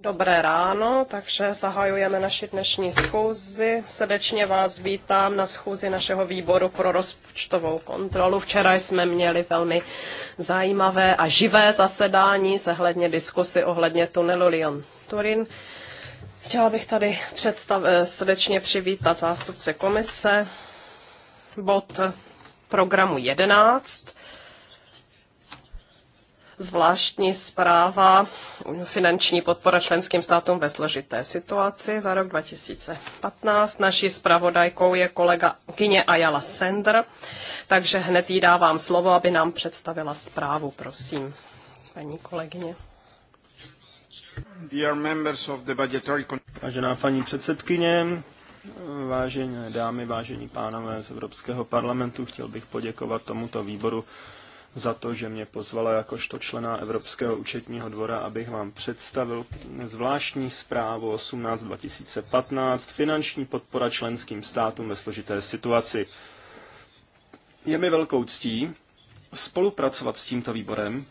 Dobré ráno, takže zahajujeme naši dnešní schůzi. Srdečně vás vítám na schůzi našeho výboru pro rozpočtovou kontrolu. Včera jsme měli velmi zajímavé a živé zasedání sehledně diskusy ohledně tunelu Lyon-Turin. Chtěla bych tady představ, eh, srdečně přivítat zástupce komise, bod programu 11 zvláštní zpráva finanční podpora členským státům ve složité situaci za rok 2015. Naší zpravodajkou je kolega Kyně Ayala Sender, takže hned jí dávám slovo, aby nám představila zprávu, prosím, paní kolegyně. Vážená paní předsedkyně, vážené dámy, vážení pánové z Evropského parlamentu, chtěl bych poděkovat tomuto výboru za to, že mě pozvala jakožto člena Evropského účetního dvora, abych vám představil zvláštní zprávu 18 2015 finanční podpora členským státům ve složité situaci. Je mi velkou ctí spolupracovat s tímto výborem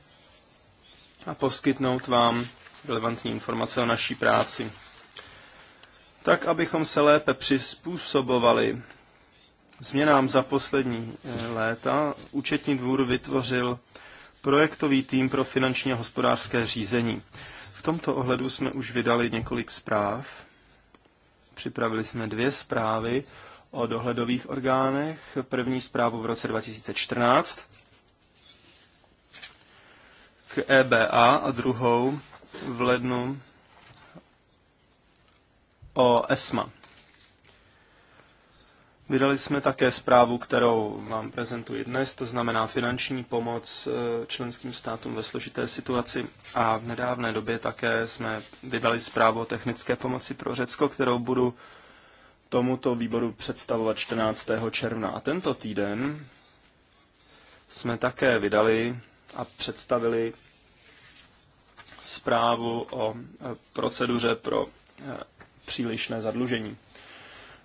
a poskytnout vám relevantní informace o naší práci, tak abychom se lépe přizpůsobovali změnám za poslední eh, léta účetní dvůr vytvořil projektový tým pro finanční a hospodářské řízení. V tomto ohledu jsme už vydali několik zpráv. Připravili jsme dvě zprávy o dohledových orgánech. První zprávu v roce 2014 k EBA a druhou v lednu o ESMA. Vydali jsme také zprávu, kterou vám prezentuji dnes, to znamená finanční pomoc eh, členským státům ve složité situaci. A v nedávné době také jsme vydali zprávu o technické pomoci pro Řecko, kterou budu tomuto výboru představovat 14. června. A tento týden jsme také vydali a představili zprávu o eh, proceduře pro eh, přílišné zadlužení.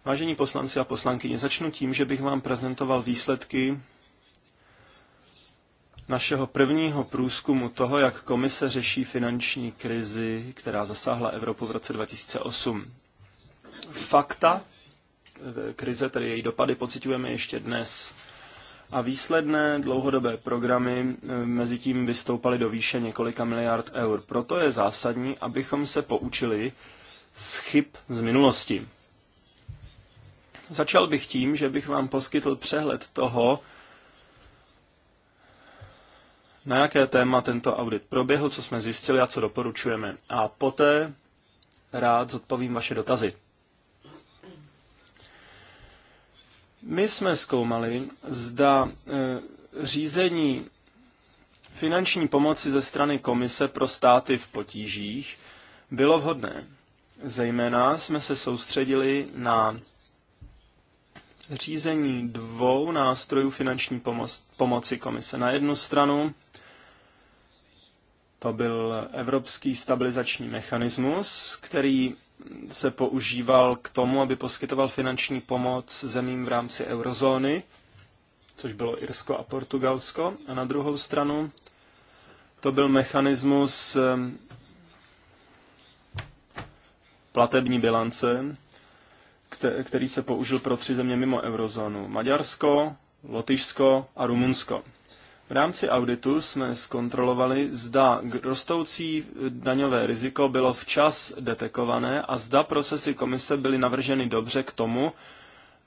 Vážení poslanci a poslankyně, začnu tím, že bych vám prezentoval výsledky našeho prvního průzkumu toho, jak komise řeší finanční krizi, která zasáhla Evropu v roce 2008. Fakta eh, krize, tedy její dopady, pocitujeme ještě dnes. A výsledné dlouhodobé programy eh, mezi tím vystoupaly do výše několika miliard eur. Proto je zásadní, abychom se poučili z chyb z minulosti. Začal bych tím, že bych vám poskytl přehled toho, na jaké téma tento audit proběhl, co jsme zjistili a co doporučujeme. A poté rád zodpovím vaše dotazy. My jsme zkoumali, zda e, řízení finanční pomoci ze strany Komise pro státy v potížích bylo vhodné. Zejména jsme se soustředili na řízení dvou nástrojů finanční pomoc, pomoci komise. Na jednu stranu to byl Evropský stabilizační mechanismus, který se používal k tomu, aby poskytoval finanční pomoc zemím v rámci eurozóny, což bylo Irsko a Portugalsko. A na druhou stranu to byl mechanismus eh, platební bilance, který se použil pro tři země mimo eurozónu. Maďarsko, Lotyšsko a Rumunsko. V rámci auditu jsme zkontrolovali, zda rostoucí daňové riziko bylo včas detekované a zda procesy komise byly navrženy dobře k tomu,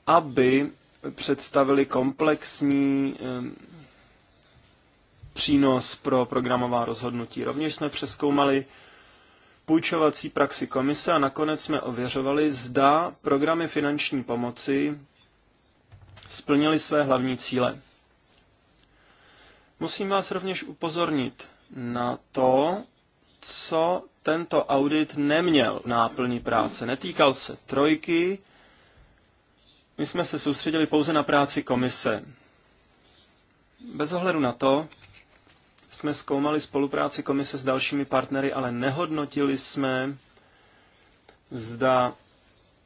aby představili komplexní přínos pro programová rozhodnutí. Rovněž jsme přeskoumali půjčovací praxi komise a nakonec jsme ověřovali, zda programy finanční pomoci splnily své hlavní cíle. Musím vás rovněž upozornit na to, co tento audit neměl náplní práce. Netýkal se trojky, my jsme se soustředili pouze na práci komise. Bez ohledu na to, jsme zkoumali spolupráci komise s dalšími partnery, ale nehodnotili jsme, zda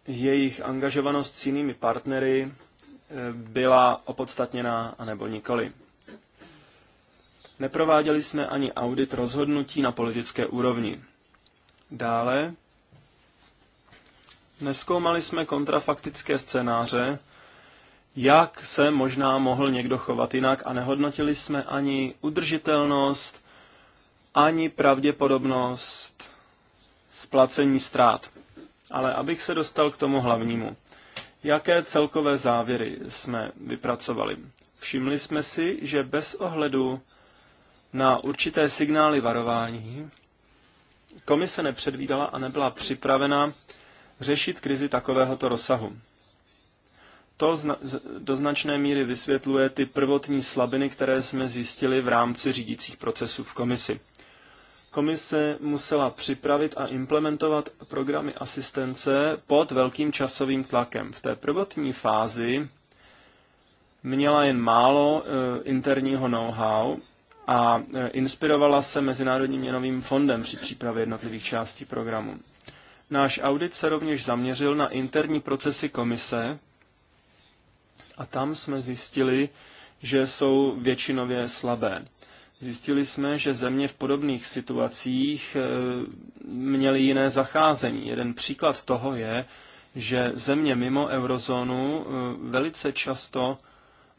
jejich angažovanost s jinými partnery eh, byla opodstatněná anebo nikoli. Neprováděli jsme ani audit rozhodnutí na politické úrovni. Dále neskoumali jsme kontrafaktické scénáře, jak se možná mohl někdo chovat jinak a nehodnotili jsme ani udržitelnost, ani pravděpodobnost splacení ztrát. Ale abych se dostal k tomu hlavnímu. Jaké celkové závěry jsme vypracovali? Všimli jsme si, že bez ohledu na určité signály varování komise nepředvídala a nebyla připravena řešit krizi takovéhoto rozsahu. To do značné míry vysvětluje ty prvotní slabiny, které jsme zjistili v rámci řídících procesů v komisi. Komise musela připravit a implementovat programy asistence pod velkým časovým tlakem. V té prvotní fázi měla jen málo e, interního know-how a e, inspirovala se Mezinárodním měnovým fondem při přípravě jednotlivých částí programu. Náš audit se rovněž zaměřil na interní procesy komise, a tam jsme zjistili, že jsou většinově slabé. Zjistili jsme, že země v podobných situacích eh, měly jiné zacházení. Jeden příklad toho je, že země mimo eurozónu eh, velice často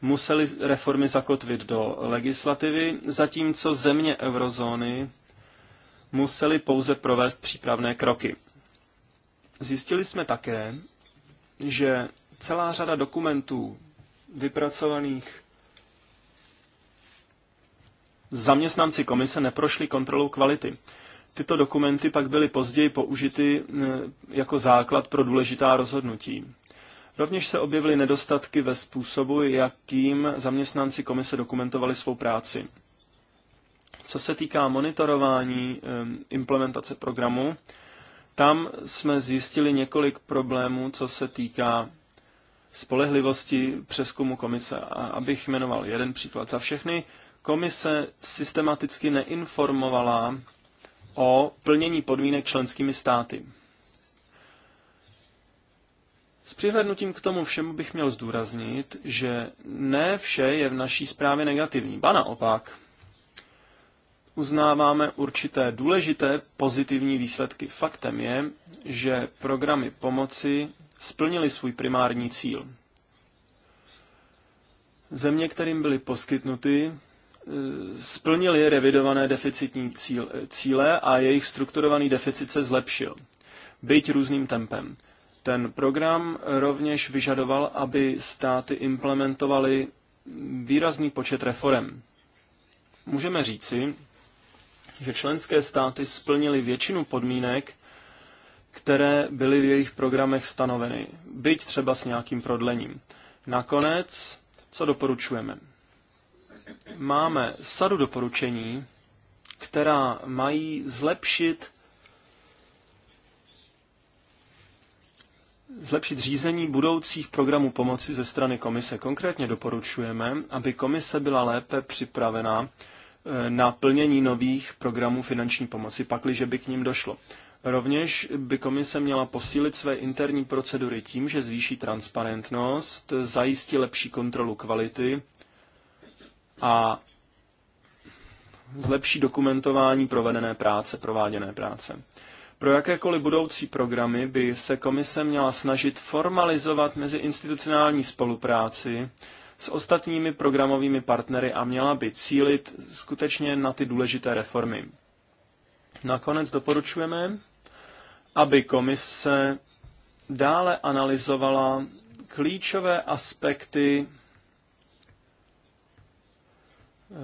museli reformy zakotvit do legislativy, zatímco země eurozóny museli pouze provést přípravné kroky. Zjistili jsme také, že celá řada dokumentů vypracovaných zaměstnanci komise neprošli kontrolou kvality. Tyto dokumenty pak byly později použity e, jako základ pro důležitá rozhodnutí. Rovněž se objevily nedostatky ve způsobu, jakým zaměstnanci komise dokumentovali svou práci. Co se týká monitorování e, implementace programu, tam jsme zjistili několik problémů, co se týká spolehlivosti přeskumu komise. A abych jmenoval jeden příklad za všechny, komise systematicky neinformovala o plnění podmínek členskými státy. S přihlednutím k tomu všemu bych měl zdůraznit, že ne vše je v naší zprávě negativní, ba naopak. Uznáváme určité důležité pozitivní výsledky. Faktem je, že programy pomoci splnili svůj primární cíl. Země, kterým byly poskytnuty, e, splnili revidované deficitní e, cíle a jejich strukturovaný deficit se zlepšil, byť různým tempem. Ten program rovněž vyžadoval, aby státy implementovaly výrazný počet reform. Můžeme říci, že členské státy splnily většinu podmínek, které byly v jejich programech stanoveny, byť třeba s nějakým prodlením. Nakonec, co doporučujeme? Máme sadu doporučení, která mají zlepšit zlepšit řízení budoucích programů pomoci ze strany komise. Konkrétně doporučujeme, aby komise byla lépe připravena eh, na plnění nových programů finanční pomoci, pakliže by k ním došlo. Rovněž by komise měla posílit své interní procedury tím, že zvýší transparentnost, zajistí lepší kontrolu kvality a zlepší dokumentování provedené práce, prováděné práce. Pro jakékoliv budoucí programy by se komise měla snažit formalizovat mezi institucionální spolupráci s ostatními programovými partnery a měla by cílit skutečně na ty důležité reformy. Nakonec doporučujeme, aby komise dále analyzovala klíčové aspekty eh,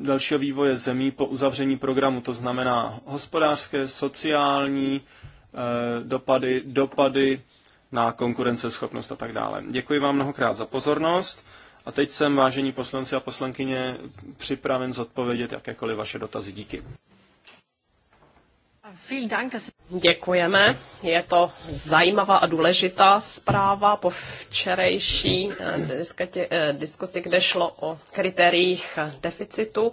dalšího vývoje zemí po uzavření programu, to znamená hospodářské, sociální eh, dopady, dopady na konkurenceschopnost a tak dále. Děkuji vám mnohokrát za pozornost a teď jsem, vážení poslanci a poslankyně, připraven zodpovědět jakékoliv vaše dotazy. Díky. Děkujeme. Je to zajímavá a důležitá zpráva po včerejší eh, eh, diskusi, kde šlo o kritériích deficitu.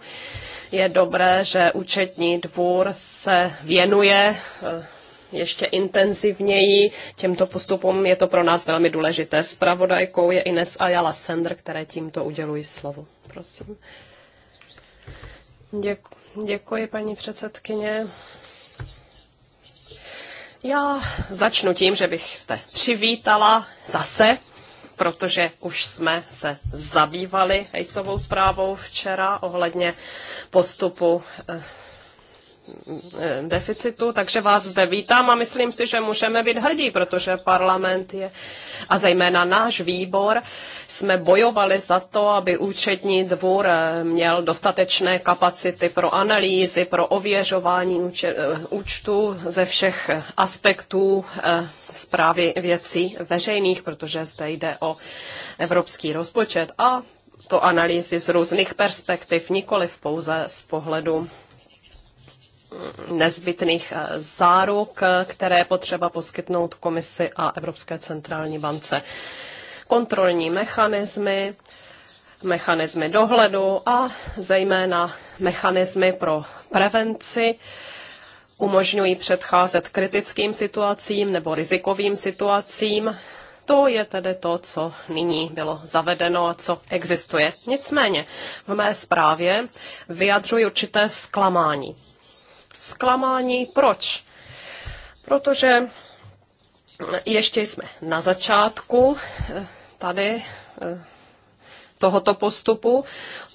Je dobré, že účetní dvůr se věnuje eh, ještě intenzivněji těmto postupům. Je to pro nás velmi důležité. Spravodajkou je Ines Ayala Sender, které tímto uděluji slovo. Prosím. Děkuji, děkuji paní předsedkyně. Já začnu tím, že bych jste přivítala zase, protože už jsme se zabývali hejsovou zprávou včera ohledně postupu eh, Eh, deficitu, takže vás zde vítám a myslím si, že můžeme být hrdí, protože parlament je, a zejména náš výbor, jsme bojovali za to, aby účetní dvůr eh, měl dostatečné kapacity pro analýzy, pro ověřování eh, účtů ze všech aspektů zprávy věcí veřejných, protože zde jde o evropský rozpočet a to analýzy z různých perspektiv, nikoliv pouze z pohledu nezbytných eh, záruk, které potřeba poskytnout komisi a Evropské centrální bance. Kontrolní mechanismy, mechanismy dohledu a zejména mechanismy pro prevenci umožňují předcházet kritickým situacím nebo rizikovým situacím. To je tedy to, co nyní bylo zavedeno a co existuje. Nicméně v mé zprávě vyjadřuji určité zklamání zklamání. Proč? Protože ještě jsme na začátku eh, tady eh, tohoto postupu.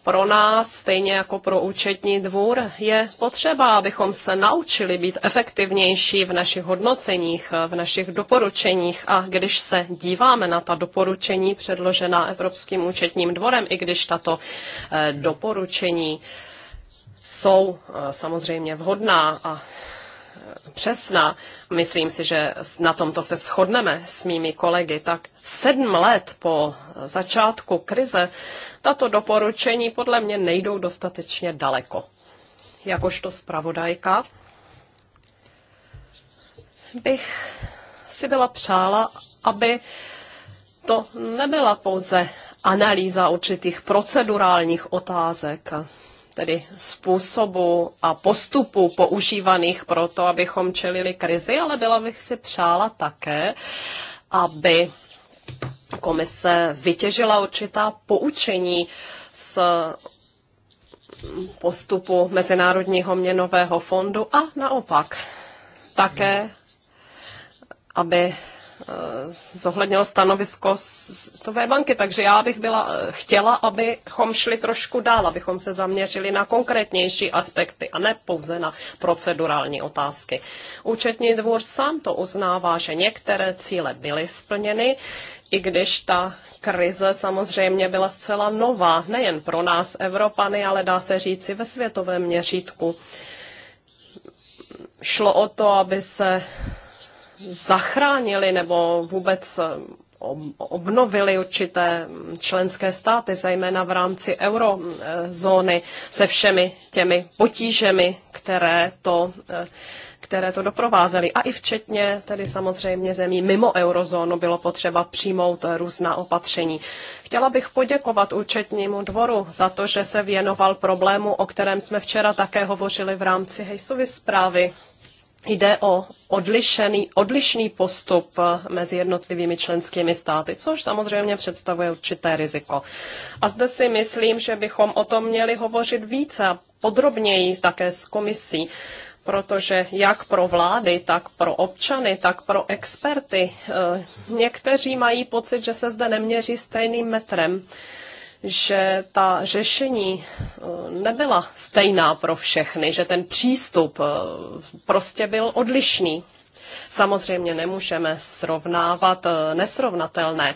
Pro nás, stejně jako pro účetní dvůr, je potřeba, abychom se naučili být efektivnější v našich hodnoceních, eh, v našich doporučeních. A když se díváme na ta doporučení předložená Evropským účetním dvorem, i když tato doporučení jsou eh, samozřejmě vhodná a eh, přesná, myslím si, že na tomto se shodneme s mými kolegy, tak sedm let po eh, začátku krize tato doporučení podle mě nejdou dostatečně daleko. Jakožto zpravodajka bych si byla přála, aby to nebyla pouze analýza určitých procedurálních otázek, tedy způsobu a postupů používaných pro to, abychom čelili krizi, ale byla bych si přála také, aby komise vytěžila určitá poučení s postupu Mezinárodního měnového fondu a naopak také, aby Eh, zohlednilo stanovisko Světové banky, takže já bych byla, eh, chtěla, abychom šli trošku dál, abychom se zaměřili na konkrétnější aspekty a ne pouze na procedurální otázky. Účetní dvůr sám to uznává, že některé cíle byly splněny, i když ta krize samozřejmě byla zcela nová, nejen pro nás Evropany, ale dá se říci ve světovém měřítku. Šlo o to, aby se zachránili nebo vůbec eh, obnovili určité členské státy, zejména v rámci eurozóny, se všemi těmi potížemi, které to, eh, které to doprovázely. A i včetně tedy samozřejmě zemí mimo eurozónu bylo potřeba přijmout různá opatření. Chtěla bych poděkovat účetnímu dvoru za to, že se věnoval problému, o kterém jsme včera také hovořili v rámci Hejsovy zprávy jde o odlišený, odlišný postup eh, mezi jednotlivými členskými státy, což samozřejmě představuje určité riziko. A zde si myslím, že bychom o tom měli hovořit více a podrobněji také s komisí, protože jak pro vlády, tak pro občany, tak pro experty eh, někteří mají pocit, že se zde neměří stejným metrem že ta řešení eh, nebyla stejná pro všechny, že ten přístup eh, prostě byl odlišný. Samozřejmě nemůžeme srovnávat eh, nesrovnatelné.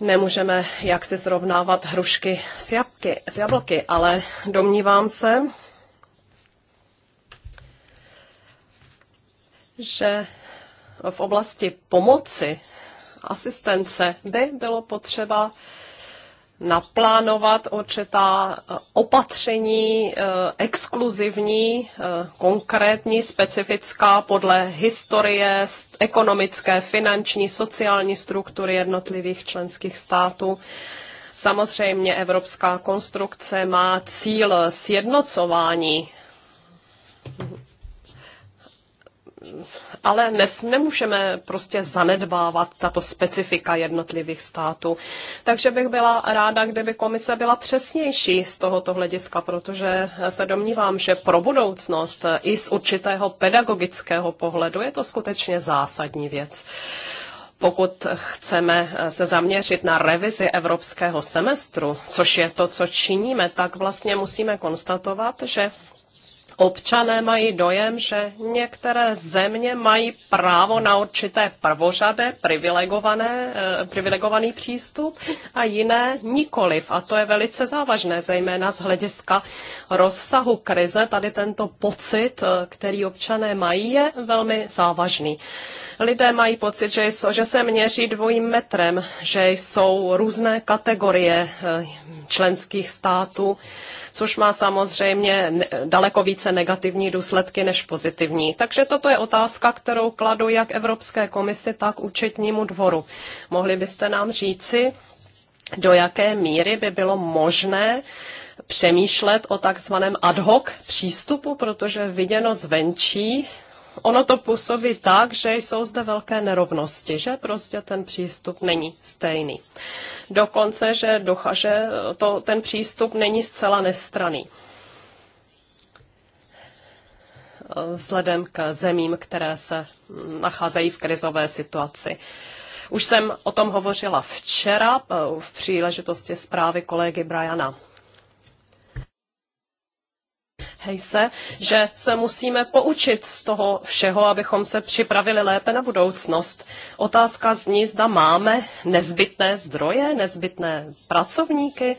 Nemůžeme jak si srovnávat hrušky s, jabky, s jablky, ale domnívám se, že v oblasti pomoci, asistence by bylo potřeba naplánovat určitá eh, opatření eh, exkluzivní, eh, konkrétní, specifická podle historie, ekonomické, finanční, sociální struktury jednotlivých členských států. Samozřejmě evropská konstrukce má cíl sjednocování ale nes, nemůžeme prostě zanedbávat tato specifika jednotlivých států. Takže bych byla ráda, kdyby komise byla přesnější z tohoto hlediska, protože se domnívám, že pro budoucnost i z určitého pedagogického pohledu je to skutečně zásadní věc pokud chceme se zaměřit na revizi evropského semestru, což je to, co činíme, tak vlastně musíme konstatovat, že občané mají dojem, že některé země mají právo na určité prvořadé, privilegované, eh, privilegovaný přístup a jiné nikoliv. A to je velice závažné, zejména z hlediska rozsahu krize. Tady tento pocit, eh, který občané mají, je velmi závažný. Lidé mají pocit, že, jsou, že se měří dvojím metrem, že jsou různé kategorie eh, členských států což má samozřejmě daleko více negativní důsledky než pozitivní. Takže toto je otázka, kterou kladu jak Evropské komisi, tak účetnímu dvoru. Mohli byste nám říci, do jaké míry by bylo možné přemýšlet o takzvaném ad hoc přístupu, protože viděno zvenčí ono to působí tak, že jsou zde velké nerovnosti, že prostě ten přístup není stejný. Dokonce, že, ducha, že to, ten přístup není zcela nestraný vzhledem k zemím, které se nacházejí v krizové situaci. Už jsem o tom hovořila včera v příležitosti zprávy kolegy Briana Hejse, že se musíme poučit z toho všeho, abychom se připravili lépe na budoucnost. Otázka zní, zda máme nezbytné zdroje, nezbytné pracovníky,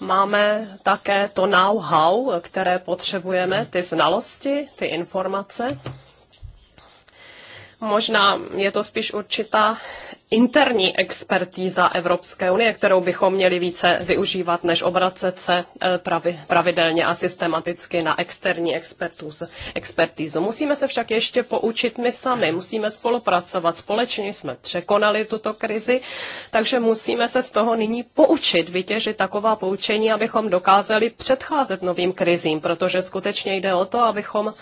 máme také to know-how, které potřebujeme, ty znalosti, ty informace možná je to spíš určitá interní expertíza Evropské unie, kterou bychom měli více využívat, než obracet se eh, pravidelně a systematicky na externí expertízu. Musíme se však ještě poučit my sami, musíme spolupracovat. Společně jsme překonali tuto krizi, takže musíme se z toho nyní poučit, vytěžit taková poučení, abychom dokázali předcházet novým krizím, protože skutečně jde o to, abychom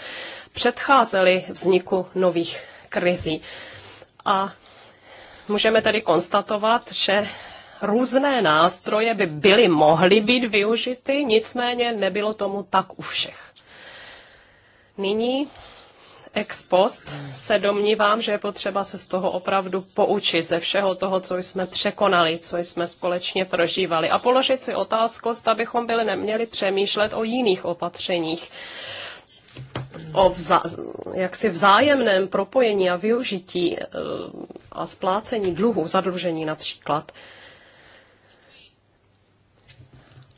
předcházeli vzniku nových krizí. A Můžeme tedy konstatovat, že různé nástroje by byly mohly být využity, nicméně nebylo tomu tak u všech. Nyní ex post se domnívám, že je potřeba se z toho opravdu poučit, ze všeho toho, co jsme překonali, co jsme společně prožívali a položit si otázku, abychom byli neměli přemýšlet o jiných opatřeních o vza, jaksi vzájemném propojení a využití eh, a splácení dluhu, zadlužení například.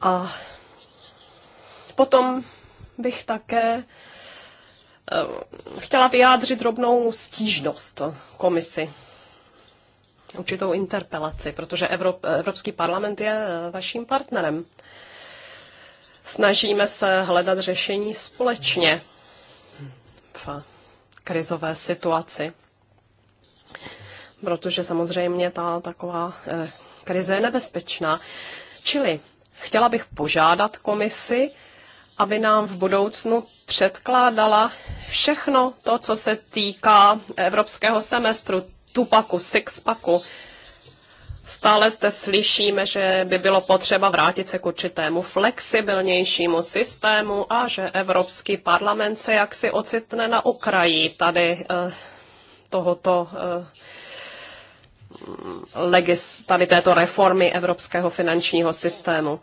A potom bych také eh, chtěla vyjádřit drobnou stížnost komisi určitou interpelaci, protože Evropský parlament je eh, vaším partnerem. Snažíme se hledat řešení společně v krizové situaci. Protože samozřejmě ta taková eh, krize je nebezpečná. Čili chtěla bych požádat komisi, aby nám v budoucnu předkládala všechno to, co se týká evropského semestru, tupaku, sixpaku, Stále zde slyšíme, že by bylo potřeba vrátit se k určitému flexibilnějšímu systému a že Evropský parlament se jaksi ocitne na okraji tady eh, tohoto eh, legis, tady této reformy evropského finančního systému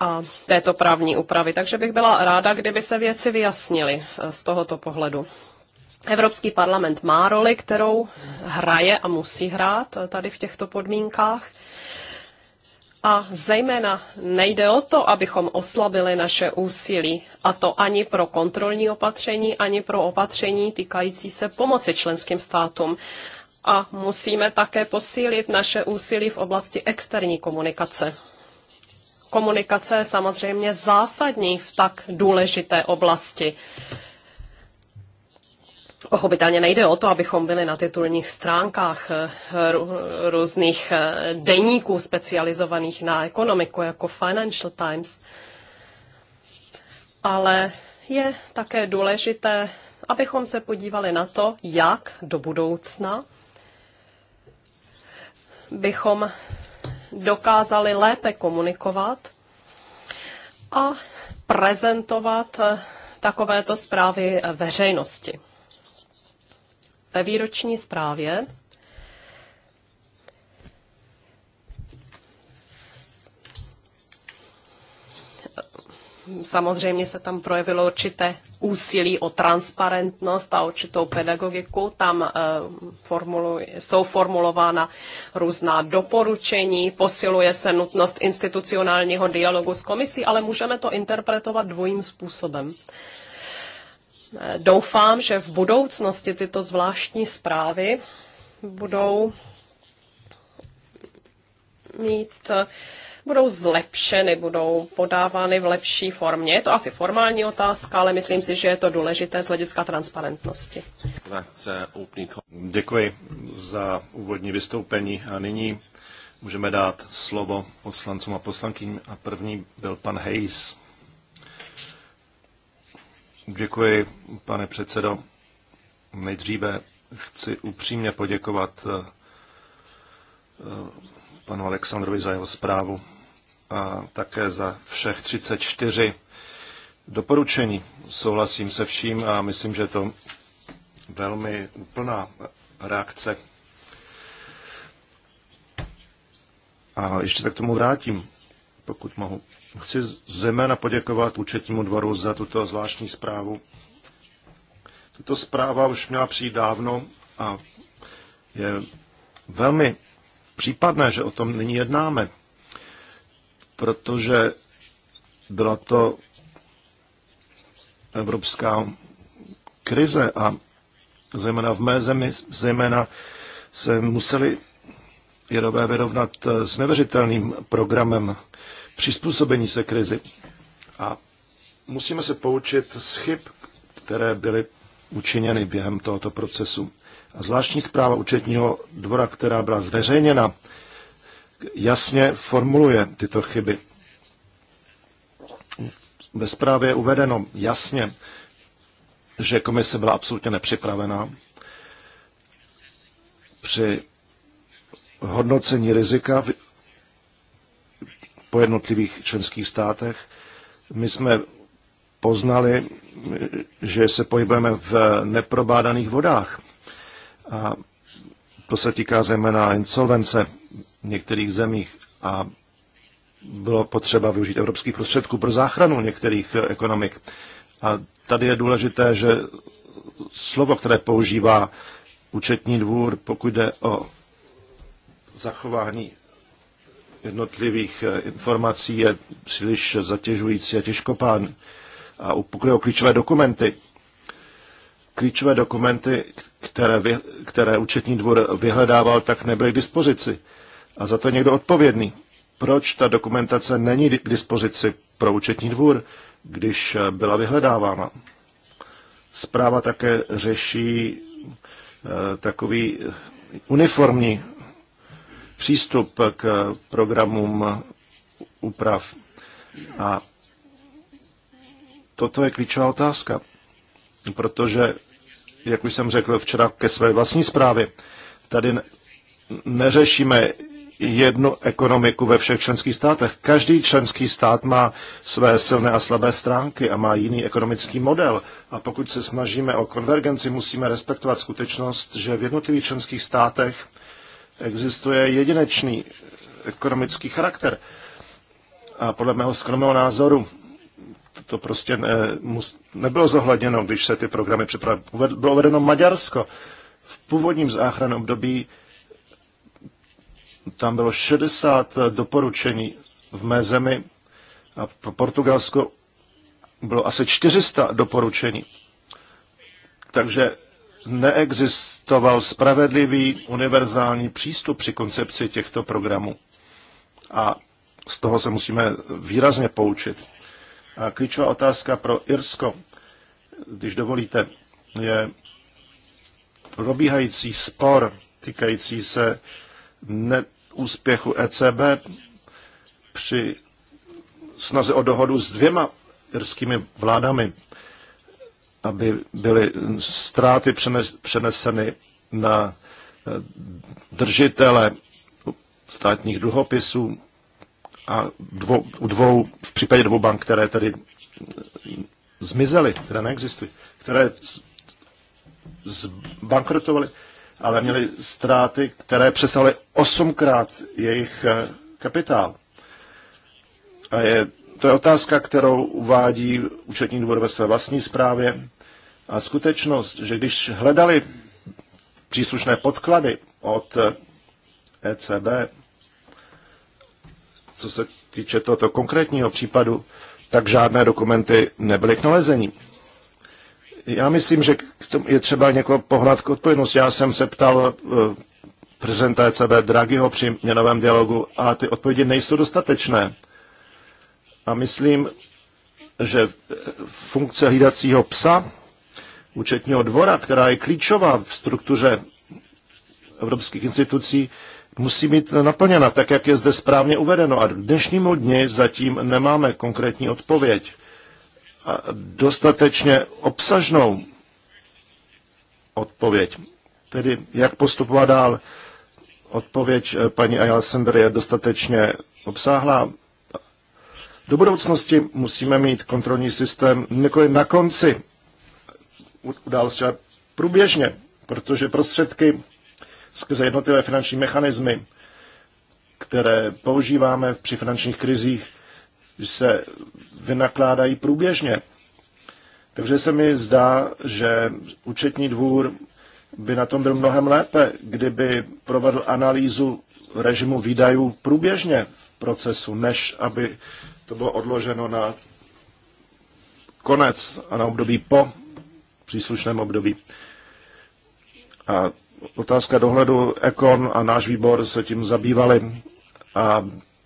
a této právní úpravy. Takže bych byla ráda, kdyby se věci vyjasnily eh, z tohoto pohledu. Evropský parlament má roli, kterou hraje a musí hrát tady v těchto podmínkách. A zejména nejde o to, abychom oslabili naše úsilí, a to ani pro kontrolní opatření, ani pro opatření týkající se pomoci členským státům. A musíme také posílit naše úsilí v oblasti externí komunikace. Komunikace je samozřejmě zásadní v tak důležité oblasti. Pochopitelně nejde o to, abychom byli na titulních stránkách eh, různých eh, deníků specializovaných na ekonomiku, jako Financial Times, ale je také důležité, abychom se podívali na to, jak do budoucna bychom dokázali lépe komunikovat a prezentovat eh, takovéto zprávy veřejnosti. Ve výroční zprávě samozřejmě se tam projevilo určité úsilí o transparentnost a určitou pedagogiku. Tam eh, formulu, jsou formulována různá doporučení, posiluje se nutnost institucionálního dialogu s komisí, ale můžeme to interpretovat dvojím způsobem doufám, že v budoucnosti tyto zvláštní zprávy budou mít budou zlepšeny, budou podávány v lepší formě. Je to asi formální otázka, ale myslím si, že je to důležité z hlediska transparentnosti. Děkuji za úvodní vystoupení a nyní můžeme dát slovo poslancům a poslankyním a první byl pan Hayes. Děkuji, pane předsedo. Nejdříve chci upřímně poděkovat eh, eh, panu Alexandrovi za jeho zprávu a také za všech 34 doporučení. Souhlasím se vším a myslím, že to velmi úplná reakce. A ještě se k tomu vrátím, pokud mohu. Chci zejména poděkovat účetnímu dvoru za tuto zvláštní zprávu. Tato zpráva už měla přijít dávno a je velmi případné, že o tom nyní jednáme, protože byla to evropská krize a zejména v mé zemi, zejména se museli Jirové vyrovnat s nevěřitelným programem přizpůsobení se krizi. A musíme se poučit z chyb, které byly učiněny během tohoto procesu. A zvláštní zpráva účetního dvora, která byla zveřejněna, jasně formuluje tyto chyby. Ve zprávě je uvedeno jasně, že komise byla absolutně nepřipravená při hodnocení rizika po jednotlivých členských státech. My jsme poznali, že se pohybujeme v neprobádaných vodách. A to se týká zejména insolvence v některých zemích a bylo potřeba využít evropských prostředků pro záchranu některých ekonomik. A tady je důležité, že slovo, které používá účetní dvůr, pokud jde o zachování jednotlivých eh, informací je příliš zatěžující a těžkopán. A pokud o klíčové dokumenty, klíčové dokumenty, které, vy, které účetní dvůr vyhledával, tak nebyly k dispozici. A za to je někdo odpovědný. Proč ta dokumentace není k dispozici pro účetní dvůr, když eh, byla vyhledávána? Zpráva také řeší eh, takový uniformní přístup k programům úprav. A toto je klíčová otázka, protože, jak už jsem řekl včera ke své vlastní zprávě, tady neřešíme jednu ekonomiku ve všech členských státech. Každý členský stát má své silné a slabé stránky a má jiný ekonomický model. A pokud se snažíme o konvergenci, musíme respektovat skutečnost, že v jednotlivých členských státech existuje jedinečný ekonomický charakter. A podle mého skromného názoru to prostě ne, mus, nebylo zohledněno, když se ty programy připravovaly. Bylo uvedeno Maďarsko. V původním záchranném období tam bylo 60 doporučení v mé zemi a pro Portugalsko bylo asi 400 doporučení. Takže neexistoval spravedlivý univerzální přístup při koncepci těchto programů. A z toho se musíme výrazně poučit. A klíčová otázka pro Irsko, když dovolíte, je probíhající spor týkající se neúspěchu ECB při snaze o dohodu s dvěma irskými vládami aby byly ztráty přeneseny na eh, držitele státních dluhopisů a dvou, dvou, v případě dvou bank, které tedy eh, zmizely, které neexistují, které zbankrotovaly, ale měly ztráty, které přesaly osmkrát jejich eh, kapitál. A je, to je otázka, kterou uvádí účetní dvůr ve své vlastní zprávě. A skutečnost, že když hledali příslušné podklady od ECB, co se týče tohoto konkrétního případu, tak žádné dokumenty nebyly k nalezení. Já myslím, že je třeba někoho pohnat k odpovědnosti. Já jsem se ptal eh, prezidenta ECB Draghiho při měnovém dialogu a ty odpovědi nejsou dostatečné. A myslím, že eh, funkce hlídacího psa účetního dvora, která je klíčová v struktuře evropských institucí, musí být naplněna, tak jak je zde správně uvedeno. A k dnešnímu dni zatím nemáme konkrétní odpověď. A dostatečně obsažnou odpověď. Tedy jak postupovat dál. Odpověď eh, paní Ayalsender je dostatečně obsáhlá. Do budoucnosti musíme mít kontrolní systém na konci události, ale průběžně, protože prostředky skrze jednotlivé finanční mechanismy, které používáme při finančních krizích, se vynakládají průběžně. Takže se mi zdá, že účetní dvůr by na tom byl mnohem lépe, kdyby provedl analýzu režimu výdajů průběžně v procesu, než aby to bylo odloženo na konec a na období po příslušném období. A otázka dohledu Ekon a náš výbor se tím zabývali a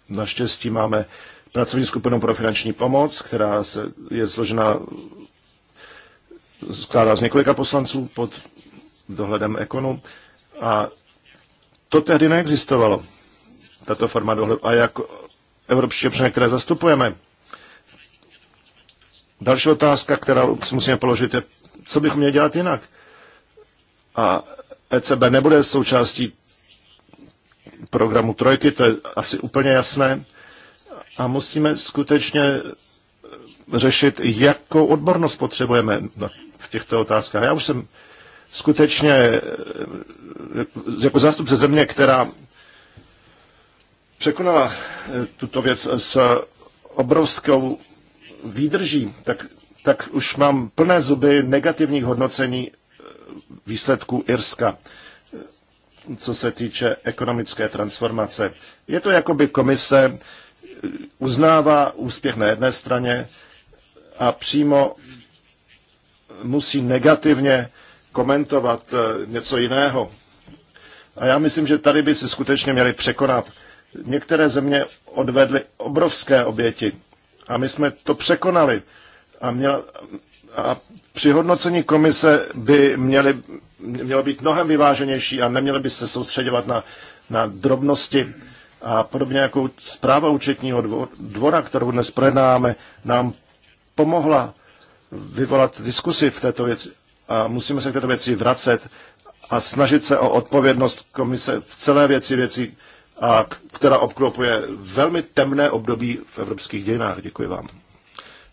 naštěstí máme pracovní skupinu pro finanční pomoc, která se, je složena skládá z několika poslanců pod dohledem Ekonu a to tehdy neexistovalo, tato forma dohledu. A jako evropští občané, které zastupujeme, Další otázka, která si musíme položit, je co bych měl dělat jinak. A ECB nebude součástí programu trojky, to je asi úplně jasné. A musíme skutečně řešit, jakou odbornost potřebujeme v těchto otázkách. Já už jsem skutečně jako zástupce země, která překonala tuto věc s obrovskou výdrží, tak tak už mám plné zuby negativních hodnocení eh, výsledků Irska, eh, co se týče ekonomické transformace. Je to jako by komise eh, uznává úspěch na jedné straně a přímo musí negativně komentovat něco jiného. A já myslím, že tady by si skutečně měli překonat. Některé země odvedly obrovské oběti a my jsme to překonali a, měl, a při hodnocení komise by měly, mělo být mnohem vyváženější a neměly by se soustředovat na, na drobnosti. A podobně jako zpráva účetního dvora, kterou dnes projednáme, nám pomohla vyvolat diskusi v této věci. A musíme se k této věci vracet a snažit se o odpovědnost komise v celé věci věcí, která obklopuje velmi temné období v evropských dějinách. Děkuji vám.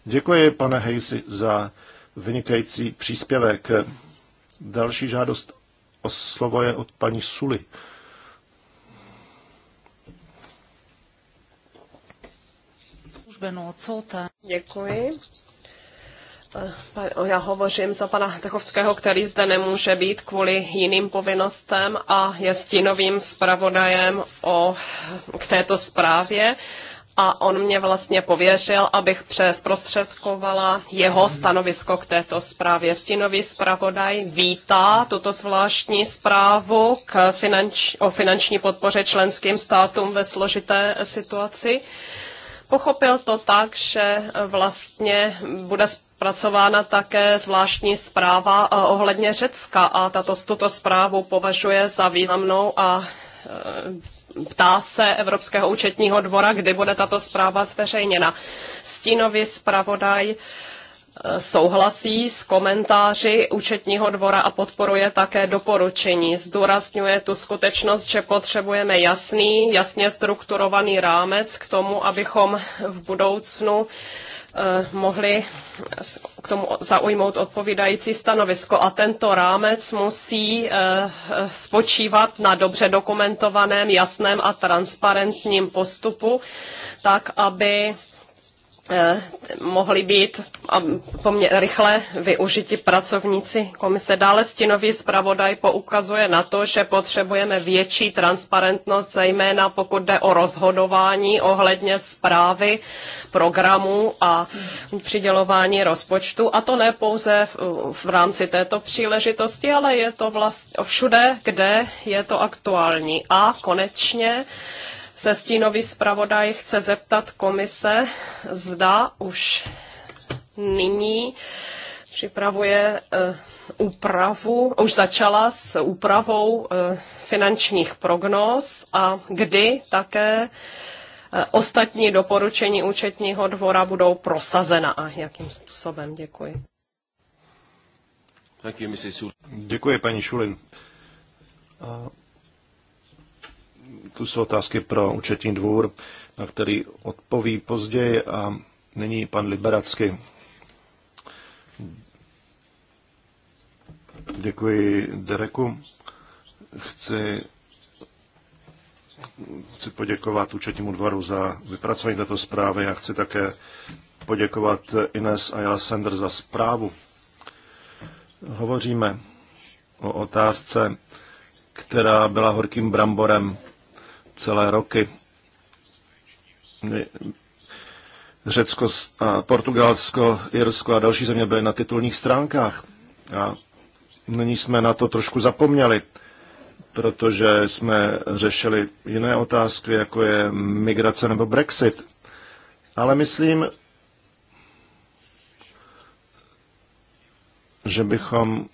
Děkuji, pane Hejsi, za vynikající příspěvek. Další žádost o slovo je od paní Suly. Děkuji. Eh, já hovořím za pana Techovského, který zde nemůže být kvůli jiným povinnostem a je stínovým zpravodajem o, k této zprávě a on mě vlastně pověřil, abych přesprostředkovala jeho stanovisko k této zprávě. Stinový zpravodaj vítá tuto zvláštní zprávu k finanč, o finanční podpoře členským státům ve složité situaci. Pochopil to tak, že vlastně bude zpracována také zvláštní zpráva eh, ohledně Řecka a tato, tuto zprávu považuje za významnou a Eh, ptá se Evropského účetního dvora, kdy bude tato zpráva zveřejněna. Stínový zpravodaj eh, souhlasí s komentáři účetního dvora a podporuje také doporučení. Zdůrazňuje tu skutečnost, že potřebujeme jasný, jasně strukturovaný rámec k tomu, abychom v budoucnu Eh, mohli k tomu zaujmout odpovídající stanovisko. A tento rámec musí eh, spočívat na dobře dokumentovaném, jasném a transparentním postupu, tak aby Eh, mohli být eh, poměrně rychle využiti pracovníci komise. Dále stinový zpravodaj poukazuje na to, že potřebujeme větší transparentnost, zejména pokud jde o rozhodování ohledně zprávy programu a přidělování rozpočtu. A to ne pouze v rámci této příležitosti, ale je to vlastně všude, kde je to aktuální. A konečně se stínový zpravodaj chce zeptat komise, zda už nyní připravuje eh, úpravu, už začala s úpravou eh, finančních prognóz a kdy také eh, ostatní doporučení účetního dvora budou prosazena a jakým způsobem. Děkuji. Děkuji, paní Šulin tu jsou otázky pro účetní dvůr, na který odpoví později a nyní pan Liberacky. Děkuji Dereku. Chci, chci poděkovat účetnímu dvoru za vypracování této zprávy a chci také poděkovat Ines a Jalasender za zprávu. Hovoříme o otázce, která byla horkým bramborem celé roky. Řecko, a Portugalsko, Irsko a další země byly na titulních stránkách. A nyní jsme na to trošku zapomněli, protože jsme řešili jiné otázky, jako je migrace nebo Brexit. Ale myslím, že bychom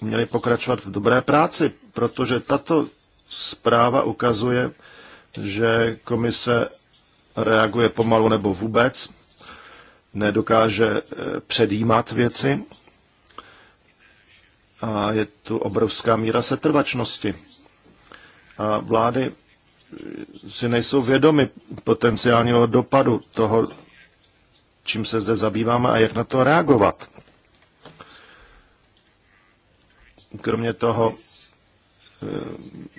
měli pokračovat v dobré práci, protože tato Zpráva ukazuje, že komise reaguje pomalu nebo vůbec, nedokáže eh, předjímat věci a je tu obrovská míra setrvačnosti. A vlády eh, si nejsou vědomy potenciálního dopadu toho, čím se zde zabýváme a jak na to reagovat. Kromě toho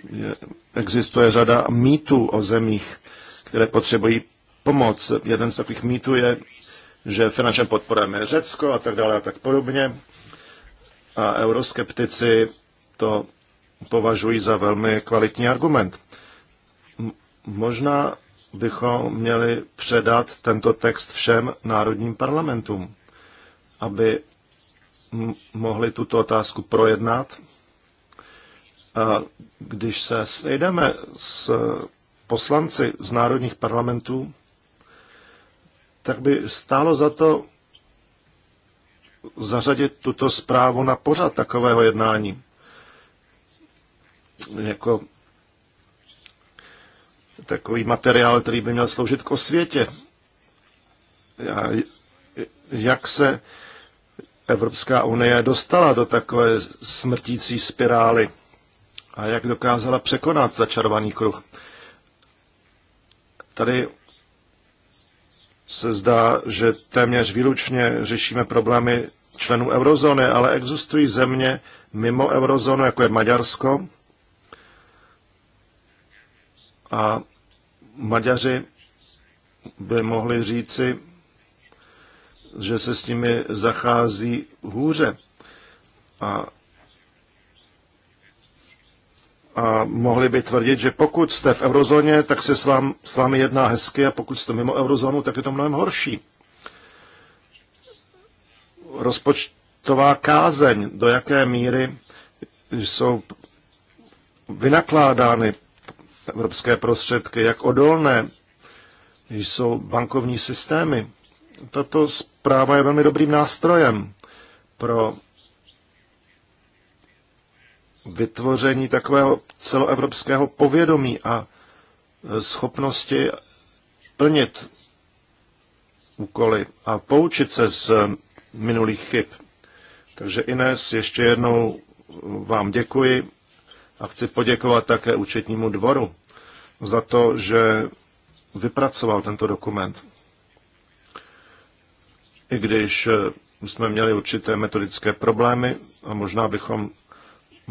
je, existuje řada mýtů o zemích, které potřebují pomoc. Jeden z takových mýtů je, že finančně podporujeme Řecko a tak dále a tak podobně. A euroskeptici to považují za velmi kvalitní argument. Možná bychom měli předat tento text všem národním parlamentům, aby mohli tuto otázku projednat když se sejdeme s poslanci z národních parlamentů, tak by stálo za to zařadit tuto zprávu na pořad takového jednání. Jako takový materiál, který by měl sloužit k osvětě. A jak se Evropská unie dostala do takové smrtící spirály a jak dokázala překonat začarovaný kruh. Tady se zdá, že téměř výlučně řešíme problémy členů eurozóny, ale existují země mimo eurozónu, jako je Maďarsko. A Maďaři by mohli říci, že se s nimi zachází hůře. A a mohli by tvrdit, že pokud jste v eurozóně, tak se s, vám, s vámi jedná hezky a pokud jste mimo eurozónu, tak je to mnohem horší. Rozpočtová kázeň, do jaké míry jsou vynakládány evropské prostředky, jak odolné jsou bankovní systémy. Tato zpráva je velmi dobrým nástrojem pro vytvoření takového celoevropského povědomí a e, schopnosti plnit úkoly a poučit se z minulých chyb. Takže Ines, ještě jednou vám děkuji a chci poděkovat také účetnímu dvoru za to, že vypracoval tento dokument. I když e, jsme měli určité metodické problémy a možná bychom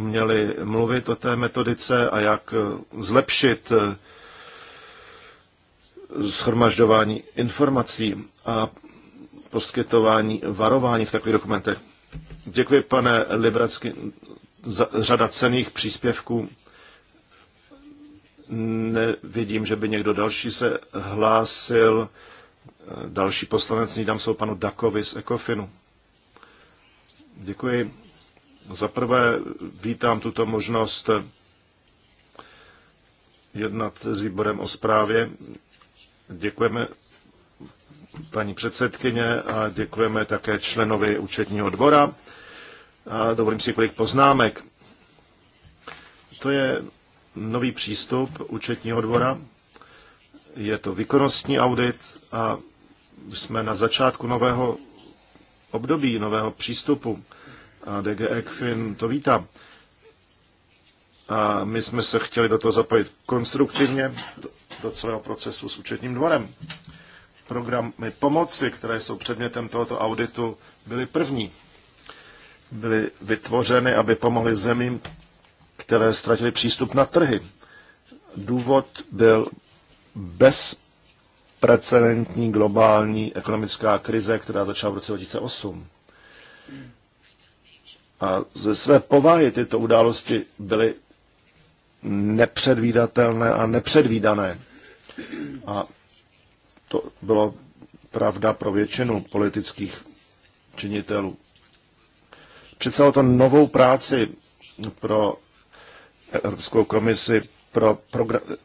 měli mluvit o té metodice a jak eh, zlepšit eh, schromažďování informací a poskytování varování v takových dokumentech. Děkuji, pane Libracky, za řada cených příspěvků. Nevidím, že by někdo další se hlásil. Další poslanec dám jsou panu Dakovi z Ekofinu. Děkuji. Za prvé vítám tuto možnost jednat s výborem o zprávě. Děkujeme paní předsedkyně a děkujeme také členovi účetního dvora. A dovolím si kolik poznámek. To je nový přístup účetního dvora. Je to výkonnostní audit a jsme na začátku nového období, nového přístupu a DG Ekfin to vítá. A my jsme se chtěli do toho zapojit konstruktivně do celého procesu s účetním dvorem. Programy pomoci, které jsou předmětem tohoto auditu, byly první. Byly vytvořeny, aby pomohly zemím, které ztratily přístup na trhy. Důvod byl bezprecedentní globální ekonomická krize, která začala v roce 2008. A ze své povahy tyto události byly nepředvídatelné a nepředvídané. A to bylo pravda pro většinu politických činitelů. Představilo to novou práci pro Evropskou komisi, pro progr-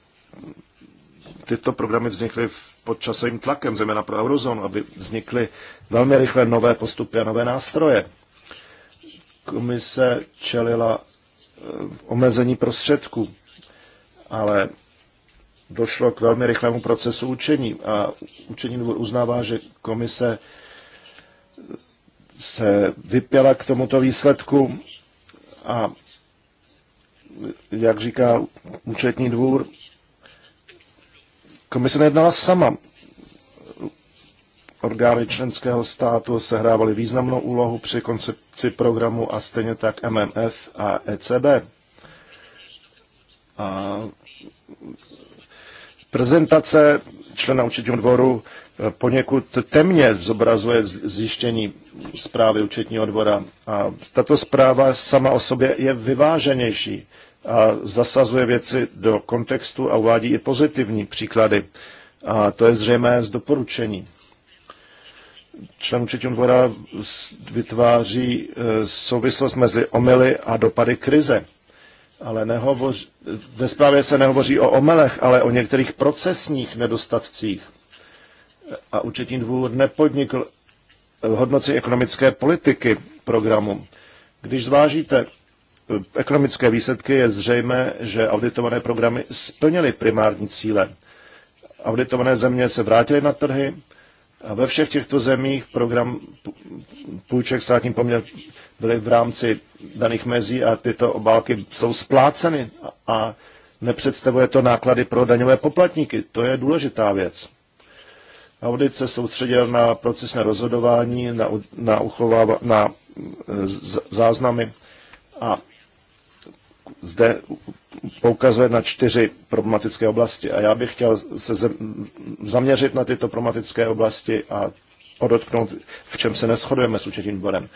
tyto programy vznikly pod časovým tlakem, zejména pro eurozónu, aby vznikly velmi rychle nové postupy a nové nástroje komise čelila eh, omezení prostředků, ale došlo k velmi rychlému procesu učení a učení dvůr uznává, že komise se vypěla k tomuto výsledku a jak říká účetní dvůr, komise nejednala sama orgány členského státu sehrávaly významnou úlohu při koncepci programu a stejně tak MMF a ECB. A prezentace člena účetního dvoru eh, poněkud temně zobrazuje zjištění zprávy účetního dvora. A tato zpráva sama o sobě je vyváženější a zasazuje věci do kontextu a uvádí i pozitivní příklady. A to je zřejmé z doporučení členů třetího dvora vytváří e, souvislost mezi omily a dopady krize. Ale nehovoř, ve zprávě se nehovoří o omelech, ale o některých procesních nedostavcích. A účetní dvůr nepodnikl e, hodnoci ekonomické politiky programu. Když zvážíte e, ekonomické výsledky, je zřejmé, že auditované programy splnily primární cíle. Auditované země se vrátily na trhy, a ve všech těchto zemích program půjček státním poměr byly v rámci daných mezí a tyto obálky jsou spláceny a nepředstavuje to náklady pro daňové poplatníky. To je důležitá věc. Audit se soustředil na procesné rozhodování, na, na, uchová, na e, záznamy a zde poukazuje na čtyři problematické oblasti a já bych chtěl se zaměřit na tyto problematické oblasti a podotknout, v čem se neschodujeme s účetním dvorem.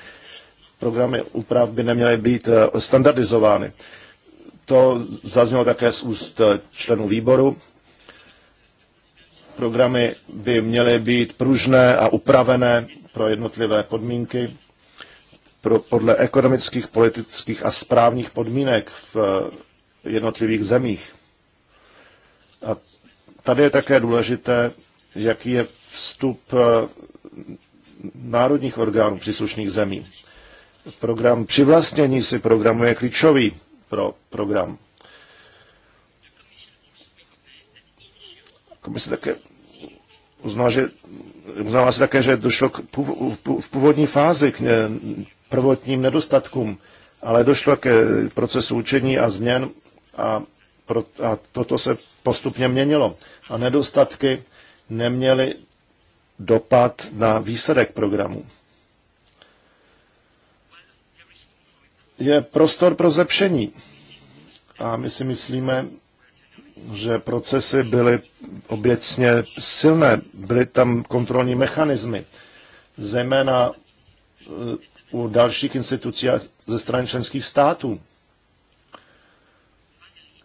Programy úprav by neměly být eh, standardizovány. To zaznělo také z úst eh, členů výboru. Programy by měly být pružné a upravené pro jednotlivé podmínky pro, podle ekonomických, politických a správních podmínek v jednotlivých zemích. A tady je také důležité, jaký je vstup eh, národních orgánů příslušných zemí. Program přivlastnění si programu je klíčový pro program. Komise také uznala, že, uznala si také, že došlo k, v původní fázi k eh, prvotním nedostatkům, ale došlo k procesu učení a změn a, pro, a toto se postupně měnilo. A nedostatky neměly dopad na výsledek programu. Je prostor pro zlepšení. A my si myslíme, že procesy byly obecně silné, byly tam kontrolní mechanismy, zejména e, u dalších institucí a ze strany členských států.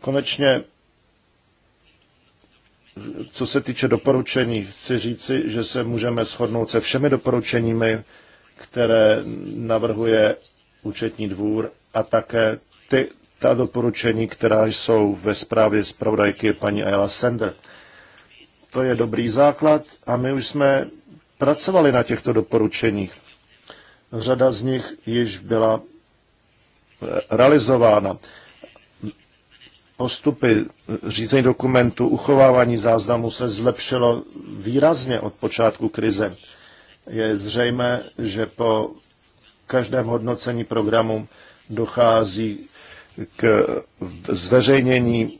Konečně, co se týče doporučení, chci říci, že se můžeme shodnout se všemi doporučeními, které navrhuje účetní dvůr a také ty, ta doporučení, která jsou ve zprávě zpravodajky paní Ayala Sender. To je dobrý základ a my už jsme pracovali na těchto doporučeních. Řada z nich již byla eh, realizována. Postupy řízení dokumentů, uchovávání záznamů se zlepšilo výrazně od počátku krize. Je zřejmé, že po každém hodnocení programu dochází k zveřejnění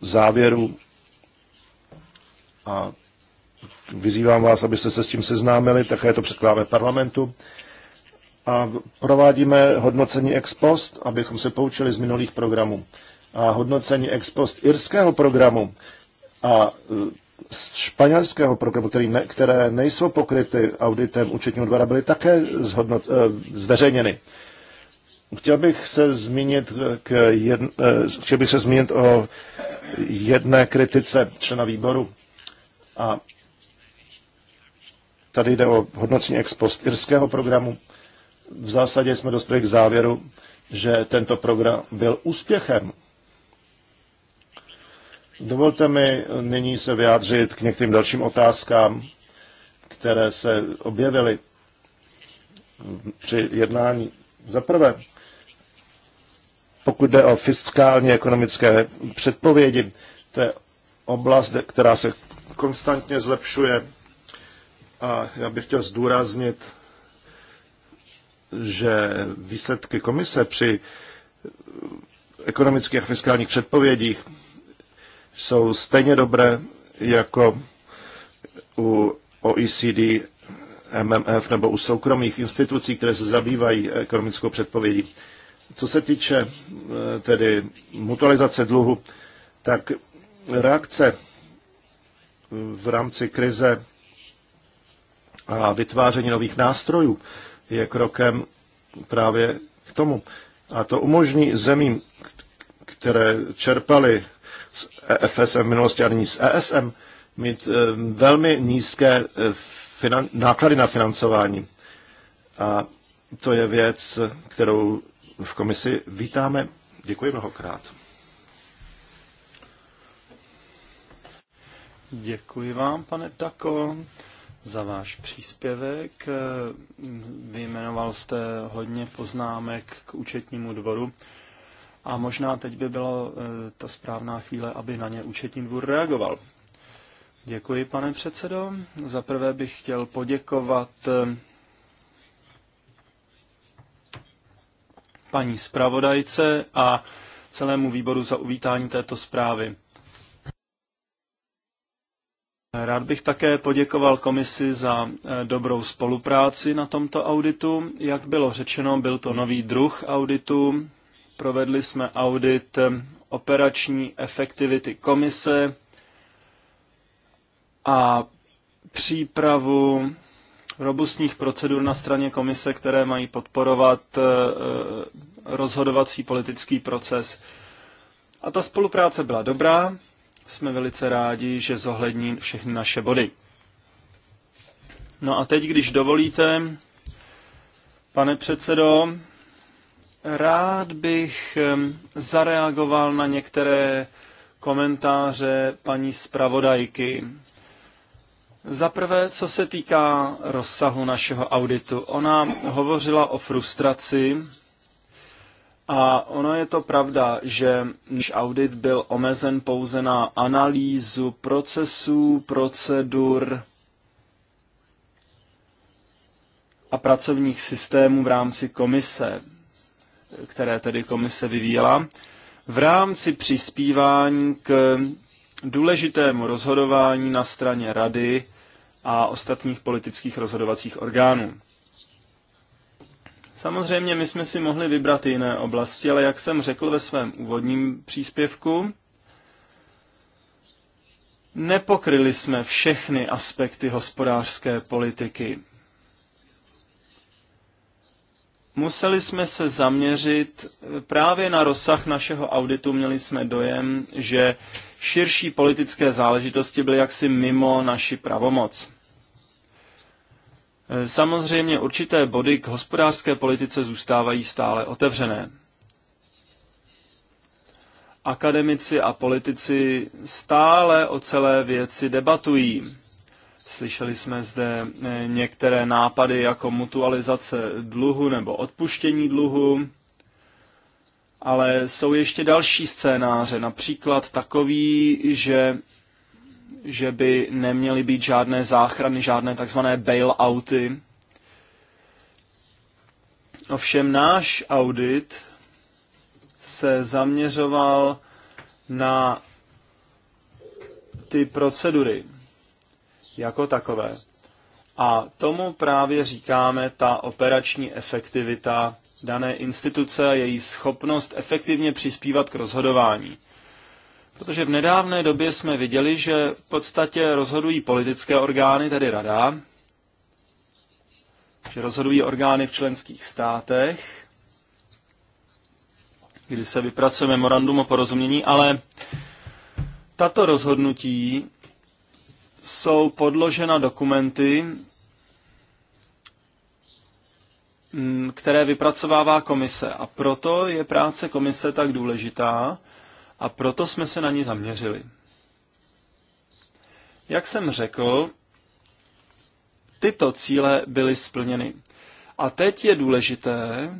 závěru a Vyzývám vás, abyste se s tím seznámili, také to předkládáme parlamentu. A provádíme hodnocení ex post, abychom se poučili z minulých programů. A hodnocení ex post irského programu a e, španělského programu, který ne, které nejsou pokryty auditem účetního dvora, byly také zhodnot, e, zveřejněny. Chtěl bych se zmínit, k jedn, e, chtěl bych se zmínit o jedné kritice člena výboru. A Tady jde o hodnocení ex post irského programu. V zásadě jsme dospěli k závěru, že tento program byl úspěchem. Dovolte mi nyní se vyjádřit k některým dalším otázkám, které se objevily při jednání. Za prvé, pokud jde o fiskálně ekonomické předpovědi, to je oblast, která se konstantně zlepšuje. A já bych chtěl zdůraznit, že výsledky komise při ekonomických a fiskálních předpovědích jsou stejně dobré jako u OECD, MMF nebo u soukromých institucí, které se zabývají ekonomickou předpovědí. Co se týče eh, tedy mutualizace dluhu, tak reakce v rámci krize a vytváření nových nástrojů je krokem právě k tomu. A to umožní zemím, které čerpaly z EFSM v minulosti a nyní z ESM, mít eh, velmi nízké eh, finan- náklady na financování. A to je věc, kterou v komisi vítáme. Děkuji mnohokrát. Děkuji vám, pane Tako za váš příspěvek. Vyjmenoval jste hodně poznámek k účetnímu dvoru a možná teď by byla eh, ta správná chvíle, aby na ně účetní dvůr reagoval. Děkuji, pane předsedo. Za prvé bych chtěl poděkovat eh, paní zpravodajce a celému výboru za uvítání této zprávy. Rád bych také poděkoval komisi za eh, dobrou spolupráci na tomto auditu. Jak bylo řečeno, byl to nový druh auditu. Provedli jsme audit eh, operační efektivity komise a přípravu robustních procedur na straně komise, které mají podporovat eh, rozhodovací politický proces. A ta spolupráce byla dobrá, jsme velice rádi, že zohlední všechny naše body. No a teď, když dovolíte, pane předsedo, rád bych zareagoval na některé komentáře paní zpravodajky. Za prvé, co se týká rozsahu našeho auditu. Ona hovořila o frustraci, a ono je to pravda, že náš audit byl omezen pouze na analýzu procesů, procedur a pracovních systémů v rámci komise, které tedy komise vyvíjela, v rámci přispívání k důležitému rozhodování na straně rady a ostatních politických rozhodovacích orgánů. Samozřejmě my jsme si mohli vybrat jiné oblasti, ale jak jsem řekl ve svém úvodním příspěvku, nepokryli jsme všechny aspekty hospodářské politiky. Museli jsme se zaměřit právě na rozsah našeho auditu. Měli jsme dojem, že širší politické záležitosti byly jaksi mimo naši pravomoc. Samozřejmě určité body k hospodářské politice zůstávají stále otevřené. Akademici a politici stále o celé věci debatují. Slyšeli jsme zde eh, některé nápady jako mutualizace dluhu nebo odpuštění dluhu, ale jsou ještě další scénáře, například takový, že že by neměly být žádné záchrany, žádné takzvané bailouty. Ovšem náš audit se zaměřoval na ty procedury jako takové. A tomu právě říkáme ta operační efektivita dané instituce a její schopnost efektivně přispívat k rozhodování. Protože v nedávné době jsme viděli, že v podstatě rozhodují politické orgány, tedy rada, že rozhodují orgány v členských státech, kdy se vypracuje memorandum o porozumění, ale tato rozhodnutí jsou podložena dokumenty, které vypracovává komise. A proto je práce komise tak důležitá, a proto jsme se na ní zaměřili. Jak jsem řekl, tyto cíle byly splněny. A teď je důležité,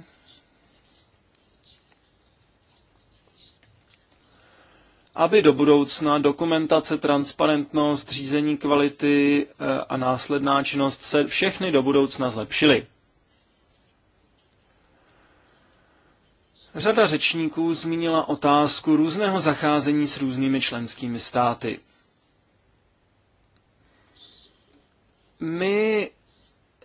aby do budoucna dokumentace, transparentnost, řízení kvality eh, a následná činnost se všechny do budoucna zlepšily. Řada řečníků zmínila otázku různého zacházení s různými členskými státy. My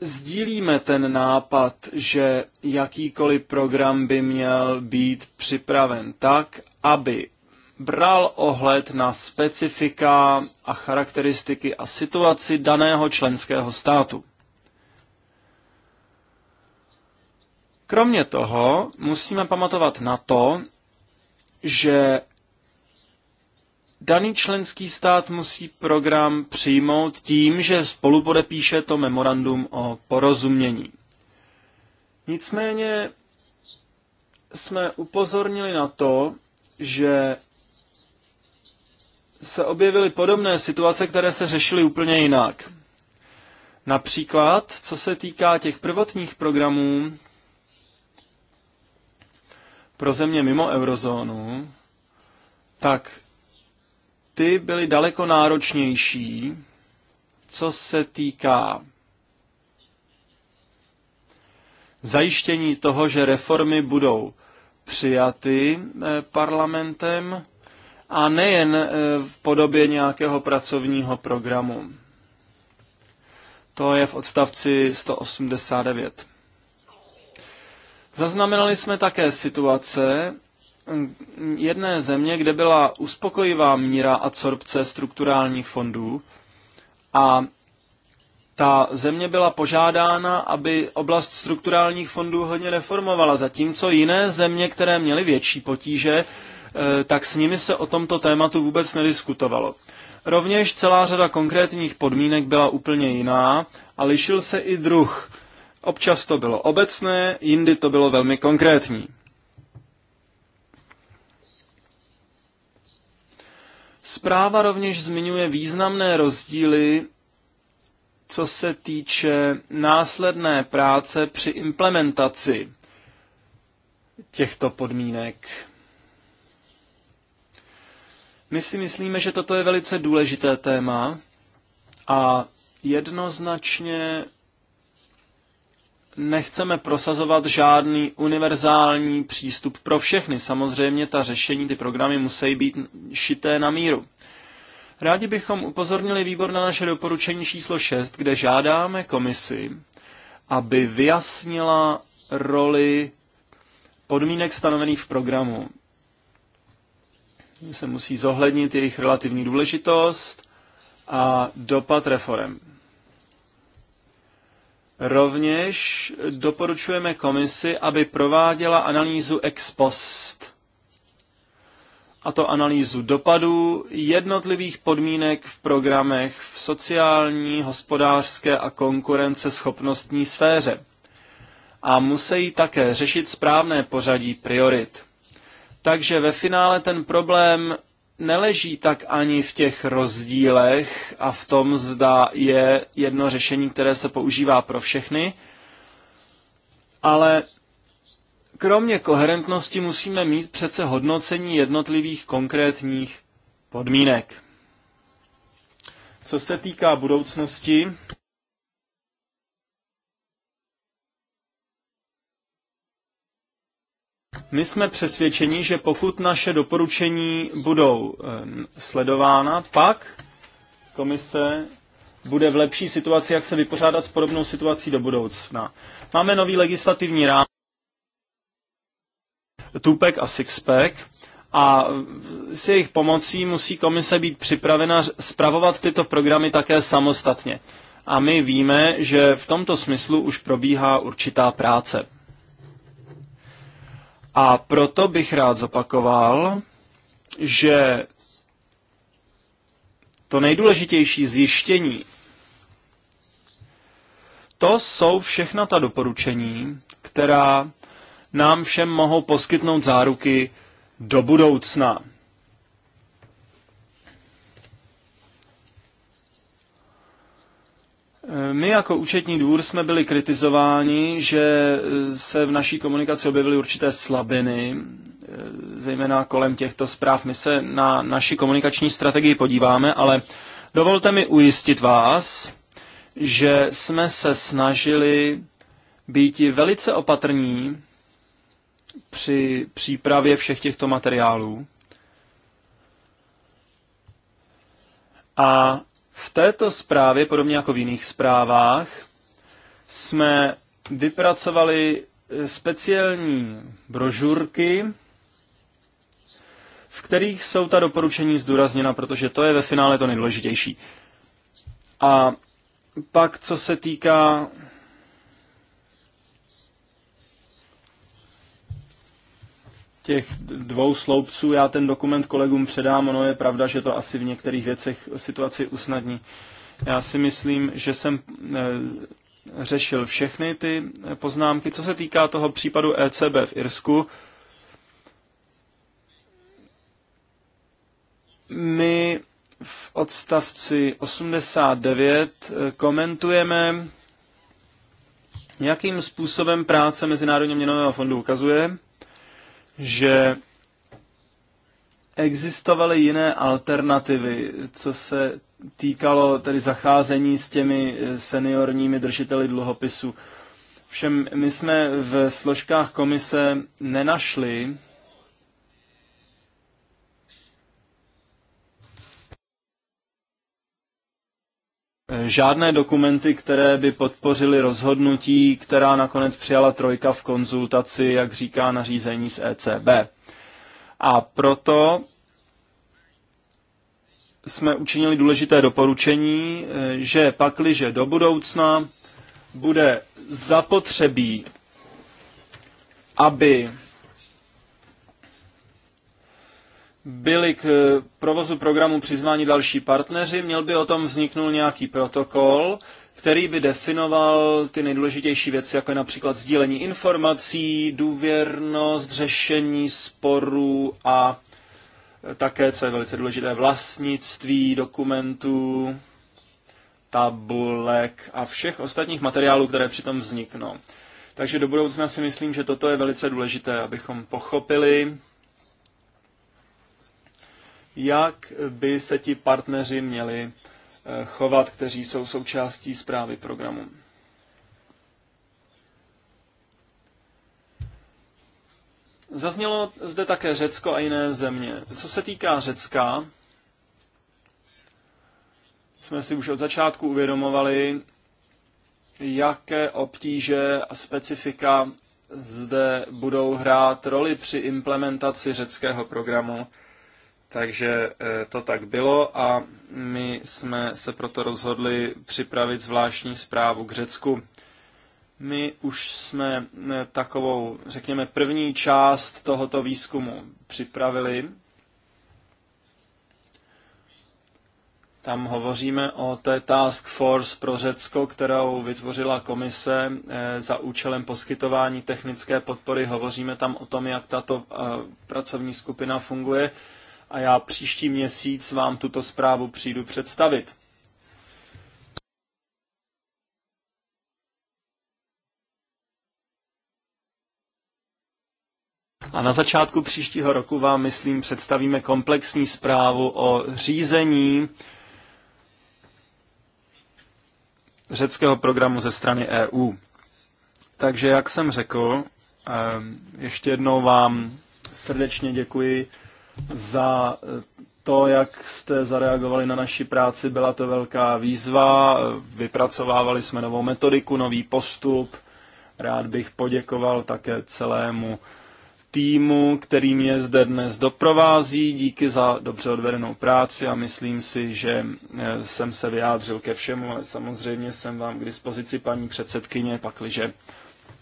sdílíme ten nápad, že jakýkoliv program by měl být připraven tak, aby bral ohled na specifika a charakteristiky a situaci daného členského státu. Kromě toho musíme pamatovat na to, že daný členský stát musí program přijmout tím, že spolu podepíše to memorandum o porozumění. Nicméně jsme upozornili na to, že se objevily podobné situace, které se řešily úplně jinak. Například, co se týká těch prvotních programů, pro země mimo eurozónu, tak ty byly daleko náročnější, co se týká zajištění toho, že reformy budou přijaty eh, parlamentem a nejen eh, v podobě nějakého pracovního programu. To je v odstavci 189. Zaznamenali jsme také situace jedné země, kde byla uspokojivá míra adsorpce strukturálních fondů a ta země byla požádána, aby oblast strukturálních fondů hodně reformovala, zatímco jiné země, které měly větší potíže, eh, tak s nimi se o tomto tématu vůbec nediskutovalo. Rovněž celá řada konkrétních podmínek byla úplně jiná a lišil se i druh Občas to bylo obecné, jindy to bylo velmi konkrétní. Zpráva rovněž zmiňuje významné rozdíly, co se týče následné práce při implementaci těchto podmínek. My si myslíme, že toto je velice důležité téma a jednoznačně nechceme prosazovat žádný univerzální přístup pro všechny. Samozřejmě ta řešení, ty programy musí být šité na míru. Rádi bychom upozornili výbor na naše doporučení číslo 6, kde žádáme komisi, aby vyjasnila roli podmínek stanovených v programu. Se musí zohlednit jejich relativní důležitost a dopad reform. Rovněž doporučujeme komisi, aby prováděla analýzu ex post, a to analýzu dopadů jednotlivých podmínek v programech v sociální, hospodářské a konkurenceschopnostní sféře. A musí také řešit správné pořadí priorit. Takže ve finále ten problém neleží tak ani v těch rozdílech a v tom, zda je jedno řešení, které se používá pro všechny, ale kromě koherentnosti musíme mít přece hodnocení jednotlivých konkrétních podmínek. Co se týká budoucnosti, My jsme přesvědčeni, že pokud naše doporučení budou sledována, pak komise bude v lepší situaci, jak se vypořádat s podobnou situací do budoucna. Máme nový legislativní rám, Tupek a Sixpack, a s jejich pomocí musí komise být připravena spravovat tyto programy také samostatně. A my víme, že v tomto smyslu už probíhá určitá práce. A proto bych rád zopakoval, že to nejdůležitější zjištění, to jsou všechna ta doporučení, která nám všem mohou poskytnout záruky do budoucna. My jako účetní dvůr jsme byli kritizováni, že se v naší komunikaci objevily určité slabiny, eh, zejména kolem těchto zpráv. My se na naši komunikační strategii podíváme, ale dovolte mi ujistit vás, že jsme se snažili být velice opatrní při přípravě všech těchto materiálů. A v této zprávě, podobně jako v jiných zprávách, jsme vypracovali speciální brožurky, v kterých jsou ta doporučení zdůrazněna, protože to je ve finále to nejdůležitější. A pak, co se týká těch dvou sloupců. Já ten dokument kolegům předám, ono je pravda, že to asi v některých věcech situaci usnadní. Já si myslím, že jsem eh, řešil všechny ty poznámky. Co se týká toho případu ECB v Irsku, my v odstavci 89 eh, komentujeme, jakým způsobem práce Mezinárodního měnového fondu ukazuje, že existovaly jiné alternativy, co se týkalo tedy zacházení s těmi eh, seniorními držiteli dluhopisu. Všem my jsme v složkách komise nenašli žádné dokumenty, které by podpořily rozhodnutí, která nakonec přijala trojka v konzultaci, jak říká nařízení z ECB. A proto jsme učinili důležité doporučení, že pakliže do budoucna bude zapotřebí, aby byli k provozu programu přizváni další partneři, měl by o tom vzniknul nějaký protokol, který by definoval ty nejdůležitější věci, jako je například sdílení informací, důvěrnost, řešení sporů a také, co je velice důležité, vlastnictví dokumentů, tabulek a všech ostatních materiálů, které přitom vzniknou. Takže do budoucna si myslím, že toto je velice důležité, abychom pochopili, jak by se ti partneři měli eh, chovat, kteří jsou součástí zprávy programu. Zaznělo zde také Řecko a jiné země. Co se týká Řecka, jsme si už od začátku uvědomovali, jaké obtíže a specifika zde budou hrát roli při implementaci řeckého programu takže eh, to tak bylo a my jsme se proto rozhodli připravit zvláštní zprávu k Řecku. My už jsme eh, takovou, řekněme, první část tohoto výzkumu připravili. Tam hovoříme o té task force pro Řecko, kterou vytvořila komise eh, za účelem poskytování technické podpory. Hovoříme tam o tom, jak tato pracovní skupina funguje a já příští měsíc vám tuto zprávu přijdu představit. A na začátku příštího roku vám, myslím, představíme komplexní zprávu o řízení řeckého programu ze strany EU. Takže, jak jsem řekl, eh, ještě jednou vám srdečně děkuji za eh, to, jak jste zareagovali na naši práci. Byla to velká výzva, vypracovávali jsme novou metodiku, nový postup. Rád bych poděkoval také celému týmu, který mě zde dnes doprovází. Díky za dobře odvedenou práci a myslím si, že eh, jsem se vyjádřil ke všemu, ale samozřejmě jsem vám k dispozici, paní předsedkyně, pakliže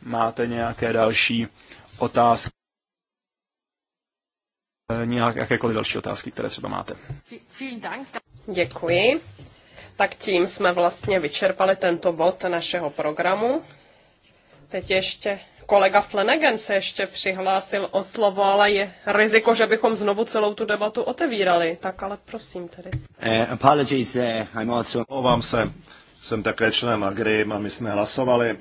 máte nějaké další otázky. Eh, nějak, jakékoliv další otázky, které třeba máte. Děkuji. Tak tím jsme vlastně vyčerpali tento bod našeho programu. Teď ještě kolega Flanagan se ještě přihlásil o slovo, ale je riziko, že bychom znovu celou tu debatu otevírali. Tak ale prosím tedy. Eh, Ovám eh, se, jsem také členem Agri, a my jsme hlasovali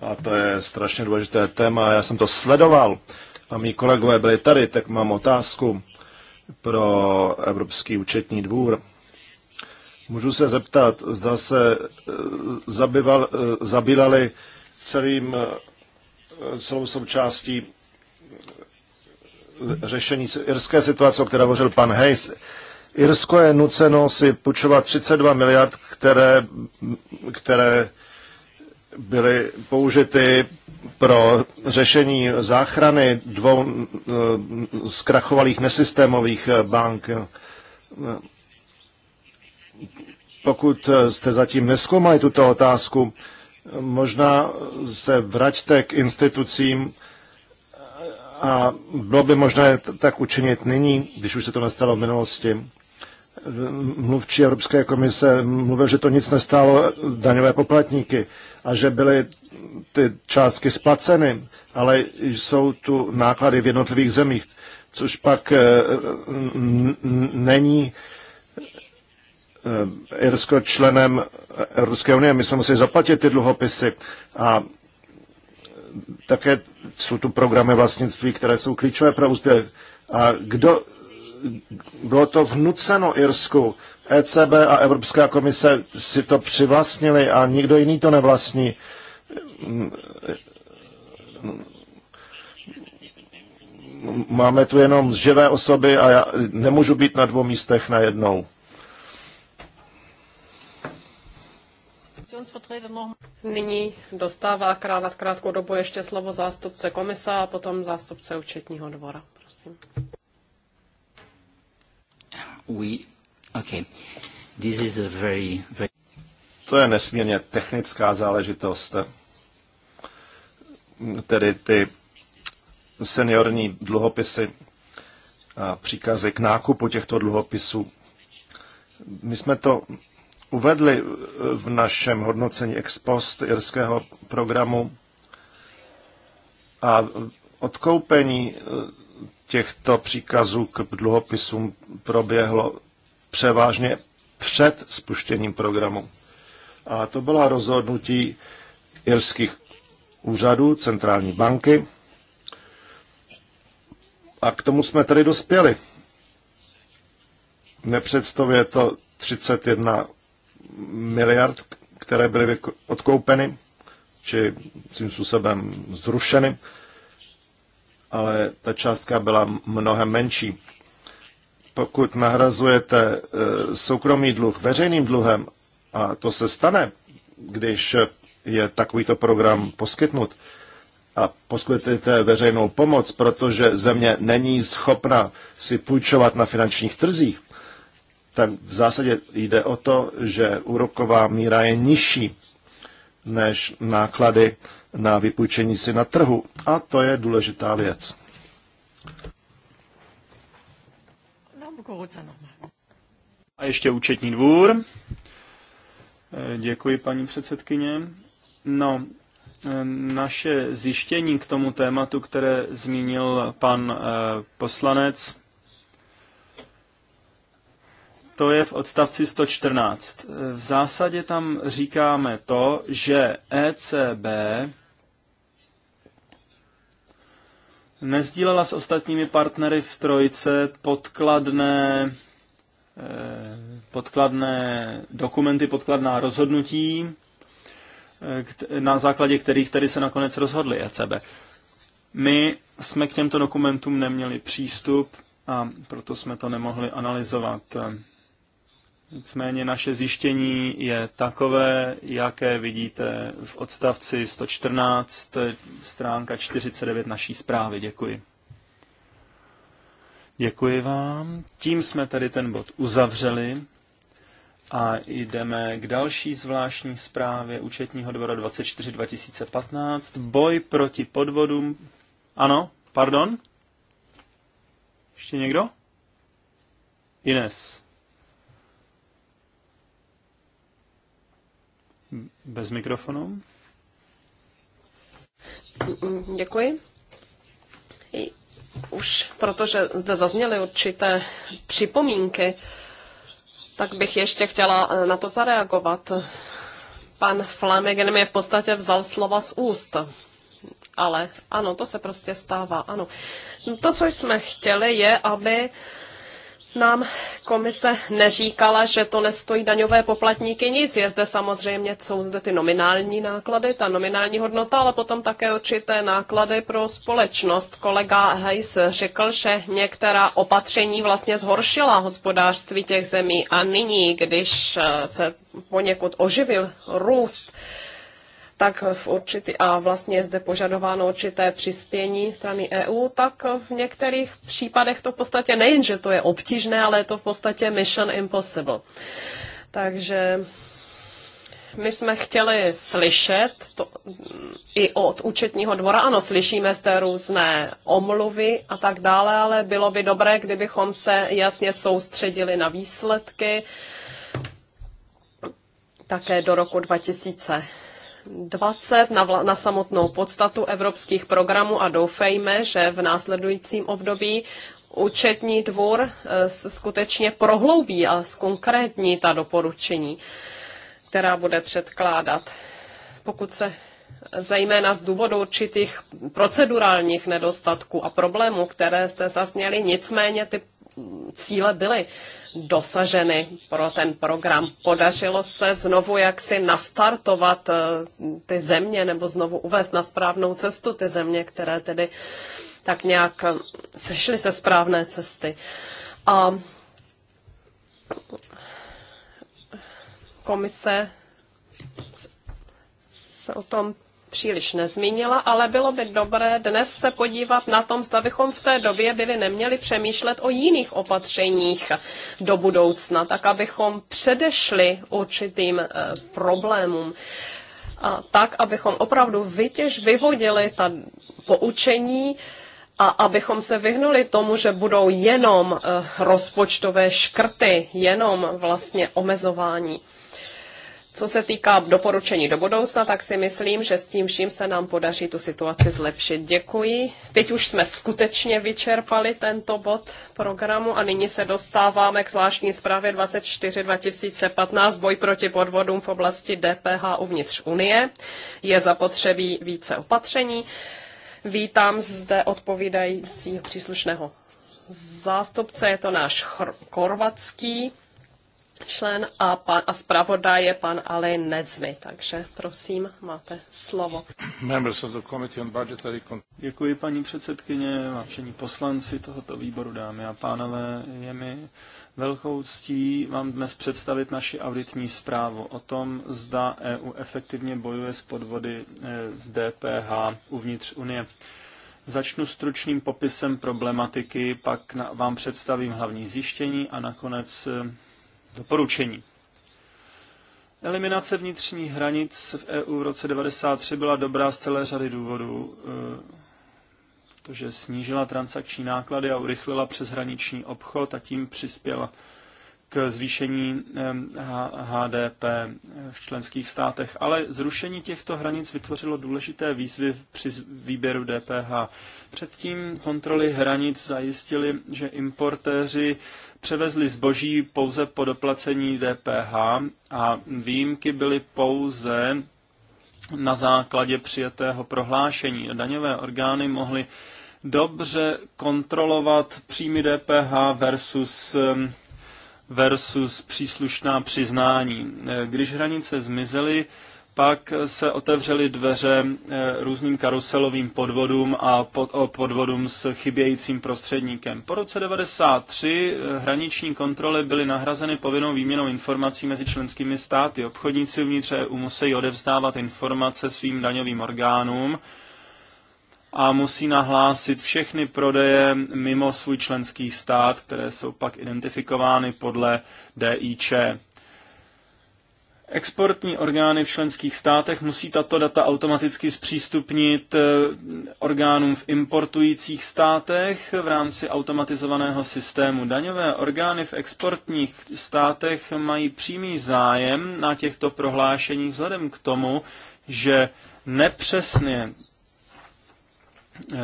a to je strašně důležité téma. Já jsem to sledoval a mý kolegové byli tady, tak mám otázku pro Evropský účetní dvůr. Můžu se zeptat, zda se eh, zabýval, eh, zabývali celým, eh, celou součástí řešení irské situace, o které hovořil pan Hayes. Irsko je nuceno si půjčovat 32 miliard, které, které byly použity pro řešení záchrany dvou eh, zkrachovalých nesystémových eh, bank. Eh, pokud jste zatím neskoumali tuto otázku, možná se vraťte k institucím a bylo by možné tak učinit nyní, když už se to nestalo v minulosti mluvčí Evropské komise mluvil, že to nic nestálo daňové poplatníky a že byly ty částky splaceny, ale jsou tu náklady v jednotlivých zemích, což pak eh, není eh, Irsko členem Evropské unie. My jsme museli zaplatit ty dluhopisy a také jsou tu programy vlastnictví, které jsou klíčové pro úspěch. A kdo, bylo to vnuceno Irsku ECB a Evropská komise si to přivlastnili a nikdo jiný to nevlastní. Máme tu jenom živé osoby a já nemůžu být na dvou místech najednou. Nyní dostává krávat krátkou dobu ještě slovo zástupce komisa a potom zástupce účetního dvora. Prosím. To je nesmírně technická záležitost. Tedy ty seniorní dluhopisy a příkazy k nákupu těchto dluhopisů. My jsme to uvedli v našem hodnocení ex post irského programu a odkoupení těchto příkazů k dluhopisům proběhlo převážně před spuštěním programu. A to byla rozhodnutí irských úřadů, centrální banky. A k tomu jsme tedy dospěli. Nepředstavuje to 31 miliard, které byly odkoupeny, či svým způsobem zrušeny, ale ta částka byla mnohem menší pokud nahrazujete e, soukromý dluh veřejným dluhem, a to se stane, když je takovýto program poskytnut, a poskytujete veřejnou pomoc, protože země není schopna si půjčovat na finančních trzích, tak v zásadě jde o to, že úroková míra je nižší než náklady na vypůjčení si na trhu. A to je důležitá věc. A ještě účetní dvůr. Děkuji, paní předsedkyně. No, naše zjištění k tomu tématu, které zmínil pan eh, poslanec, to je v odstavci 114. V zásadě tam říkáme to, že ECB nezdílela s ostatními partnery v trojce podkladné, eh, podkladné dokumenty, podkladná rozhodnutí, eh, na základě kterých tedy se nakonec rozhodli ECB. My jsme k těmto dokumentům neměli přístup a proto jsme to nemohli analyzovat. Eh, Nicméně naše zjištění je takové, jaké vidíte v odstavci 114, stránka 49 naší zprávy. Děkuji. Děkuji vám. Tím jsme tady ten bod uzavřeli a jdeme k další zvláštní zprávě účetního dvora 24 2015. Boj proti podvodům. Ano, pardon? Ještě někdo? Ines. Bez mikrofonu. Děkuji. Už protože zde zazněly určité připomínky, tak bych ještě chtěla eh, na to zareagovat. Pan Flamegen mi v podstatě vzal slova z úst. Ale ano, to se prostě stává, ano. to, co jsme chtěli, je, aby uh, nám komise neříkala, že to nestojí daňové poplatníky nic. Je zde samozřejmě, jsou zde ty nominální náklady, ta nominální hodnota, ale potom také určité náklady pro společnost. Kolega Hayes řekl, že některá opatření vlastně zhoršila hospodářství těch zemí a nyní, když eh, se poněkud oživil růst, tak v určitý, a vlastně je zde požadováno určité přispění strany EU, tak v některých případech to v podstatě nejen, že to je obtížné, ale je to v podstatě mission impossible. Takže my jsme chtěli slyšet to, mm, i od účetního dvora. Ano, slyšíme zde různé omluvy a tak dále, ale bylo by dobré, kdybychom se jasně soustředili na výsledky také do roku 2000. 20 na, vla, na samotnou podstatu evropských programů a doufejme, že v následujícím období účetní dvůr eh, skutečně prohloubí a zkonkrétní ta doporučení, která bude předkládat. Pokud se zejména z důvodu určitých procedurálních nedostatků a problémů, které jste zazněli, Nicméně ty cíle byly dosaženy pro ten program. Podařilo se znovu jaksi nastartovat eh, ty země nebo znovu uvést na správnou cestu ty země, které tedy tak nějak eh, sešly se správné cesty. A komise se o tom příliš nezmínila, ale bylo by dobré dnes se podívat na tom, zda bychom v té době byli neměli přemýšlet o jiných opatřeních do budoucna, tak abychom předešli určitým eh, problémům. A tak, abychom opravdu vytěž vyvodili ta poučení, a abychom se vyhnuli tomu, že budou jenom eh, rozpočtové škrty, jenom vlastně omezování. Co se týká doporučení do budoucna, tak si myslím, že s tím vším se nám podaří tu situaci zlepšit. Děkuji. Teď už jsme skutečně vyčerpali tento bod programu a nyní se dostáváme k zvláštní zprávě 24 2015 boj proti podvodům v oblasti DPH uvnitř Unie. Je zapotřebí více opatření. Vítám zde odpovídajícího příslušného zástupce, je to náš chor- korvatský člen a, pan, a zpravodaj je pan Ali Nezmi, takže prosím, máte slovo. Děkuji paní předsedkyně, vážení poslanci tohoto výboru, dámy a pánové, je mi velkou ctí vám dnes představit naši auditní zprávu o tom, zda EU efektivně bojuje s podvody eh, z DPH uvnitř Unie. Začnu stručným popisem problematiky, pak vám představím hlavní zjištění a nakonec eh, doporučení. Eliminace vnitřních hranic v EU v roce 1993 byla dobrá z celé řady důvodů, protože e, snížila transakční náklady a urychlila přeshraniční obchod a tím přispěla k zvýšení HDP e, v členských státech. Ale zrušení těchto hranic vytvořilo důležité výzvy při výběru DPH. Předtím kontroly hranic zajistili, že importéři převezli zboží pouze po doplacení DPH a výjimky byly pouze na základě přijatého prohlášení. Daňové orgány mohly dobře kontrolovat příjmy DPH versus versus příslušná přiznání. Když hranice zmizely, pak se otevřely dveře eh, různým karuselovým podvodům a podvodům s chybějícím prostředníkem. Po roce 1993 eh, hraniční kontroly byly nahrazeny povinnou výměnou informací mezi členskými státy. Obchodníci uvnitř EU musí odevzdávat informace svým daňovým orgánům a musí nahlásit všechny prodeje mimo svůj členský stát, které jsou pak identifikovány podle DIČ. Exportní orgány v členských státech musí tato data automaticky zpřístupnit eh, orgánům v importujících státech v rámci automatizovaného systému. Daňové orgány v exportních státech mají přímý zájem na těchto prohlášeních vzhledem k tomu, že nepřesně eh,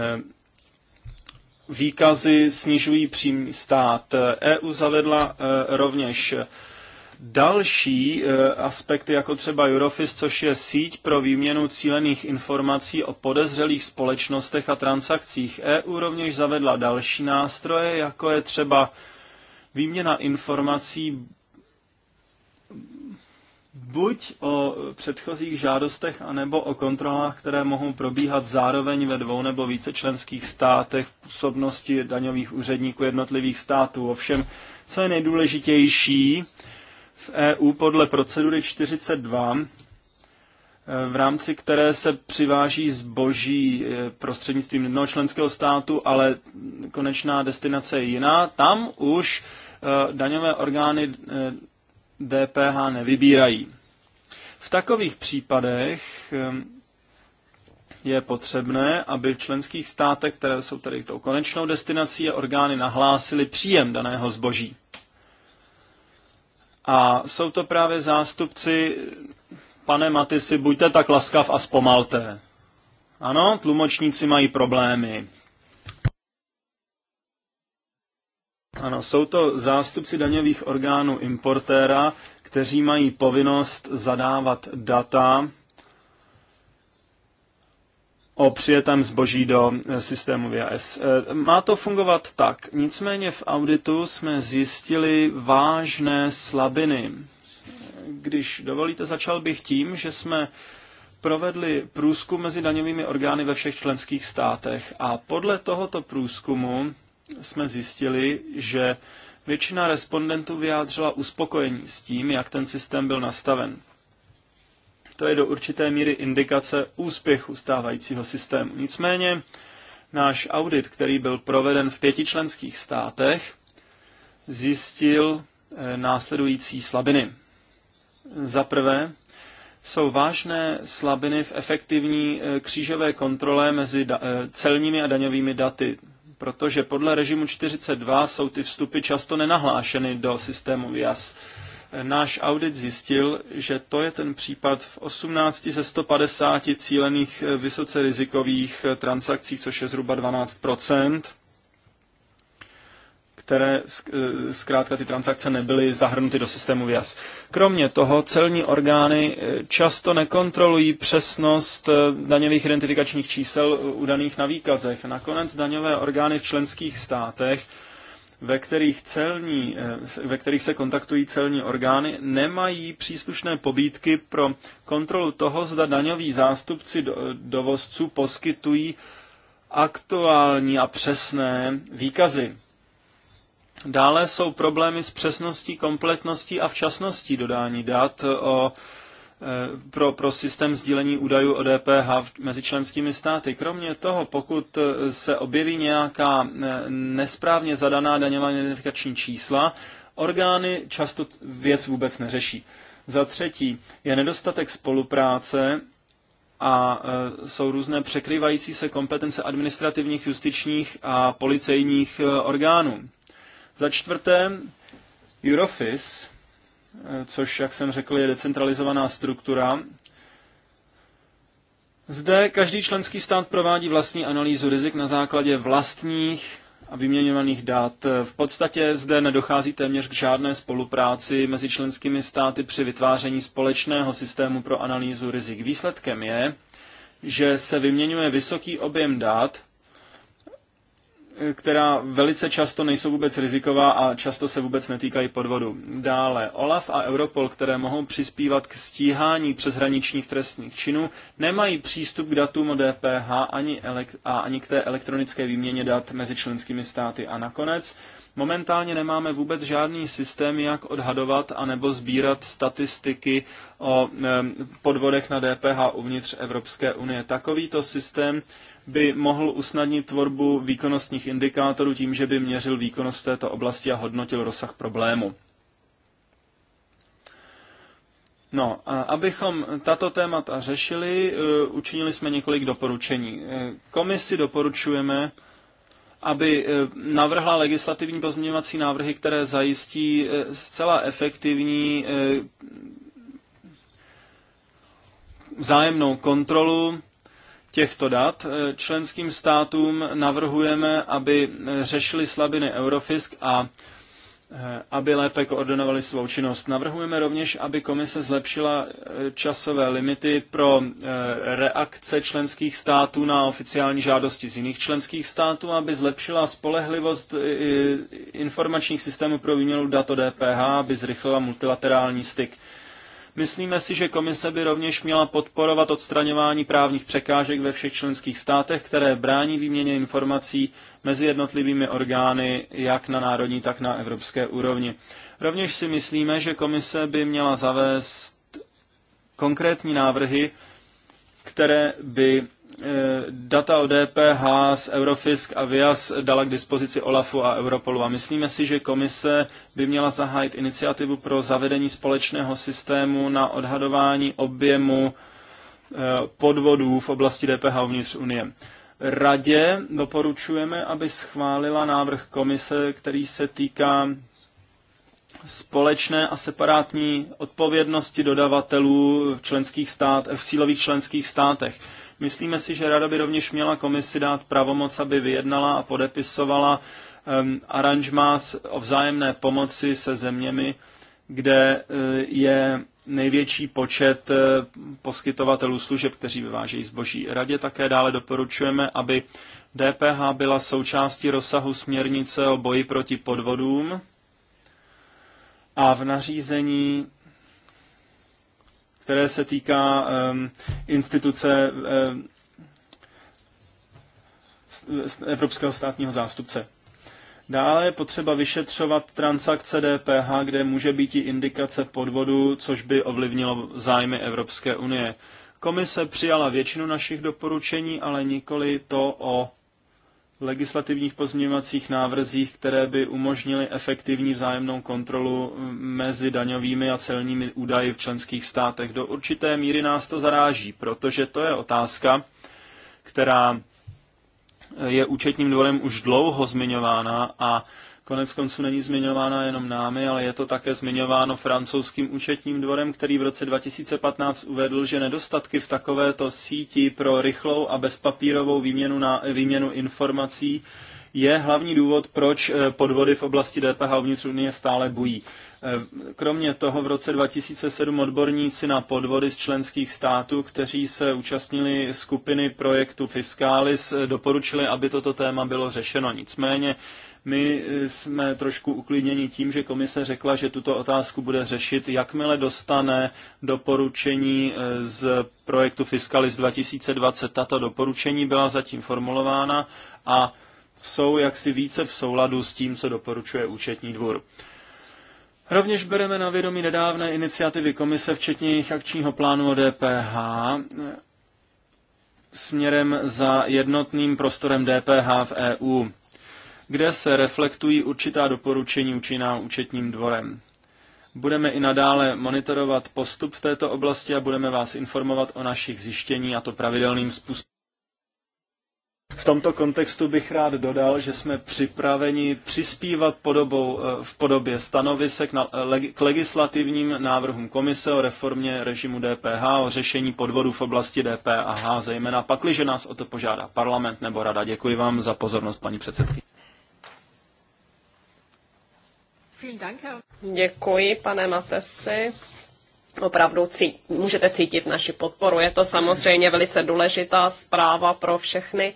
výkazy snižují přímý stát. EU eh, e zavedla rovněž další eh, aspekty, jako třeba Eurofis, což je síť pro výměnu cílených informací o podezřelých společnostech a transakcích. EU rovněž zavedla další nástroje, jako je třeba výměna informací buď o předchozích žádostech, anebo o kontrolách, které mohou probíhat zároveň ve dvou nebo více členských státech působnosti daňových úředníků jednotlivých států. Ovšem, co je nejdůležitější, v EU podle procedury 42, eh, v rámci které se přiváží zboží eh, prostřednictvím jednoho členského státu, ale konečná destinace je jiná, tam už eh, daňové orgány DPH nevybírají. V takových případech je potřebné, aby v členských státech, které jsou tady tou konečnou destinací, orgány nahlásily příjem daného zboží. A jsou to právě zástupci, pane Matisi, buďte tak laskav a zpomalte. Ano, tlumočníci mají problémy. Ano, jsou to zástupci daňových orgánů importéra, kteří mají povinnost zadávat data o přijetém zboží do eh, systému VAS. Eh, má to fungovat tak. Nicméně v auditu jsme zjistili vážné slabiny. Když dovolíte, začal bych tím, že jsme provedli průzkum mezi daňovými orgány ve všech členských státech a podle tohoto průzkumu jsme zjistili, že většina respondentů vyjádřila uspokojení s tím, jak ten systém byl nastaven. To je do určité míry indikace úspěchu stávajícího systému. Nicméně náš audit, který byl proveden v pěti členských státech, zjistil eh, následující slabiny. Za prvé, jsou vážné slabiny v efektivní eh, křížové kontrole mezi eh, celními a daňovými daty, protože podle režimu 42 jsou ty vstupy často nenahlášeny do systému VIAS náš audit zjistil, že to je ten případ v 18 ze 150 cílených eh, vysoce rizikových eh, transakcí, což je zhruba 12 které eh, zkrátka ty transakce nebyly zahrnuty do systému VIAS. Kromě toho celní orgány často nekontrolují přesnost daňových identifikačních čísel udaných na výkazech. Nakonec daňové orgány v členských státech ve kterých, celní, eh, ve kterých se kontaktují celní orgány, nemají příslušné pobídky pro kontrolu toho, zda daňoví zástupci dovozců poskytují aktuální a přesné výkazy. Dále jsou problémy s přesností, kompletností a včasností dodání dat o Eh, pro, pro systém sdílení údajů o DPH mezi členskými státy. Kromě toho, pokud eh, se objeví nějaká eh, nesprávně zadaná daňová identifikační čísla, orgány často věc vůbec neřeší. Za třetí je nedostatek spolupráce a jsou různé překrývající se kompetence administrativních, justičních a policejních orgánů. Za čtvrté, Eurofis což, jak jsem řekl, je decentralizovaná struktura. Zde každý členský stát provádí vlastní analýzu rizik na základě vlastních a vyměňovaných dat. V podstatě zde nedochází téměř k žádné spolupráci mezi členskými státy při vytváření společného systému pro analýzu rizik. Výsledkem je, že se vyměňuje vysoký objem dat, která velice často nejsou vůbec riziková a často se vůbec netýkají podvodu. Dále OLAF a Europol, které mohou přispívat k stíhání přeshraničních trestních činů, nemají přístup k datům o DPH ani a ani k té elektronické výměně dat mezi členskými státy. A nakonec, momentálně nemáme vůbec žádný systém, jak odhadovat anebo sbírat statistiky o podvodech na DPH uvnitř Evropské unie. Takovýto systém by mohl usnadnit tvorbu výkonnostních indikátorů tím, že by měřil výkonnost v této oblasti a hodnotil rozsah problému. No, a abychom tato témata řešili, eh, učinili jsme několik doporučení. Eh, komisi doporučujeme, aby eh, navrhla legislativní pozměňovací návrhy, které zajistí zcela efektivní vzájemnou kontrolu těchto dat eh, členským státům navrhujeme, aby eh, řešili slabiny Eurofisk a eh, aby lépe koordinovali svou činnost. Navrhujeme rovněž, aby komise zlepšila časové limity pro reakce členských států na oficiální žádosti z jiných členských států, aby zlepšila spolehlivost informačních systémů pro výměnu dat o DPH, aby zrychlila multilaterální styk. Myslíme si, že komise by rovněž měla podporovat odstraňování právních překážek ve všech členských státech, které brání výměně informací mezi jednotlivými orgány, jak na národní, tak na evropské úrovni. Rovněž si myslíme, že komise by měla zavést konkrétní návrhy, které by Eh, data o DPH z Eurofisk a VIAS dala k dispozici OLAFu a Europolu a myslíme si, že komise by měla zahájit iniciativu pro zavedení společného systému na odhadování objemu eh, podvodů v oblasti DPH uvnitř Unie. Radě doporučujeme, aby schválila návrh komise, který se týká společné a separátní odpovědnosti dodavatelů v členských stát, v sílových členských státech. Myslíme si, že Rada by rovněž měla komisi dát pravomoc, aby vyjednala a podepisovala um, aranžmá o vzájemné pomoci se zeměmi, kde uh, je největší počet eh, poskytovatelů služeb, kteří vyvážejí zboží. Radě také dále doporučujeme, aby DPH byla součástí rozsahu směrnice o boji proti podvodům, a v nařízení, které se týká um, instituce um, Evropského státního zástupce. Dále je potřeba vyšetřovat transakce DPH, kde může být i indikace podvodu, což by ovlivnilo zájmy Evropské unie. Komise přijala většinu našich doporučení, ale nikoli to o legislativních pozměňovacích návrzích, které by umožnily efektivní vzájemnou kontrolu mezi daňovými a celními údaji v členských státech. Do určité míry nás to zaráží, protože to je otázka, která je účetním dvorem už dlouho zmiňována a Konec konců není zmiňována jenom námi, ale je to také zmiňováno francouzským účetním dvorem, který v roce 2015 uvedl, že nedostatky v takovéto síti pro rychlou a bezpapírovou výměnu, na, výměnu informací je hlavní důvod, proč eh, podvody v oblasti DPH uvnitř Unie stále bují. Eh, kromě toho v roce 2007 odborníci na podvody z členských států, kteří se účastnili skupiny projektu Fiscalis, eh, doporučili, aby toto téma bylo řešeno. Nicméně my eh, jsme trošku uklidněni tím, že komise řekla, že tuto otázku bude řešit, jakmile dostane doporučení eh, z projektu Fiscalis 2020. Tato doporučení byla zatím formulována a jsou jaksi více v souladu s tím, co doporučuje účetní dvůr. Rovněž bereme na vědomí nedávné iniciativy komise, včetně jejich akčního plánu o DPH, eh, směrem za jednotným prostorem DPH v EU kde se reflektují určitá doporučení učiná účetním dvorem. Budeme i nadále monitorovat postup v této oblasti a budeme vás informovat o našich zjištění a to pravidelným způsobem. V tomto kontextu bych rád dodal, že jsme připraveni přispívat podobou, eh, v podobě stanovisek na, eh, k legislativním návrhům komise o reformě režimu DPH, o řešení podvodů v oblasti DPH, zejména pakliže nás o to požádá parlament nebo rada. Děkuji vám za pozornost, paní předsedkyně. Děkuji, pane Matesi. Opravdu cít, můžete cítit naši podporu. Je to samozřejmě velice důležitá zpráva pro všechny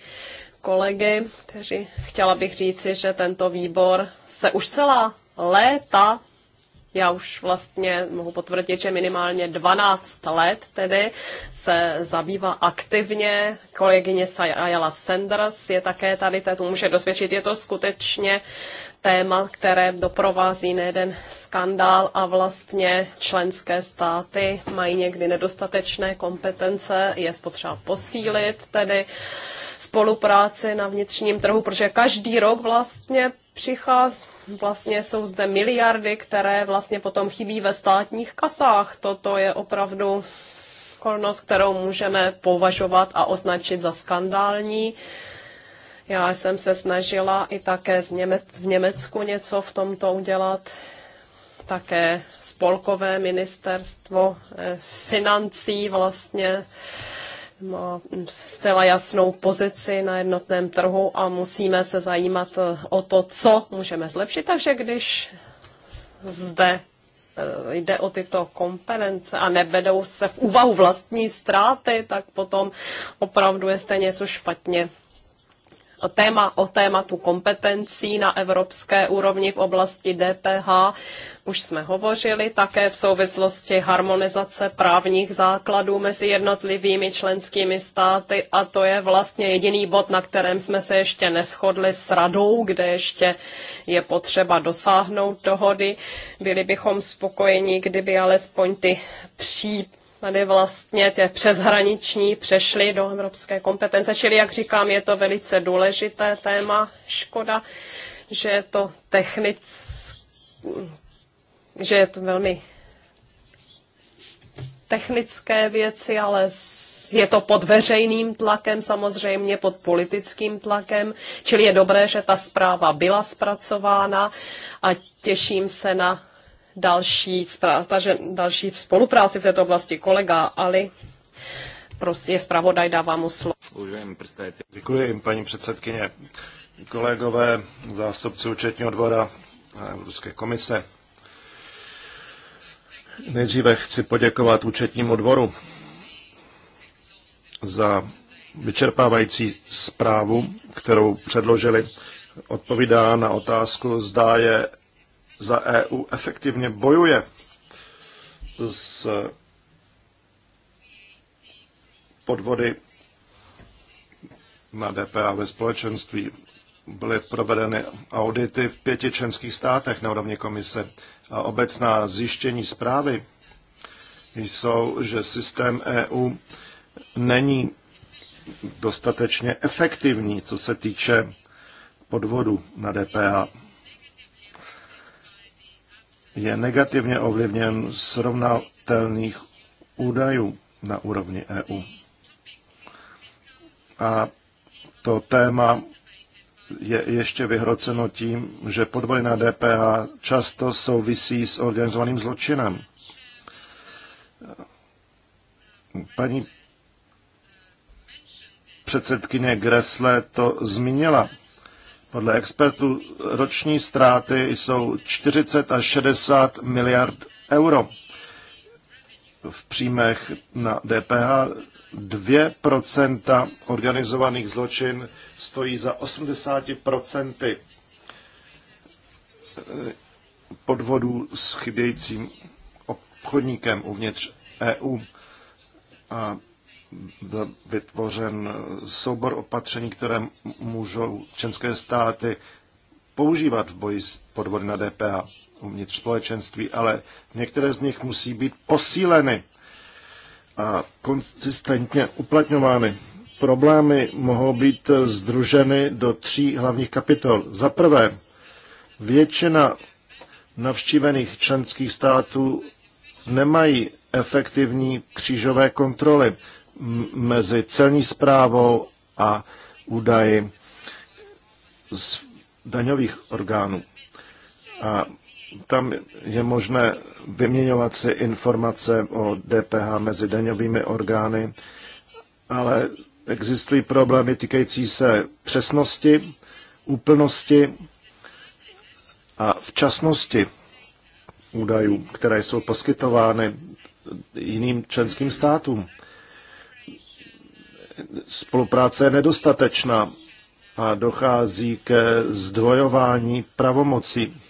kolegy, kteří chtěla bych říci, že tento výbor se už celá léta já už vlastně mohu potvrdit, že minimálně 12 let tedy se zabývá aktivně kolegyně sajala Sanders, je také tady, to může dosvědčit, je to skutečně téma, které doprovází nejeden skandál a vlastně členské státy mají někdy nedostatečné kompetence, je potřeba posílit tedy spolupráci na vnitřním trhu, protože každý rok vlastně přichází vlastně jsou zde miliardy, které vlastně potom chybí ve státních kasách. Toto je opravdu okolnost, kterou můžeme považovat a označit za skandální. Já jsem se snažila i také z Němec, v Německu něco v tomto udělat. Také spolkové ministerstvo eh, financí vlastně má zcela jasnou pozici na jednotném trhu a musíme se zajímat eh, o to, co můžeme zlepšit. Takže když zde eh, jde o tyto kompenence a nebedou se v úvahu vlastní ztráty, tak potom opravdu je stejně něco špatně téma, o tématu kompetencí na evropské úrovni v oblasti DPH už jsme hovořili, také v souvislosti harmonizace právních základů mezi jednotlivými členskými státy a to je vlastně jediný bod, na kterém jsme se ještě neschodli s radou, kde ještě je potřeba dosáhnout dohody. Byli bychom spokojeni, kdyby alespoň ty pří, tady vlastně tě přeshraniční přešly do evropské kompetence. Čili, jak říkám, je to velice důležité téma. Škoda, že je to technic, že je to velmi technické věci, ale je to pod veřejným tlakem, samozřejmě pod politickým tlakem, čili je dobré, že ta zpráva byla zpracována a těším se na další, takže další spolupráci v této oblasti. Kolega Ali, prosím, je zpravodaj, dávám mu slovo. Děkuji, paní předsedkyně. Kolegové, zástupci účetního dvora a Evropské komise. Nejdříve chci poděkovat účetnímu dvoru za vyčerpávající zprávu, kterou předložili, odpovídá na otázku, zda je za EU efektivně bojuje s podvody na DPA ve společenství. Byly provedeny audity v pěti členských státech na úrovni komise a obecná zjištění zprávy jsou, že systém EU není dostatečně efektivní, co se týče podvodu na DPA je negativně ovlivněn srovnatelných údajů na úrovni EU. A to téma je ještě vyhroceno tím, že podvody na DPH často souvisí s organizovaným zločinem. Paní předsedkyně Gressle to zmínila podle expertů roční ztráty jsou 40 až 60 miliard euro. V příjmech na DPH 2% organizovaných zločin stojí za 80% podvodů s chybějícím obchodníkem uvnitř EU. A byl vytvořen soubor opatření, které můžou členské státy používat v boji s podvody na DPH uvnitř společenství, ale některé z nich musí být posíleny a konsistentně uplatňovány. Problémy mohou být združeny do tří hlavních kapitol. Za prvé, většina navštívených členských států nemají efektivní křížové kontroly, mezi celní zprávou a údaji z daňových orgánů. A tam je možné vyměňovat si informace o DPH mezi daňovými orgány, ale existují problémy týkající se přesnosti, úplnosti a včasnosti údajů, které jsou poskytovány jiným členským státům spolupráce je nedostatečná a dochází ke zdvojování pravomocí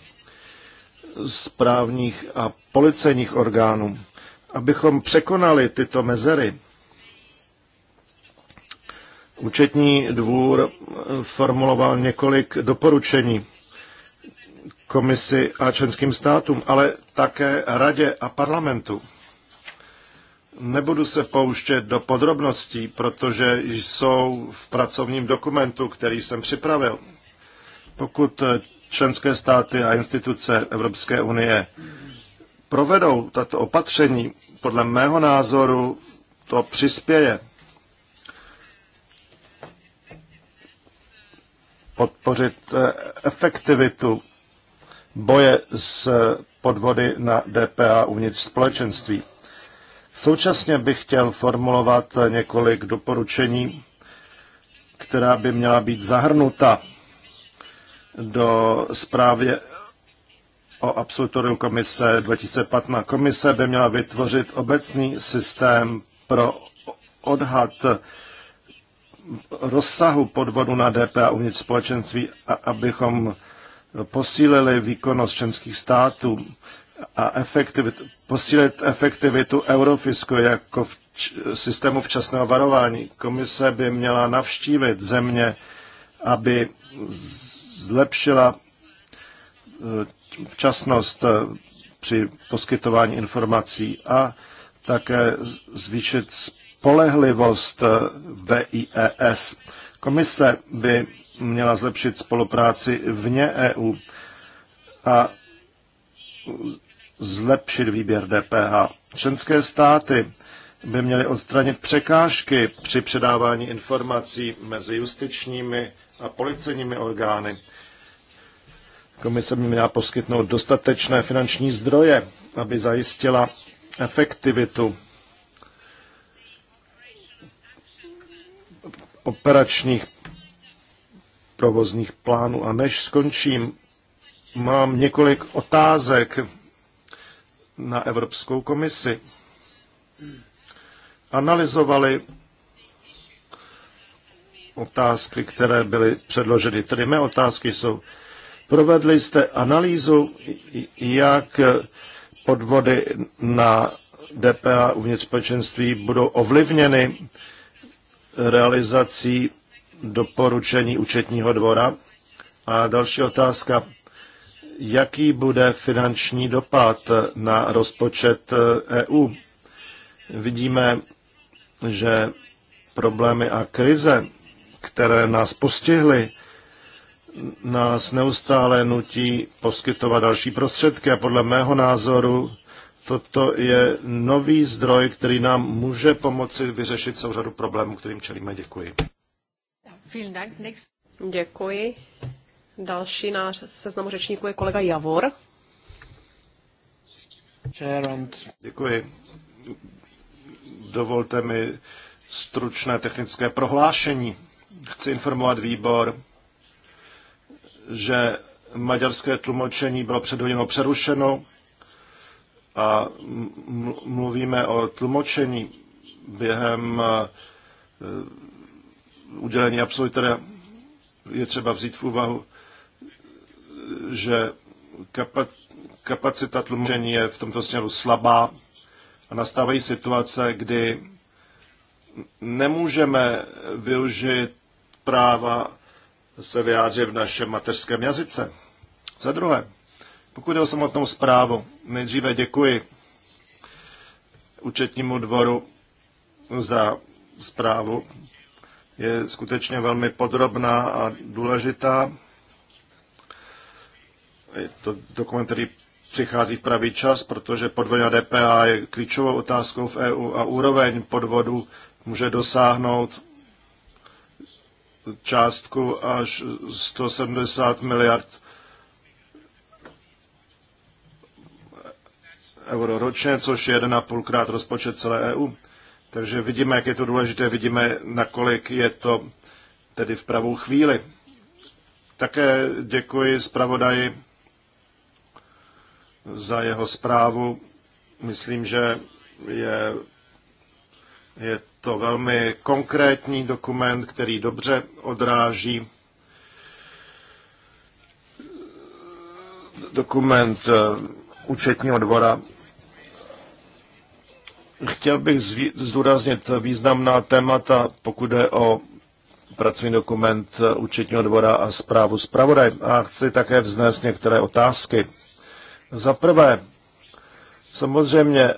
správních a policejních orgánů. Abychom překonali tyto mezery, Účetní dvůr formuloval několik doporučení komisi a členským státům, ale také radě a parlamentu. Nebudu se pouštět do podrobností, protože jsou v pracovním dokumentu, který jsem připravil. Pokud členské státy a instituce Evropské unie provedou tato opatření, podle mého názoru to přispěje podpořit eh, efektivitu boje s podvody na DPA uvnitř společenství. Současně bych chtěl formulovat několik doporučení, která by měla být zahrnuta do zprávy o absolutoriu komise 2015. Komise by měla vytvořit obecný systém pro odhad rozsahu podvodu na DPA uvnitř společenství, a abychom posílili výkonnost členských států a efektivit, posílit efektivitu eurofisku jako v systému včasného varování. Komise by měla navštívit země, aby zlepšila eh, včasnost eh, při poskytování informací a také zvýšit spolehlivost eh, VIES. Komise by měla zlepšit spolupráci vně EU a zlepšit výběr DPH. Členské státy by měly odstranit překážky při předávání informací mezi justičními a policejními orgány. Komise by měla poskytnout dostatečné finanční zdroje, aby zajistila efektivitu operačních provozních plánů. A než skončím, mám několik otázek na Evropskou komisi. Analyzovali otázky, které byly předloženy. Tedy mé otázky jsou, provedli jste analýzu, jak podvody na DPA uvnitř společenství budou ovlivněny realizací doporučení účetního dvora? A další otázka, jaký bude finanční dopad na rozpočet EU. Eh, e Vidíme, že problémy a krize, které nás postihly, nás neustále nutí poskytovat další prostředky a podle mého názoru toto je nový zdroj, který nám může pomoci vyřešit celou řadu problémů, kterým čelíme. Děkuji. Děkuji. Další na seznamu řečníků je kolega Javor. Děkuji. Dovolte mi stručné technické prohlášení. Chci informovat výbor, že maďarské tlumočení bylo před hodinou přerušeno a mluvíme o tlumočení během e, udělení absolutora. je třeba vzít v úvahu že kapacita tlumočení je v tomto směru slabá a nastávají situace, kdy nemůžeme využít práva se vyjádřit v našem mateřském jazyce. Za druhé, pokud jde o samotnou zprávu, nejdříve děkuji účetnímu dvoru za zprávu. Je skutečně velmi podrobná a důležitá. Je to dokument, který přichází v pravý čas, protože podvodná DPA DPH je klíčovou otázkou v EU a úroveň podvodu může dosáhnout částku až 170 miliard euro ročně, což je 1,5 krát rozpočet celé EU. Takže vidíme, jak je to důležité, vidíme, nakolik je to tedy v pravou chvíli. Také děkuji zpravodaji za jeho zprávu. Myslím, že je, je to velmi konkrétní dokument, který dobře odráží dokument eh, účetního dvora. Chtěl bych zdůraznit významná témata, pokud jde o pracovní dokument eh, účetního dvora a zprávu zpravodaj. A chci také vznést některé otázky. Za prvé, samozřejmě,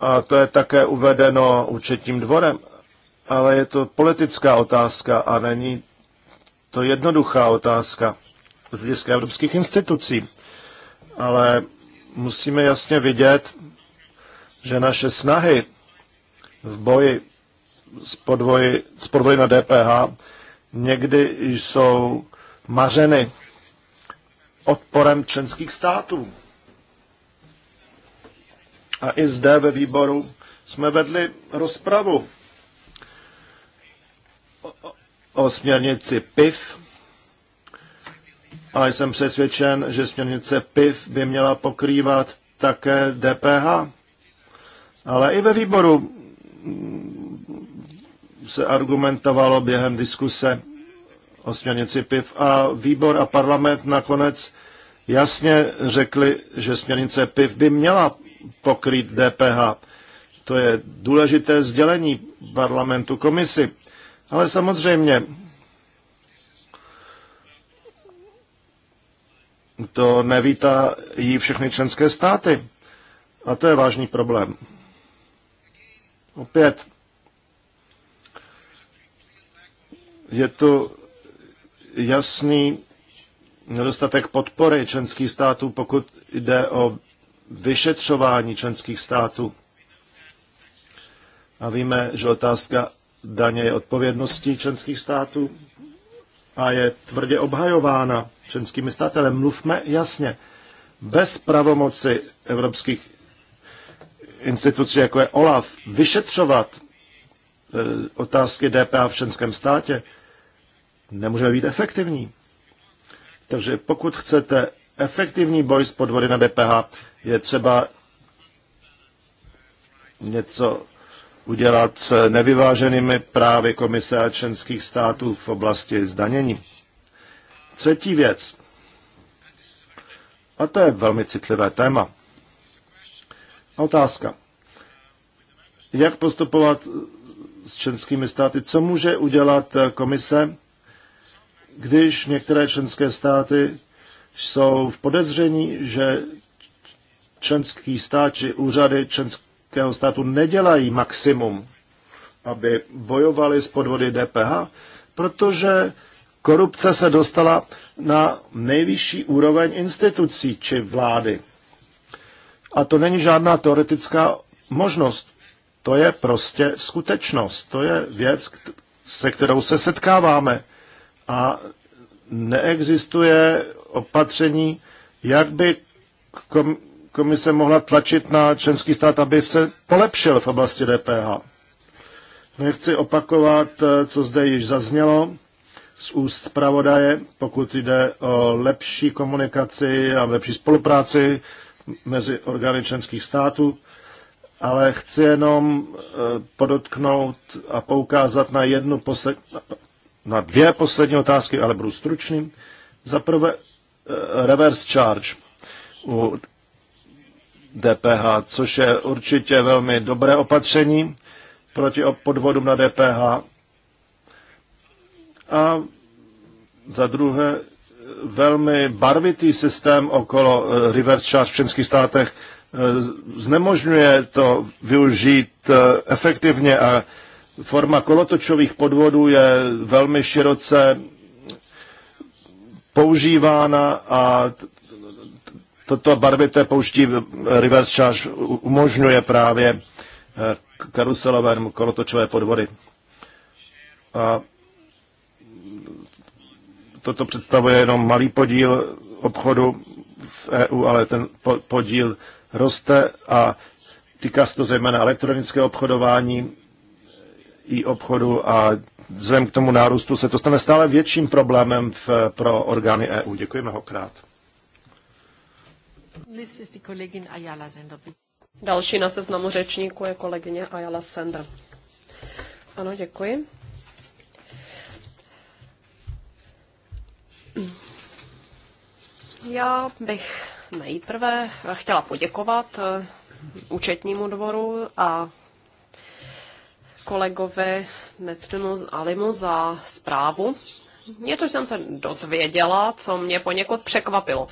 a to je také uvedeno účetním dvorem, ale je to politická otázka a není to jednoduchá otázka z hlediska evropských institucí. Ale musíme jasně vidět, že naše snahy v boji s podvoji, s podvoji na DPH někdy jsou mařeny odporem členských států. A i zde ve výboru jsme vedli rozpravu o směrnici PIV. A jsem přesvědčen, že směrnice PIV by měla pokrývat také DPH. Ale i ve výboru se argumentovalo během diskuse o směrnici PIV a výbor a parlament nakonec jasně řekli, že směrnice PIV by měla pokryt DPH. To je důležité sdělení parlamentu komisi. Ale samozřejmě to nevítá jí všechny členské státy. A to je vážný problém. Opět je tu jasný nedostatek podpory členských států, pokud jde o vyšetřování členských států. A víme, že otázka daně je odpovědností členských států a je tvrdě obhajována členskými státy, ale mluvme jasně. Bez pravomoci evropských institucí, jako je OLAF, vyšetřovat e, otázky DPA v členském státě, nemůžeme být efektivní. Takže pokud chcete efektivní boj s podvody na DPH je třeba něco udělat s nevyváženými právy komise a členských států v oblasti zdanění. Třetí věc, a to je velmi citlivé téma. Otázka. Jak postupovat s členskými státy? Co může udělat komise, když některé členské státy jsou v podezření, že členský stát či úřady členského státu nedělají maximum, aby bojovali s podvody DPH, protože korupce se dostala na nejvyšší úroveň institucí či vlády. A to není žádná teoretická možnost. To je prostě skutečnost. To je věc, se kterou se setkáváme. A neexistuje opatření, jak by komise mohla tlačit na členský stát, aby se polepšil v oblasti DPH. Nechci opakovat, eh, co zde již zaznělo z úst zpravodaje, pokud jde o lepší komunikaci a lepší spolupráci mezi orgány členských států, ale chci jenom eh, podotknout a poukázat na jednu posled, na dvě poslední otázky, ale budu stručný. Za prvé, reverse charge u DPH, což je určitě velmi dobré opatření proti podvodům na DPH. A za druhé, velmi barvitý systém okolo eh, reverse charge v členských státech eh, znemožňuje to využít eh, efektivně a forma kolotočových podvodů je velmi široce používána a toto barvité použití reverse charge umožňuje právě eh, karuselové nebo kolotočové podvody. A toto představuje jenom malý podíl obchodu v EU, ale ten podíl roste a týká se to zejména elektronického obchodování, i obchodu a vzhledem k tomu nárůstu se to stane stále větším problémem v, pro orgány EU. Děkuji mnohokrát. Další na seznamu řečníků je kolegyně Ayala Sender. Ano, děkuji. Já bych nejprve chtěla poděkovat eh, účetnímu dvoru a kolegovi Metstonu Alimu za zprávu. Něco jsem se dozvěděla, co mě poněkud překvapilo.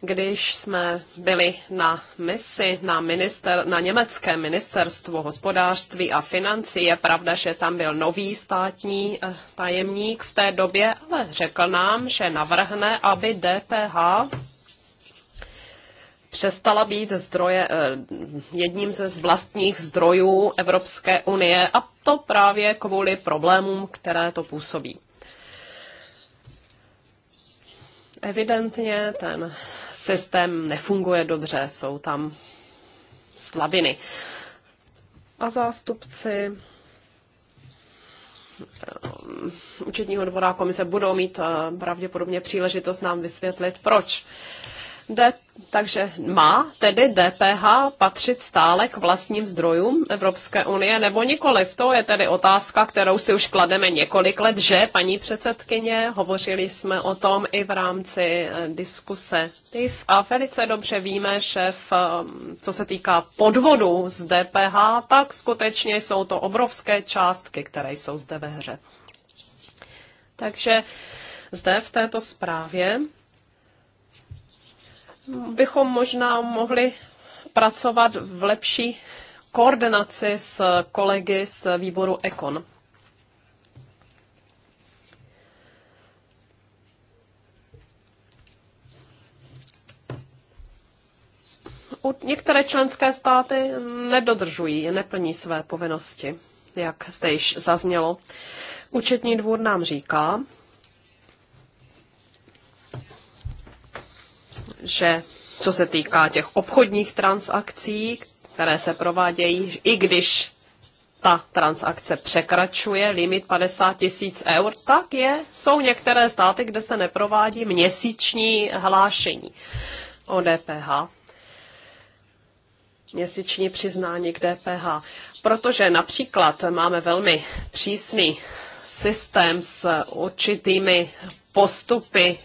Když jsme byli na misi na, minister, na německé ministerstvo hospodářství a financí, je pravda, že tam byl nový státní eh, tajemník v té době, ale řekl nám, že navrhne, aby DPH přestala být zdroje, eh, jedním ze z vlastních zdrojů Evropské unie a to právě kvůli problémům, které to působí. Evidentně ten systém nefunguje dobře, jsou tam slabiny. A zástupci eh, účetního dvora komise budou mít eh, pravděpodobně příležitost nám vysvětlit, proč. D, takže má tedy DPH patřit stále k vlastním zdrojům Evropské unie nebo nikoliv? To je tedy otázka, kterou si už klademe několik let, že, paní předsedkyně? Hovořili jsme o tom i v rámci eh, diskuse TIF a velice dobře víme, že ehm, v, co se týká podvodu z DPH, tak skutečně jsou to obrovské částky, které jsou zde ve hře. Takže zde v této zprávě bychom možná mohli pracovat v lepší koordinaci s kolegy z výboru Ekon. Některé členské státy nedodržují, neplní své povinnosti, jak zde již zaznělo. Účetní dvůr nám říká, že co se týká těch obchodních transakcí, které se provádějí, i když ta transakce překračuje limit 50 tisíc eur, tak je, jsou některé státy, kde se neprovádí měsíční hlášení o DPH. Měsíční přiznání k DPH. Protože například máme velmi přísný systém s určitými postupy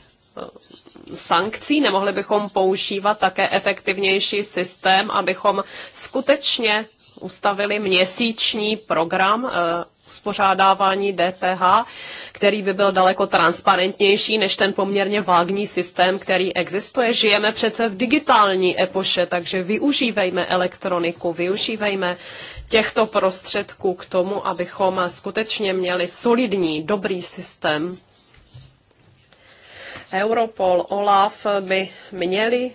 sankcí, nemohli bychom používat také efektivnější systém, abychom skutečně ustavili měsíční program eh, uspořádávání DPH, který by byl daleko transparentnější než ten poměrně vágní systém, který existuje. Žijeme přece v digitální epoše, takže využívejme elektroniku, využívejme těchto prostředků k tomu, abychom skutečně měli solidní, dobrý systém Europol, OLAF by měli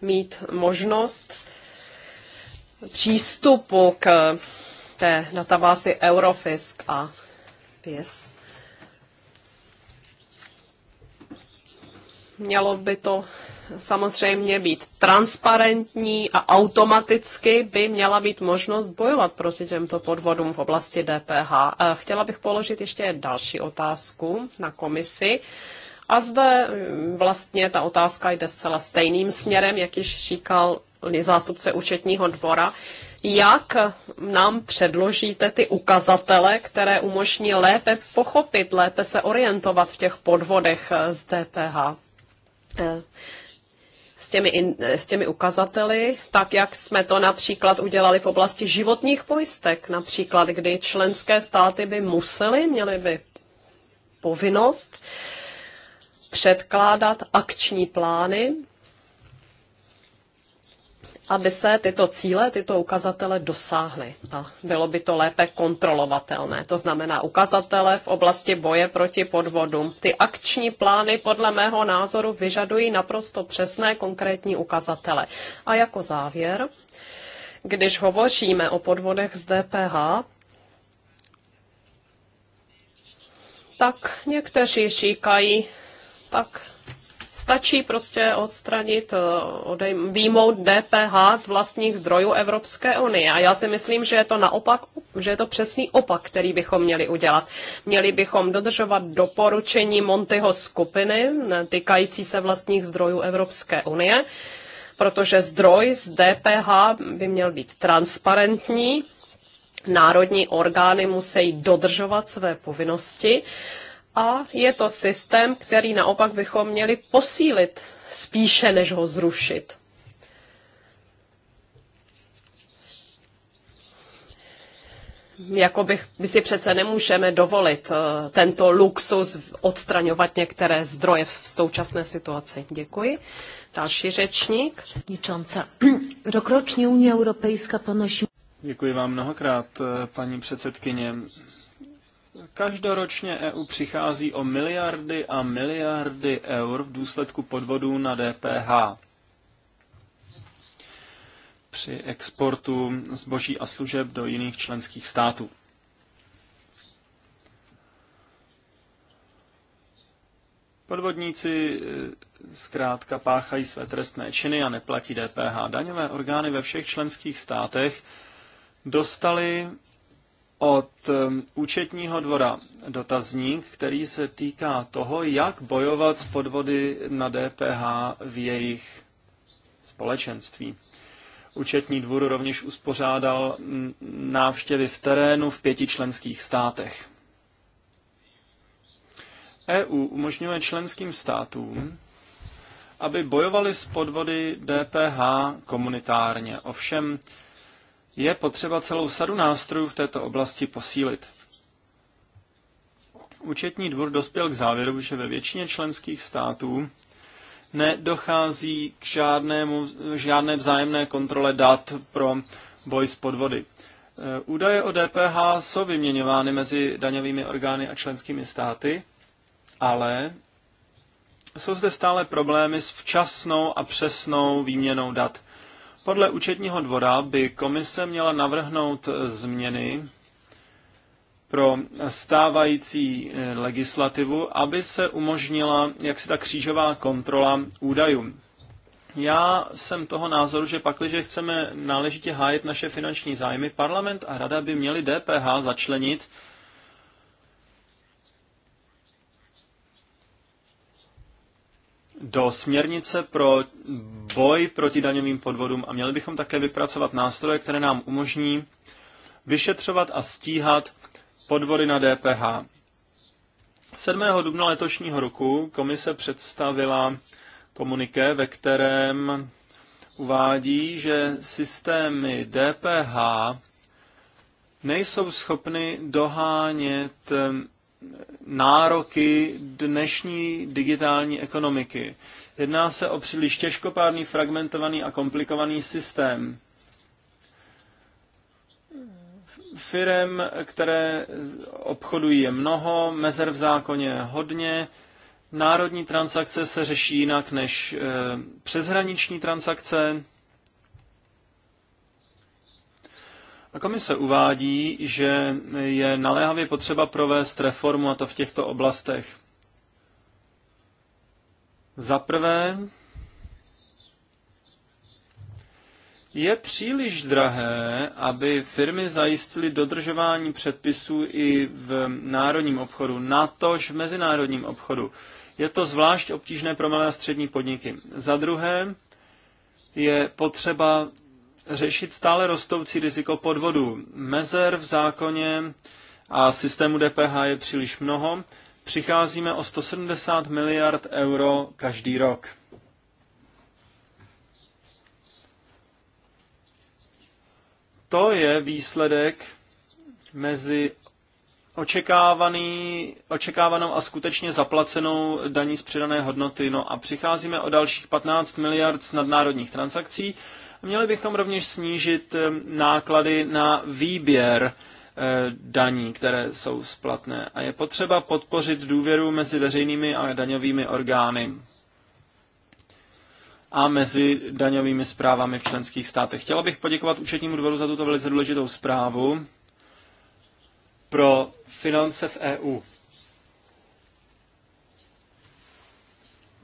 mít možnost přístupu k té databázi Eurofisk a PIS. Mělo by to samozřejmě být transparentní a automaticky by měla být možnost bojovat proti těmto podvodům v oblasti DPH. Eh, chtěla bych položit ještě další otázku na komisi. A zde mm, vlastně ta otázka jde zcela stejným směrem, jak již říkal zástupce účetního dvora. Jak nám předložíte ty ukazatele, které umožní lépe pochopit, lépe se orientovat v těch podvodech eh, z DPH? Eh, s těmi, in, eh, s těmi ukazateli, tak jak jsme to například udělali v oblasti životních pojistek, například kdy členské státy by musely, měly by povinnost uh, předkládat akční plány, aby se tyto cíle, tyto ukazatele dosáhly a bylo by to lépe kontrolovatelné. To znamená ukazatele v oblasti boje proti podvodům. Ty akční plány podle mého názoru vyžadují naprosto přesné konkrétní ukazatele. A jako závěr, když hovoříme o podvodech z DPH, tak někteří říkají, tak stačí prostě odstranit, eh, odejm, výmout DPH z vlastních zdrojů Evropské unie. A já si myslím, že je to naopak, že je to přesný opak, který bychom měli udělat. Měli bychom dodržovat doporučení Montyho skupiny týkající se vlastních zdrojů Evropské unie, protože zdroj z DPH by měl být transparentní, národní orgány musí dodržovat své povinnosti a je to systém, který naopak bychom měli posílit spíše, než ho zrušit. jako bych, my si přece nemůžeme dovolit eh, tento luxus odstraňovat některé zdroje v současné situaci. Děkuji. Další řečník. Ničonce. Rokročně Unie Europejská ponosí... Děkuji vám mnohokrát, eh, paní předsedkyně. Každoročně EU přichází o miliardy a miliardy eur v důsledku podvodů na DPH. Při exportu zboží a služeb do jiných členských států. Podvodníci eh, zkrátka páchají své trestné činy a neplatí DPH. Daňové orgány ve všech členských státech dostali od účetního dvora dotazník, který se týká toho, jak bojovat s podvody na DPH v jejich společenství. Účetní dvůr rovněž uspořádal návštěvy v terénu v pěti členských státech. EU umožňuje členským státům, aby bojovali s podvody DPH komunitárně. Ovšem, je potřeba celou sadu nástrojů v této oblasti posílit. Účetní dvůr dospěl k závěru, že ve většině členských států nedochází k žádnému, žádné vzájemné kontrole dat pro boj s podvody. Eh, údaje o DPH jsou vyměňovány mezi daňovými orgány a členskými státy, ale jsou zde stále problémy s včasnou a přesnou výměnou dat. Podle účetního dvora by komise měla navrhnout změny pro stávající eh, legislativu, aby se umožnila jaksi ta křížová kontrola údajů. Já jsem toho názoru, že pakliže chceme náležitě hájit naše finanční zájmy, parlament a rada by měli DPH začlenit do směrnice pro boj proti daňovým podvodům a měli bychom také vypracovat nástroje, které nám umožní vyšetřovat a stíhat podvody na DPH. 7. dubna letošního roku komise představila komuniké, ve kterém uvádí, že systémy DPH nejsou schopny dohánět nároky dnešní digitální ekonomiky. Jedná se o příliš těžkopádný, fragmentovaný a komplikovaný systém. Firem, které obchodují je mnoho, mezer v zákoně hodně, národní transakce se řeší jinak než eh, přeshraniční transakce, Komise uvádí, že je naléhavě potřeba provést reformu a to v těchto oblastech. Za prvé, je příliš drahé, aby firmy zajistily dodržování předpisů i v národním obchodu, natož v mezinárodním obchodu. Je to zvlášť obtížné pro malé a střední podniky. Za druhé, je potřeba řešit stále rostoucí riziko podvodu, Mezer v zákoně a systému DPH je příliš mnoho. Přicházíme o 170 miliard euro každý rok. To je výsledek mezi očekávaný, očekávanou a skutečně zaplacenou daní z přidané hodnoty. No a přicházíme o dalších 15 miliard z nadnárodních transakcí Měli bychom rovněž snížit eh, náklady na výběr eh, daní, které jsou splatné. A je potřeba podpořit důvěru mezi veřejnými a daňovými orgány a mezi daňovými zprávami v členských státech. Chtěla bych poděkovat účetnímu dvoru za tuto velice důležitou zprávu pro finance v EU.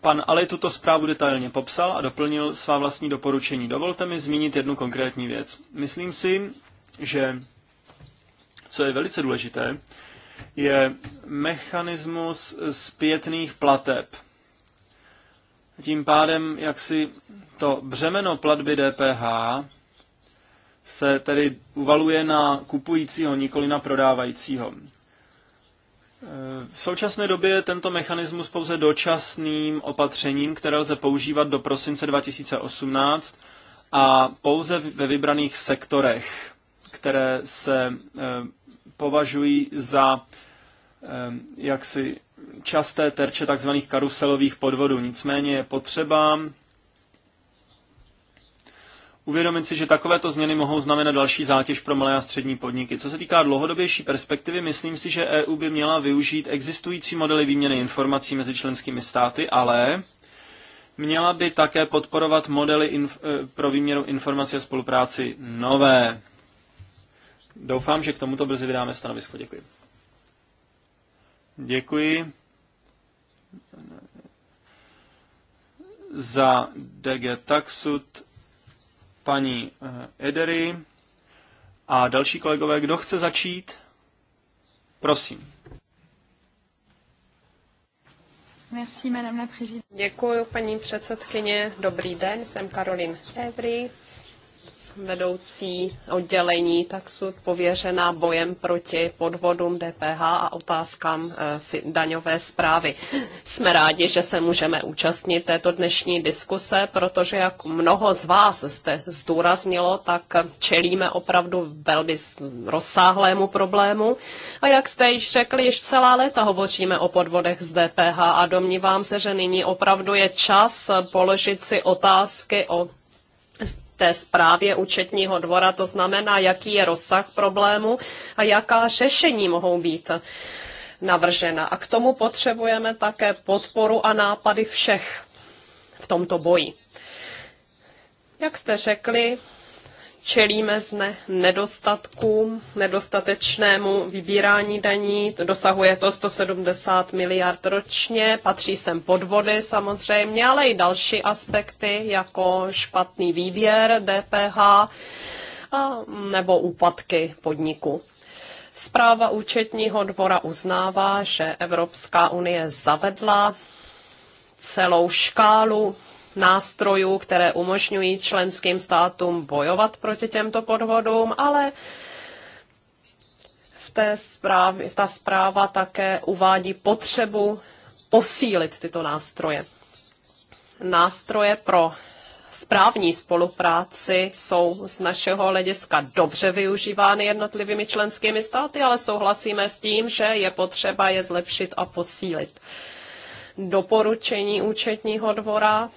Pan Ali tuto zprávu detailně popsal a doplnil svá vlastní doporučení. Dovolte mi zmínit jednu konkrétní věc. Myslím si, že co je velice důležité, je mechanismus zpětných plateb. Tím pádem, jak si to břemeno platby DPH se tedy uvaluje na kupujícího, nikoli na prodávajícího. V současné době je tento mechanismus pouze dočasným opatřením, které lze používat do prosince 2018 a pouze ve vybraných sektorech, které se eh, považují za eh, jaksi časté terče tzv. karuselových podvodů. Nicméně je potřeba uvědomit si, že takovéto změny mohou znamenat další zátěž pro malé a střední podniky. Co se týká dlouhodobější perspektivy, myslím si, že EU by měla využít existující modely výměny informací mezi členskými státy, ale měla by také podporovat modely e, pro výměnu informací a spolupráci nové. Doufám, že k tomuto brzy vydáme stanovisko. Děkuji. Děkuji. Za DG Taxud paní eh, Edery a další kolegové. Kdo chce začít? Prosím. Děkuji, paní předsedkyně. Dobrý den, jsem Karolin Evry vedoucí oddělení tak jsou pověřená bojem proti podvodům DPH a otázkám eh, daňové zprávy. Jsme rádi, že se můžeme účastnit této dnešní diskuse, protože jak mnoho z vás jste zdůraznilo, tak čelíme opravdu velmi rozsáhlému problému. A jak jste již řekli, již celá léta hovoříme o podvodech z DPH a domnívám se, že nyní opravdu je čas položit si otázky o té zprávě účetního dvora, to znamená, jaký je rozsah problému a jaká řešení mohou být navržena. A k tomu potřebujeme také podporu a nápady všech v tomto boji. Jak jste řekli, čelíme zne nedostatkům, nedostatečnému vybírání daní, dosahuje to 170 miliard ročně, patří sem podvody samozřejmě, ale i další aspekty, jako špatný výběr DPH a, nebo úpadky podniku. Zpráva účetního dvora uznává, že Evropská unie zavedla celou škálu nástrojů, které umožňují členským státům bojovat proti těmto podvodům, ale v té zprávě, ta zpráva také uvádí potřebu posílit tyto nástroje. Nástroje pro správní spolupráci jsou z našeho hlediska dobře využívány jednotlivými členskými státy, ale souhlasíme s tím, že je potřeba je zlepšit a posílit. Doporučení účetního dvora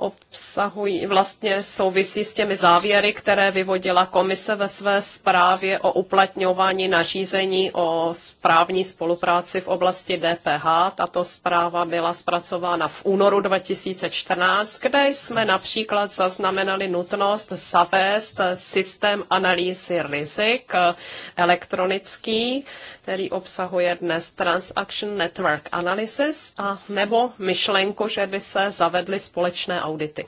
obsahují, vlastně souvisí s těmi závěry, které vyvodila komise ve své zprávě o uplatňování nařízení o správní spolupráci v oblasti DPH. Tato zpráva byla zpracována v únoru 2014, kde jsme například zaznamenali nutnost zavést systém analýzy rizik elektronický, který obsahuje dnes Transaction Network Analysis a nebo myšlenku, že by se zavedly společné audity.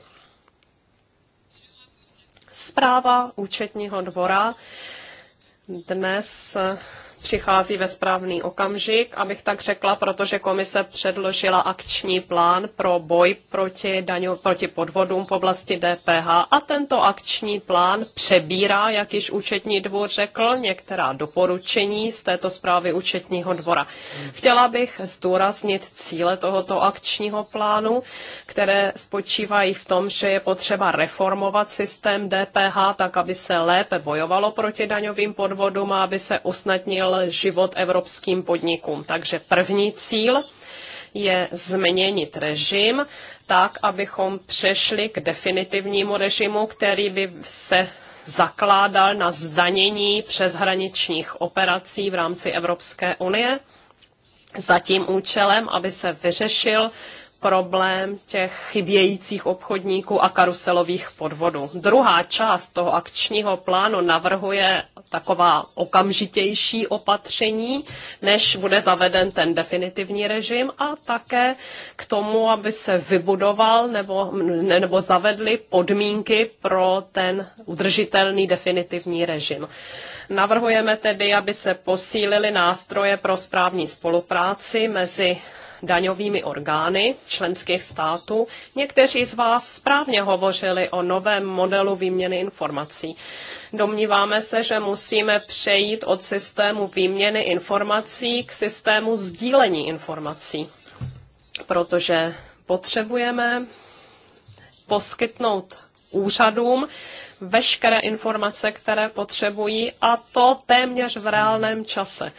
Zpráva účetního dvora dnes přichází ve správný okamžik, abych tak řekla, protože komise předložila akční plán pro boj proti, daňu, proti podvodům v oblasti DPH a tento akční plán přebírá, jak již účetní dvůr řekl, některá doporučení z této zprávy účetního dvora. Chtěla bych zdůraznit cíle tohoto akčního plánu, které spočívají v tom, že je potřeba reformovat systém DPH tak, aby se lépe bojovalo proti daňovým podvodům a aby se usnadnil zlepšoval život evropským podnikům. Takže první cíl je změnit režim tak, abychom přešli k definitivnímu režimu, který by se zakládal na zdanění přeshraničních operací v rámci Evropské unie za tím účelem, aby se vyřešil problém těch chybějících obchodníků a karuselových podvodů. Druhá část toho akčního plánu navrhuje taková okamžitější opatření, než bude zaveden ten definitivní režim a také k tomu, aby se vybudoval nebo, nebo zavedly podmínky pro ten udržitelný definitivní režim. Navrhujeme tedy, aby se posílily nástroje pro správní spolupráci mezi daňovými orgány členských států. Někteří z vás správně hovořili o novém modelu výměny informací. Domníváme se, že musíme přejít od systému výměny informací k systému sdílení informací, protože potřebujeme poskytnout úřadům veškeré informace, které potřebují a to téměř v reálném čase,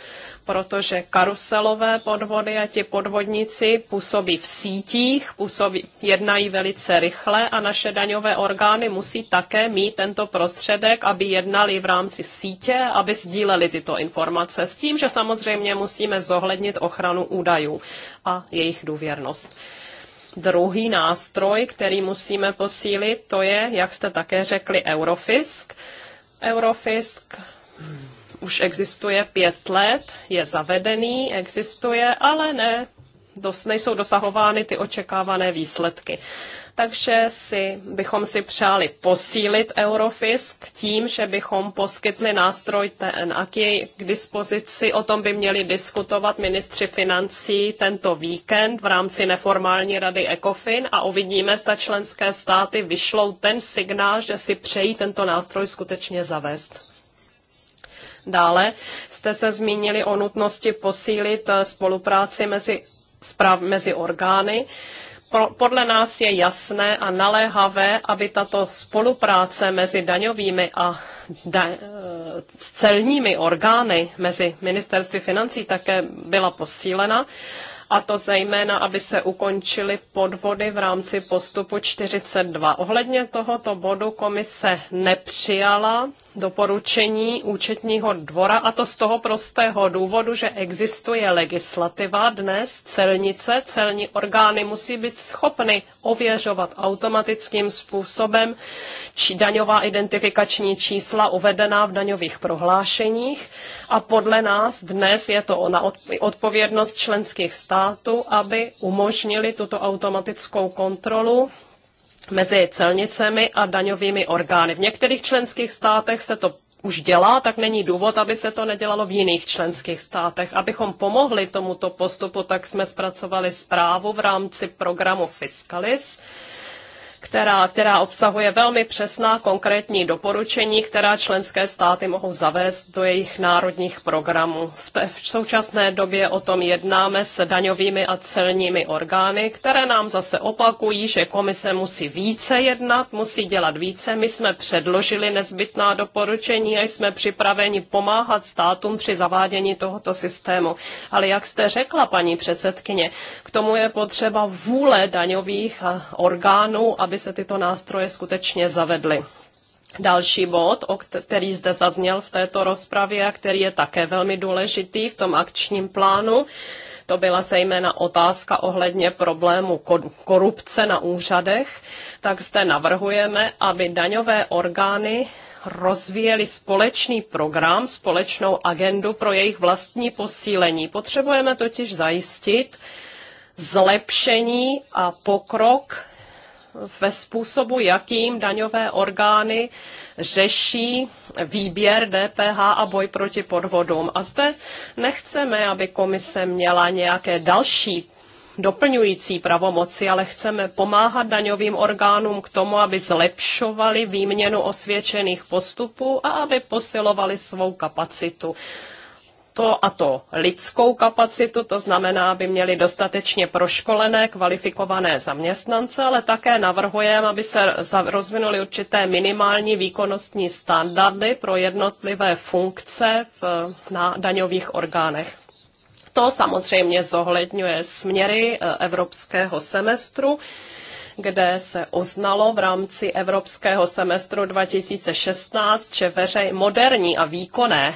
protože karuselové podvody a ti podvodníci působí v sítích, působí, jednají velice rychle a naše daňové orgány musí také mít tento prostředek, aby jednali v rámci sítě, aby sdíleli tyto informace s tím, že samozřejmě musíme zohlednit ochranu údajů a jejich důvěrnost. Druhý nástroj, který musíme posílit, to je, jak jste také řekli, Eurofisk. Eurofisk už existuje pět let, je zavedený, existuje, ale ne, dos, nejsou dosahovány ty očekávané výsledky. Takže si, bychom si přáli posílit Eurofisk tím, že bychom poskytli nástroj TEN, TNAKI k dispozici. O tom by měli diskutovat ministři financí tento víkend v rámci neformální rady ECOFIN a uvidíme, zda členské státy vyšlou ten signál, že si přejí tento nástroj skutečně zavést. Dále jste se zmínili o nutnosti posílit eh, spolupráci mezi, mezi orgány. Uh, podle nás je jasné a naléhavé, aby tato spolupráce mezi daňovými a da, eh, celními orgány, mezi ministerství financí také byla posílena a to zejména, aby se ukončily podvody v rámci postupu 42. Ohledně tohoto bodu komise nepřijala doporučení účetního dvora a to z toho prostého důvodu, že existuje legislativa dnes celnice, celní orgány musí být schopny ověřovat automatickým způsobem či daňová identifikační čísla uvedená v daňových prohlášeních a podle nás dnes je to na odpovědnost členských států státu, aby umožnili tuto automatickou kontrolu mezi celnicemi a daňovými orgány. V některých členských státech se to už dělá, tak není důvod, aby se to nedělalo v jiných členských státech. Abychom pomohli tomuto postupu, tak jsme zpracovali zprávu v rámci programu Fiscalis, která, která obsahuje velmi přesná konkrétní doporučení, která členské státy mohou zavést do jejich národních programů. V, te, v současné době o tom jednáme s daňovými a celními orgány, které nám zase opakují, že komise musí více jednat, musí dělat více. My jsme předložili nezbytná doporučení a jsme připraveni pomáhat státům při zavádění tohoto systému. Ale jak jste řekla, paní předsedkyně, k tomu je potřeba vůle daňových orgánů, aby aby se tyto nástroje skutečně zavedly. Další bod, o který zde zazněl v této rozpravě a který je také velmi důležitý v tom akčním plánu, to byla zejména otázka ohledně problému korupce na úřadech, tak zde navrhujeme, aby daňové orgány rozvíjeli společný program, společnou agendu pro jejich vlastní posílení. Potřebujeme totiž zajistit zlepšení a pokrok ve způsobu, jakým daňové orgány řeší výběr DPH a boj proti podvodům. A zde nechceme, aby komise měla nějaké další doplňující pravomoci, ale chceme pomáhat daňovým orgánům k tomu, aby zlepšovali výměnu osvědčených postupů a aby posilovali svou kapacitu to a to lidskou kapacitu, to znamená, aby měli dostatečně proškolené, kvalifikované zaměstnance, ale také navrhujeme, aby se rozvinuly určité minimální výkonnostní standardy pro jednotlivé funkce v, na daňových orgánech. To samozřejmě zohledňuje směry e, evropského semestru, kde se uznalo v rámci evropského semestru 2016, že veřej moderní a výkonné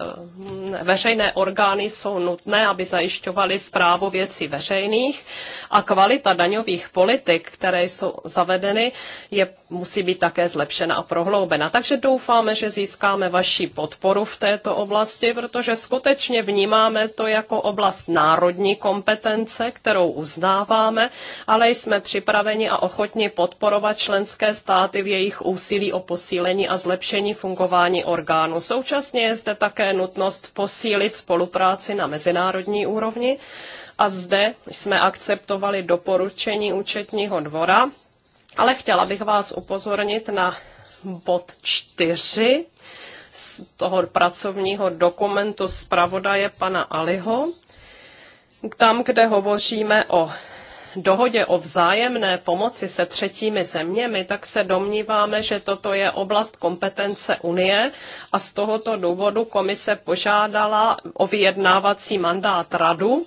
Eh, veřejné orgány jsou nutné, aby zajišťovaly zprávu věcí veřejných a kvalita daňových politik, které jsou zavedeny, je, musí být také zlepšena a prohloubena. Takže doufáme, že získáme vaši podporu v této oblasti, protože skutečně vnímáme to jako oblast národní kompetence, kterou uznáváme, ale jsme připraveni a ochotni podporovat členské státy v jejich úsilí o posílení a zlepšení fungování orgánů. Současně je zde tak také nutnost posílit spolupráci na mezinárodní úrovni. A zde jsme akceptovali doporučení účetního dvora, ale chtěla bych vás upozornit na bod 4 z toho pracovního dokumentu zpravodaje pana Aliho, tam, kde hovoříme o dohodě o vzájemné pomoci se třetími zeměmi, tak se domníváme, že toto je oblast kompetence Unie a z tohoto důvodu komise požádala o vyjednávací mandát radu.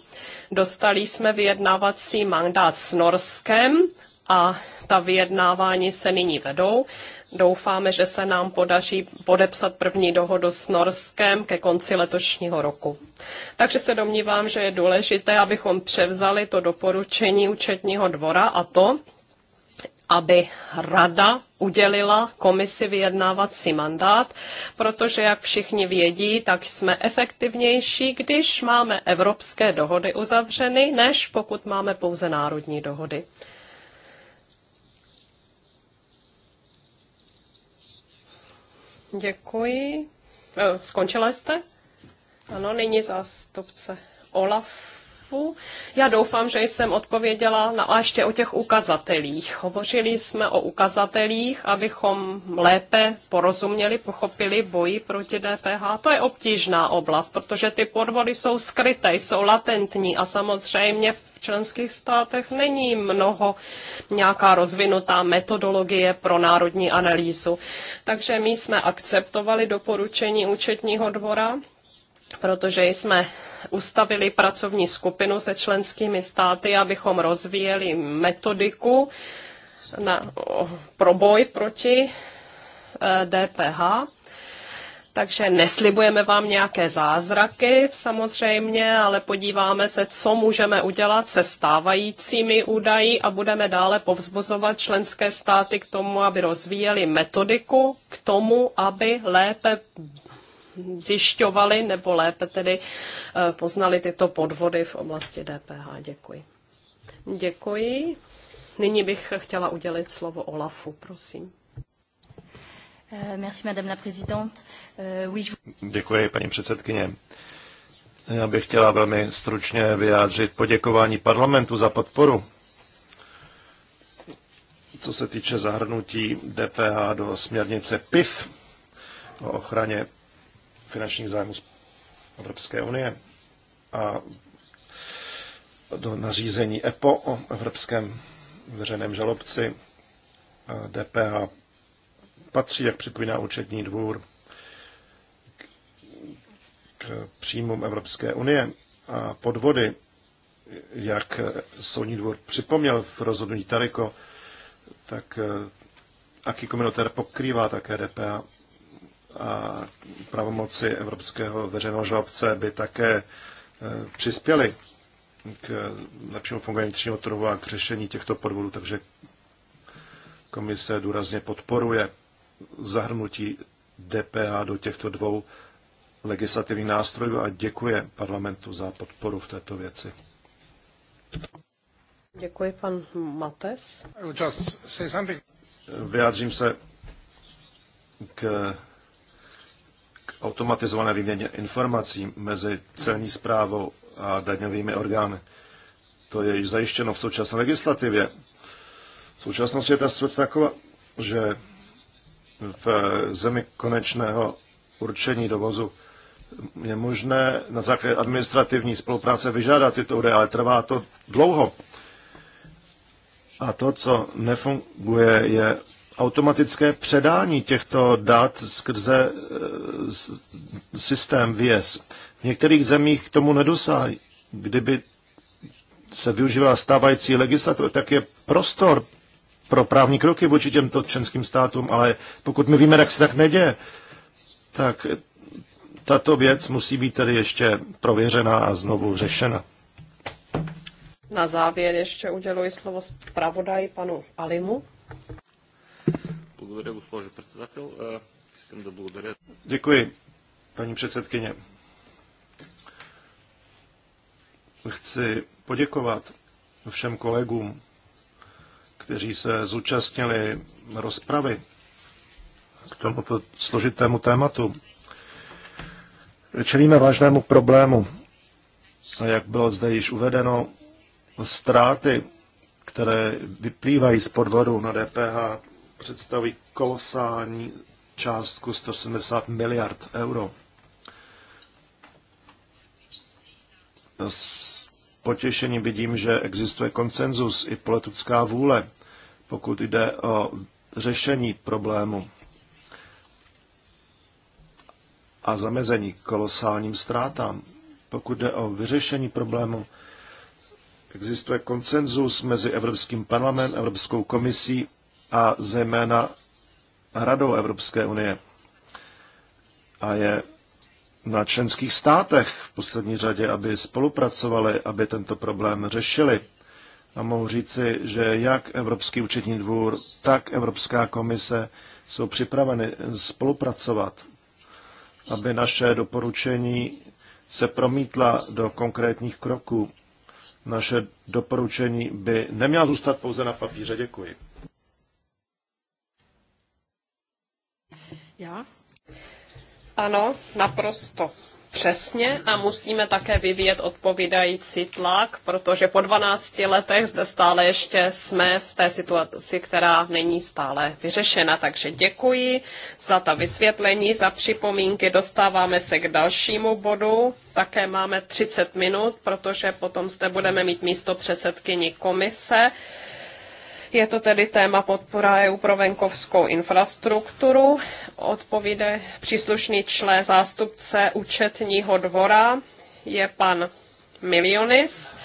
Dostali jsme vyjednávací mandát s Norskem a ta vyjednávání se nyní vedou. Doufáme, že se nám podaří podepsat první dohodu s Norskem ke konci letošního roku. Takže se domnívám, že je důležité, abychom převzali to doporučení účetního dvora a to, aby rada udělila komisi vyjednávací mandát, protože, jak všichni vědí, tak jsme efektivnější, když máme evropské dohody uzavřeny, než pokud máme pouze národní dohody. Děkuji. Eh, Skončila jste? Ano, nyní zástupce Olaf grafů. Já doufám, že jsem odpověděla na, a ještě o těch ukazatelích. Hovořili jsme o ukazatelích, abychom lépe porozuměli, pochopili boji proti DPH. To je obtížná oblast, protože ty podvody jsou skryté, jsou latentní a samozřejmě v členských státech není mnoho nějaká rozvinutá metodologie pro národní analýzu. Takže my jsme akceptovali doporučení účetního dvora protože jsme ustavili pracovní skupinu se členskými státy, abychom rozvíjeli metodiku na, pro boj proti e, DPH. Takže neslibujeme vám nějaké zázraky samozřejmě, ale podíváme se, co můžeme udělat se stávajícími údaji a budeme dále povzbuzovat členské státy k tomu, aby rozvíjeli metodiku k tomu, aby lépe zjišťovali nebo lépe tedy eh, poznali tyto podvody v oblasti DPH. Děkuji. Děkuji. Nyní bych chtěla udělit slovo Olafu, prosím. Eh, merci, madame la présidente. Eh, Děkuji, paní předsedkyně. Já bych chtěla velmi stručně vyjádřit poděkování parlamentu za podporu, co se týče zahrnutí DPH do směrnice PIF o ochraně finančních zájmů Evropské unie a do nařízení EPO o Evropském veřejném žalobci DPH patří, jak připomíná účetní dvůr, k příjmům Evropské unie a podvody, jak soudní dvůr připomněl v rozhodnutí Tariko, tak eh, aký komunitér pokrývá také DPH a pravomoci Evropského veřejného žalobce by také e, přispěly k lepšímu fungování vnitřního trhu a k řešení těchto podvodů, takže komise důrazně podporuje zahrnutí DPH do těchto dvou legislativních nástrojů a děkuje parlamentu za podporu v této věci. Děkuji, pan Mates. Vyjádřím se k automatizované výměně informací mezi celní zprávou a daňovými orgány. To je již zajištěno v současné legislativě. V současnosti je ta svět taková, že v zemi konečného určení dovozu je možné na základě administrativní spolupráce vyžádat tyto údaje, ale trvá to dlouho. A to, co nefunguje, je automatické předání těchto dat skrze eh, systém VIES. V některých zemích k tomu nedosáhne. Kdyby se využívala stávající legislativa, tak je prostor pro právní kroky vůči těmto členským státům, ale pokud my víme, jak se tak neděje, tak tato věc musí být tedy ještě prověřena a znovu řešena. Na závěr ještě uděluji slovo zpravodaji panu Alimu. Благодаря, госпожо председател. Искам да благодаря. Děkuji, paní předsedkyně. Chci poděkovat všem kolegům, kteří se zúčastnili rozpravy k tomuto složitému tématu. Čelíme vážnému problému. A jak bylo zde již uvedeno, ztráty, které vyplývají z podvodu na DPH, představí kolosální částku 170 miliard euro. S potěšením vidím, že existuje konsenzus i politická vůle, pokud jde o řešení problému a zamezení kolosálním ztrátám. Pokud jde o vyřešení problému, existuje konsenzus mezi Evropským parlamentem, Evropskou komisí a zejména Radou Evropské unie. A je na členských státech v poslední řadě, aby spolupracovali, aby tento problém řešili. A mohu říci, že jak Evropský účetní dvůr, tak Evropská komise jsou připraveny spolupracovat, aby naše doporučení se promítla do konkrétních kroků. Naše doporučení by neměla zůstat pouze na papíře. Děkuji. Já? Ano, naprosto. Přesně a musíme také vyvíjet odpovídající tlak, protože po 12 letech zde stále ještě jsme v té situaci, která není stále vyřešena. Takže děkuji za ta vysvětlení, za připomínky. Dostáváme se k dalšímu bodu. Také máme 30 minut, protože potom zde budeme mít místo předsedkyni komise je to tedy téma podpora EU pro venkovskou infrastrukturu. Odpovíde příslušný člen zástupce účetního dvora je pan Milionis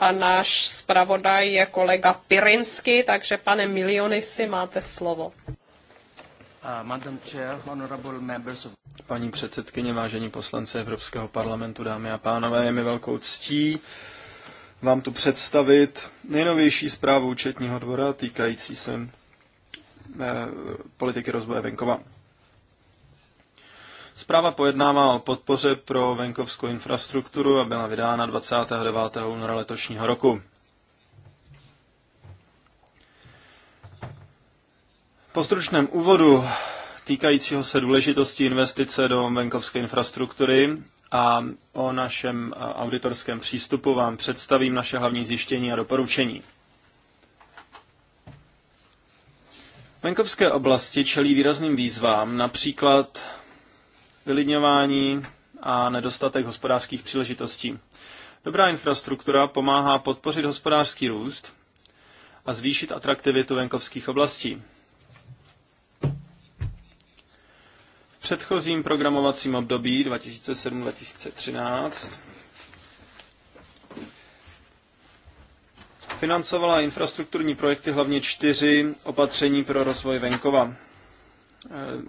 a náš zpravodaj je kolega Pirinsky, takže pane Milionisi, máte slovo. Paní předsedkyně, vážení poslanci Evropského parlamentu, dámy a pánové, je mi velkou ctí vám tu představit nejnovější zprávu účetního dvora týkající se eh, politiky rozvoje venkova. Zpráva pojednává o podpoře pro venkovskou infrastrukturu a byla vydána 29. února letošního roku. Po stručném úvodu týkajícího se důležitosti investice do venkovské infrastruktury a o našem auditorském přístupu vám představím naše hlavní zjištění a doporučení. Venkovské oblasti čelí výrazným výzvám, například vylidňování a nedostatek hospodářských příležitostí. Dobrá infrastruktura pomáhá podpořit hospodářský růst a zvýšit atraktivitu venkovských oblastí. předchozím programovacím období 2007-2013 financovala infrastrukturní projekty hlavně čtyři opatření pro rozvoj venkova. E,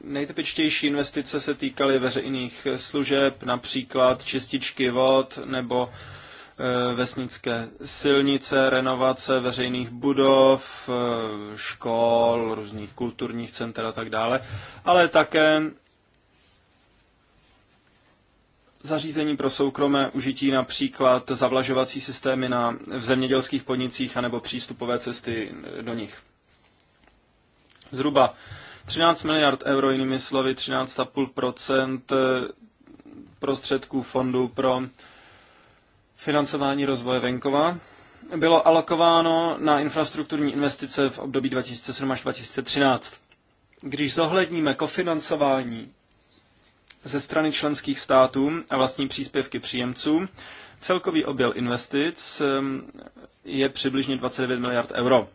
nejtypičtější investice se týkaly veřejných služeb, například čističky vod nebo e, vesnické silnice, renovace veřejných budov, e, škol, různých kulturních center a tak dále, ale také zařízení pro soukromé užití, například zavlažovací systémy na, v zemědělských podnicích anebo přístupové cesty eh, do nich. Zhruba 13 miliard euro, jinými slovy 13,5 eh, prostředků fondu pro financování rozvoje venkova bylo alokováno na infrastrukturní investice v období 2007 až 2013. Když zohledníme kofinancování ze strany členských států a vlastní příspěvky příjemců. Celkový objel investic ehm, je přibližně 29 miliard euro.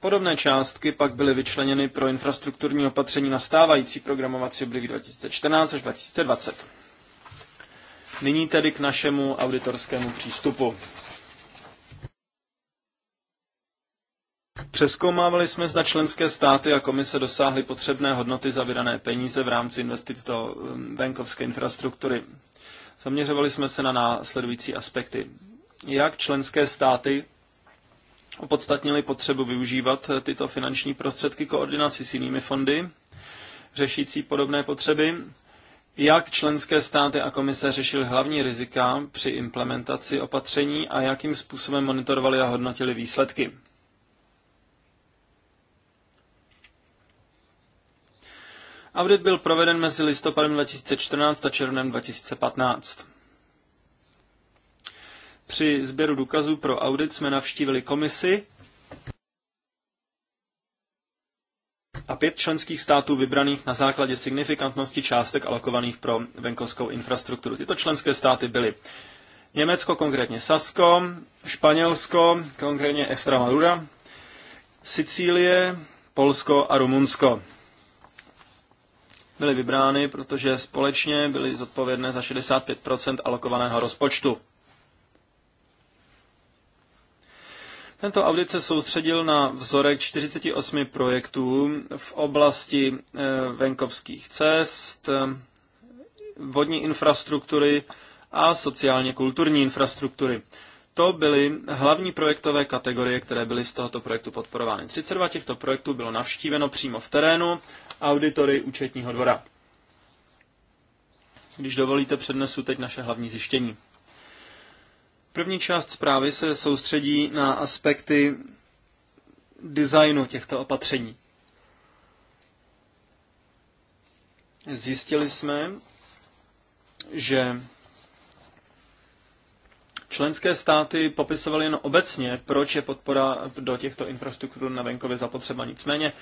Podobné částky pak byly vyčleněny pro infrastrukturní opatření na stávající programovací období 2014 až 2020. Nyní tedy k našemu auditorskému přístupu. Přeskoumávali jsme, zda členské státy a komise dosáhly potřebné hodnoty za vydané peníze v rámci investic do um, venkovské infrastruktury. Zaměřovali jsme se na následující aspekty. Jak členské státy opodstatnili potřebu využívat eh, tyto finanční prostředky koordinaci s jinými fondy, řešící podobné potřeby, jak členské státy a komise řešili hlavní rizika při implementaci opatření a jakým způsobem monitorovali a hodnotili výsledky. Audit byl proveden mezi listopadem 2014 a červnem 2015. Při sběru důkazů pro audit jsme navštívili komisi a pět členských států vybraných na základě signifikantnosti částek alokovaných pro venkovskou infrastrukturu. Tyto členské státy byly Německo, konkrétně Sasko, Španělsko, konkrétně Extremadura, Sicílie, Polsko a Rumunsko byly vybrány, protože společně byly zodpovědné za 65 alokovaného rozpočtu. Tento audit se soustředil na vzorek 48 projektů v oblasti eh, venkovských cest, eh, vodní infrastruktury a sociálně kulturní infrastruktury. To byly hlavní projektové kategorie, které byly z tohoto projektu podporovány. 32 těchto projektů bylo navštíveno přímo v terénu auditory účetního dvora. Když dovolíte, přednesu teď naše hlavní zjištění. První část zprávy se soustředí na aspekty designu těchto opatření. Zjistili jsme, že Členské státy popisovaly jen obecně, proč je podpora do těchto infrastruktur na venkově zapotřeba. Nicméně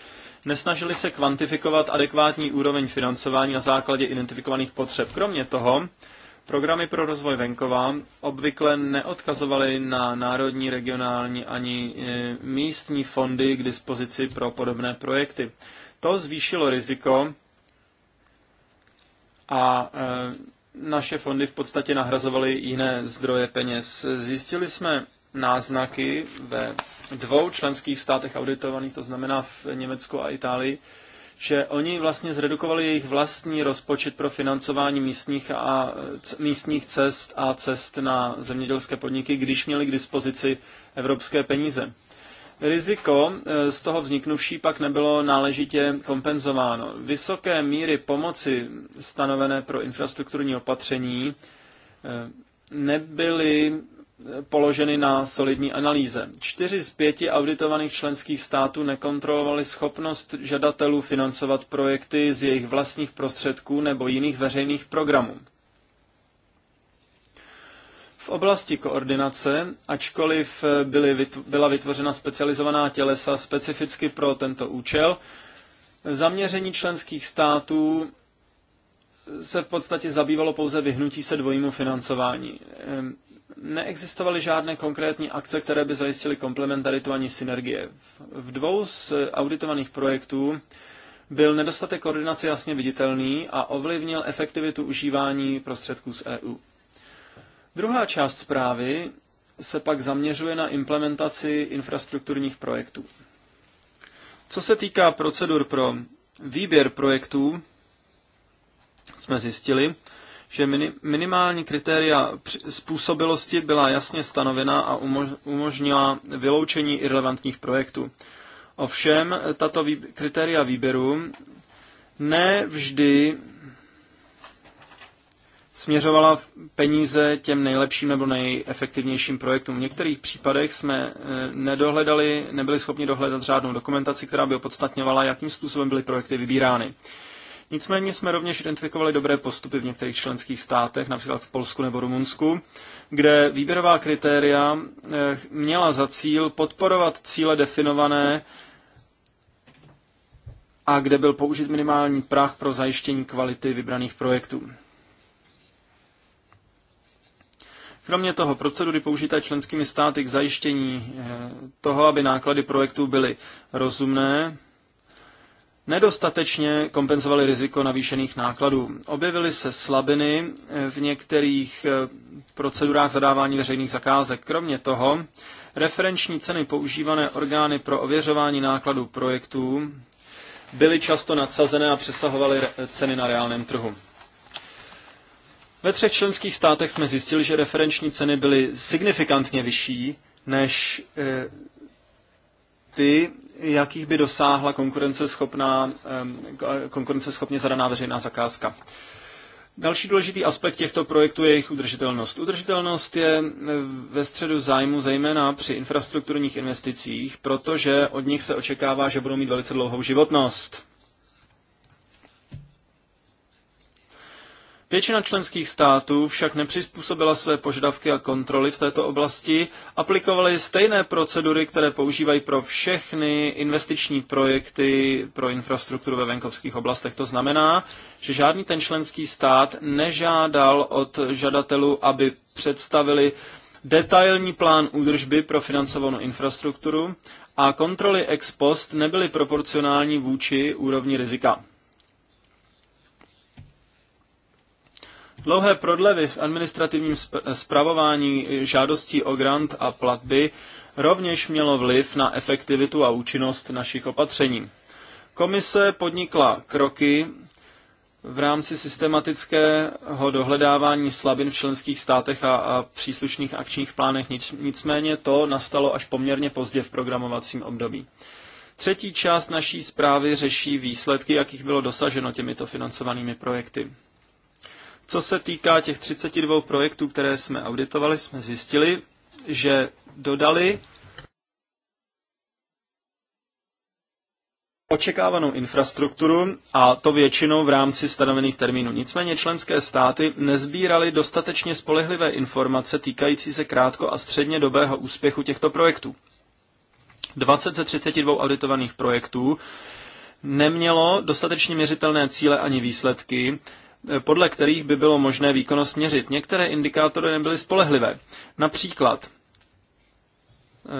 nesnažili se kvantifikovat adekvátní úroveň financování na základě identifikovaných potřeb. Kromě toho, Programy pro rozvoj venkova obvykle neodkazovaly na národní, regionální ani e, místní fondy k dispozici pro podobné projekty. To zvýšilo riziko a e, naše fondy v podstatě nahrazovaly jiné zdroje peněz. Zjistili jsme náznaky ve dvou členských státech auditovaných, to znamená v Německu a Itálii, že oni vlastně zredukovali jejich vlastní rozpočet pro financování místních, a, místních cest a cest na zemědělské podniky, když měli k dispozici evropské peníze. Riziko e, z toho vzniknuvší pak nebylo náležitě kompenzováno. Vysoké míry pomoci stanovené pro infrastrukturní opatření e, nebyly položeny na solidní analýze. Čtyři z pěti auditovaných členských států nekontrolovaly schopnost žadatelů financovat projekty z jejich vlastních prostředků nebo jiných veřejných programů. V oblasti koordinace, ačkoliv eh, byly, byla vytvořena specializovaná tělesa specificky pro tento účel, zaměření členských států se v podstatě zabývalo pouze vyhnutí se dvojímu financování. Ehm, neexistovaly žádné konkrétní akce, které by zajistily komplementaritu ani synergie. V dvou z auditovaných projektů byl nedostatek koordinace jasně viditelný a ovlivnil efektivitu užívání prostředků z EU. Druhá část zprávy se pak zaměřuje na implementaci infrastrukturních projektů. Co se týká procedur pro výběr projektů, jsme zjistili, že minimální kritéria způsobilosti byla jasně stanovena a umožnila vyloučení irrelevantních projektů. Ovšem, tato kritéria výběru nevždy směřovala peníze těm nejlepším nebo nejefektivnějším projektům. V některých případech jsme eh, nedohledali, nebyli schopni dohledat žádnou dokumentaci, která by opodstatňovala, jakým způsobem byly projekty vybírány. Nicméně jsme rovněž identifikovali dobré postupy v některých členských státech, například v Polsku nebo Rumunsku, kde výběrová kritéria eh, měla za cíl podporovat cíle definované a kde byl použit minimální prach pro zajištění kvality vybraných projektů. Kromě toho procedury použité členskými státy k zajištění eh, toho, aby náklady projektů byly rozumné, nedostatečně kompenzovaly riziko navýšených nákladů. Objevily se slabiny eh, v některých eh, procedurách zadávání veřejných zakázek. Kromě toho, referenční ceny používané orgány pro ověřování nákladů projektů byly často nadsazené a přesahovaly ceny na reálném trhu. Ve třech členských státech jsme zjistili, že referenční ceny byly signifikantně vyšší než eh, ty, jakých by dosáhla konkurenceschopná, eh, konkurenceschopně zadaná veřejná zakázka. Další důležitý aspekt těchto projektů je jejich udržitelnost. Udržitelnost je eh, ve středu zájmu zejména při infrastrukturních investicích, protože od nich se očekává, že budou mít velice dlouhou životnost. Většina členských států však nepřizpůsobila své požadavky a kontroly v této oblasti, aplikovaly stejné procedury, které používají pro všechny investiční projekty pro infrastrukturu ve venkovských oblastech. To znamená, že žádný ten členský stát nežádal od žadatelů, aby představili detailní plán údržby pro financovanou infrastrukturu a kontroly ex post nebyly proporcionální vůči úrovni rizika. Dlouhé prodlevy v administrativním zpravování žádostí o grant a platby rovněž mělo vliv na efektivitu a účinnost našich opatření. Komise podnikla kroky v rámci systematického dohledávání slabin v členských státech a, a příslušných akčních plánech, nic, nicméně to nastalo až poměrně pozdě v programovacím období. Třetí část naší zprávy řeší výsledky, jakých bylo dosaženo těmito financovanými projekty. Co se týká těch 32 projektů, které jsme auditovali, jsme zjistili, že dodali očekávanou infrastrukturu a to většinou v rámci stanovených termínů. Nicméně členské státy nezbíraly dostatečně spolehlivé informace týkající se krátko a středně dobého úspěchu těchto projektů. 20 ze 32 auditovaných projektů nemělo dostatečně měřitelné cíle ani výsledky podle kterých by bylo možné výkonnost měřit. Některé indikátory nebyly spolehlivé. Například eh,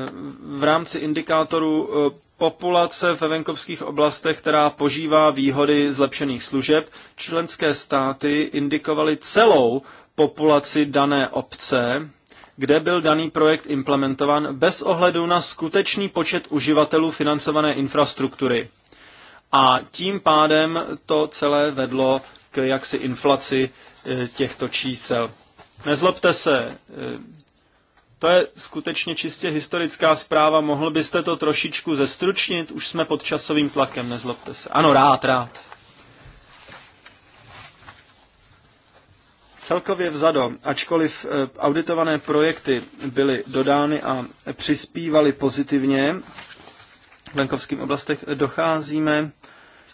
v rámci indikátoru eh, populace ve venkovských oblastech, která požívá výhody zlepšených služeb, členské státy indikovaly celou populaci dané obce, kde byl daný projekt implementovan bez ohledu na skutečný počet uživatelů financované infrastruktury. A tím pádem to celé vedlo k jaksi inflaci e, těchto čísel. Nezlobte se, e, to je skutečně čistě historická zpráva, mohl byste to trošičku zestručnit, už jsme pod časovým tlakem, nezlobte se. Ano, rád, rád. Celkově vzado, ačkoliv e, auditované projekty byly dodány a přispívaly pozitivně v venkovským oblastech, docházíme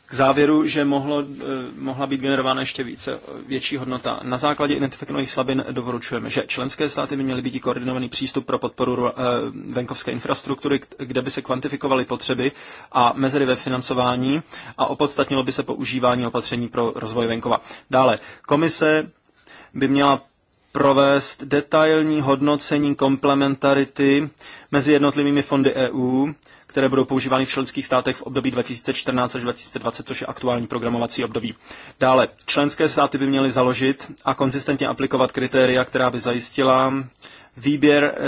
k závěru, že mohlo, eh, mohla být generována ještě více eh, větší hodnota. Na základě identifikovaných slabin doporučujeme, že členské státy by měly být koordinovaný přístup pro podporu eh, venkovské infrastruktury, kde by se kvantifikovaly potřeby a mezery ve financování a opodstatnilo by se používání opatření pro rozvoj venkova. Dále, komise by měla provést detailní hodnocení komplementarity mezi jednotlivými fondy EU které budou používány v členských státech v období 2014 až 2020, což je aktuální programovací období. Dále, členské státy by měly založit a konzistentně aplikovat kritéria, která by zajistila výběr eh,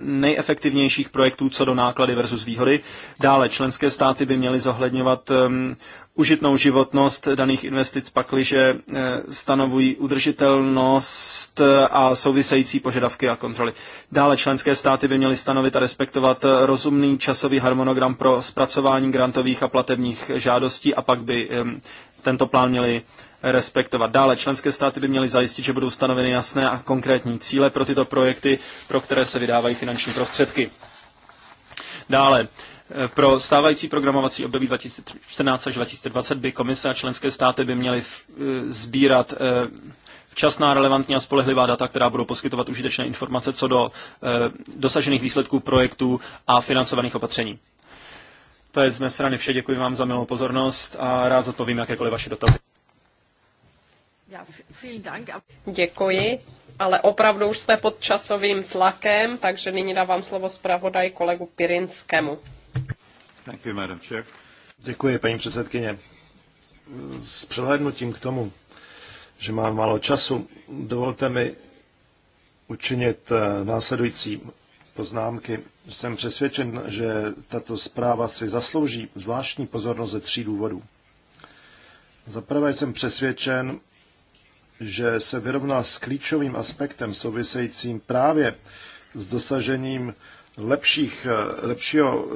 nejefektivnějších projektů co do náklady versus výhody. Dále členské státy by měly zohledňovat ehm, užitnou životnost daných investic, pakliže eh, stanovují udržitelnost eh, a související požadavky a kontroly. Dále členské státy by měly stanovit a respektovat rozumný časový harmonogram pro zpracování grantových a platebních žádostí a pak by ehm, tento plán měli respektovat. Dále členské státy by měly zajistit, že budou stanoveny jasné a konkrétní cíle pro tyto projekty, pro které se vydávají finanční prostředky. Dále, eh, pro stávající programovací období 2014 až 2020 by komise a členské státy by měly eh, sbírat eh, včasná, relevantní a spolehlivá data, která budou poskytovat užitečné informace co do dosažených výsledků projektů a financovaných opatření. To je z mé strany vše. Děkuji vám za milou pozornost a rád odpovím jakékoliv vaše dotazy. Děkuji, ale opravdu už jsme pod časovým tlakem, takže nyní dávám slovo zpravodaj kolegu Pirinskému. Děkuji, paní předsedkyně. S přehlédnutím k tomu, že mám málo času, dovolte mi učinit eh, následující poznámky. Jsem přesvědčen, že tato zpráva si zaslouží zvláštní pozornost ze tří důvodů. Za prvé jsem přesvědčen, že se vyrovná s klíčovým aspektem souvisejícím právě s dosažením lepších, lepšího,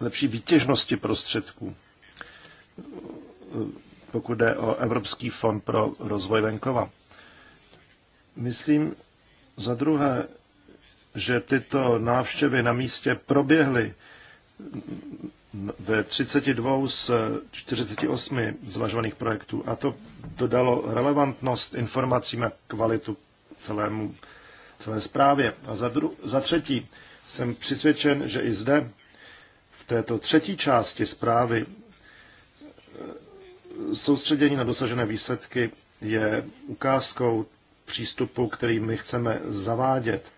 lepší výtěžnosti prostředků, pokud jde o Evropský fond pro rozvoj venkova. Myslím za druhé, že tyto návštěvy na místě proběhly ve 32 z 48 zvažovaných projektů, a to dodalo relevantnost informacím a kvalitu celému, celé zprávě. A za, dru, za třetí jsem přesvědčen, že i zde, v této třetí části zprávy, eh, soustředění na dosažené výsledky je ukázkou přístupu, který my chceme zavádět, eh,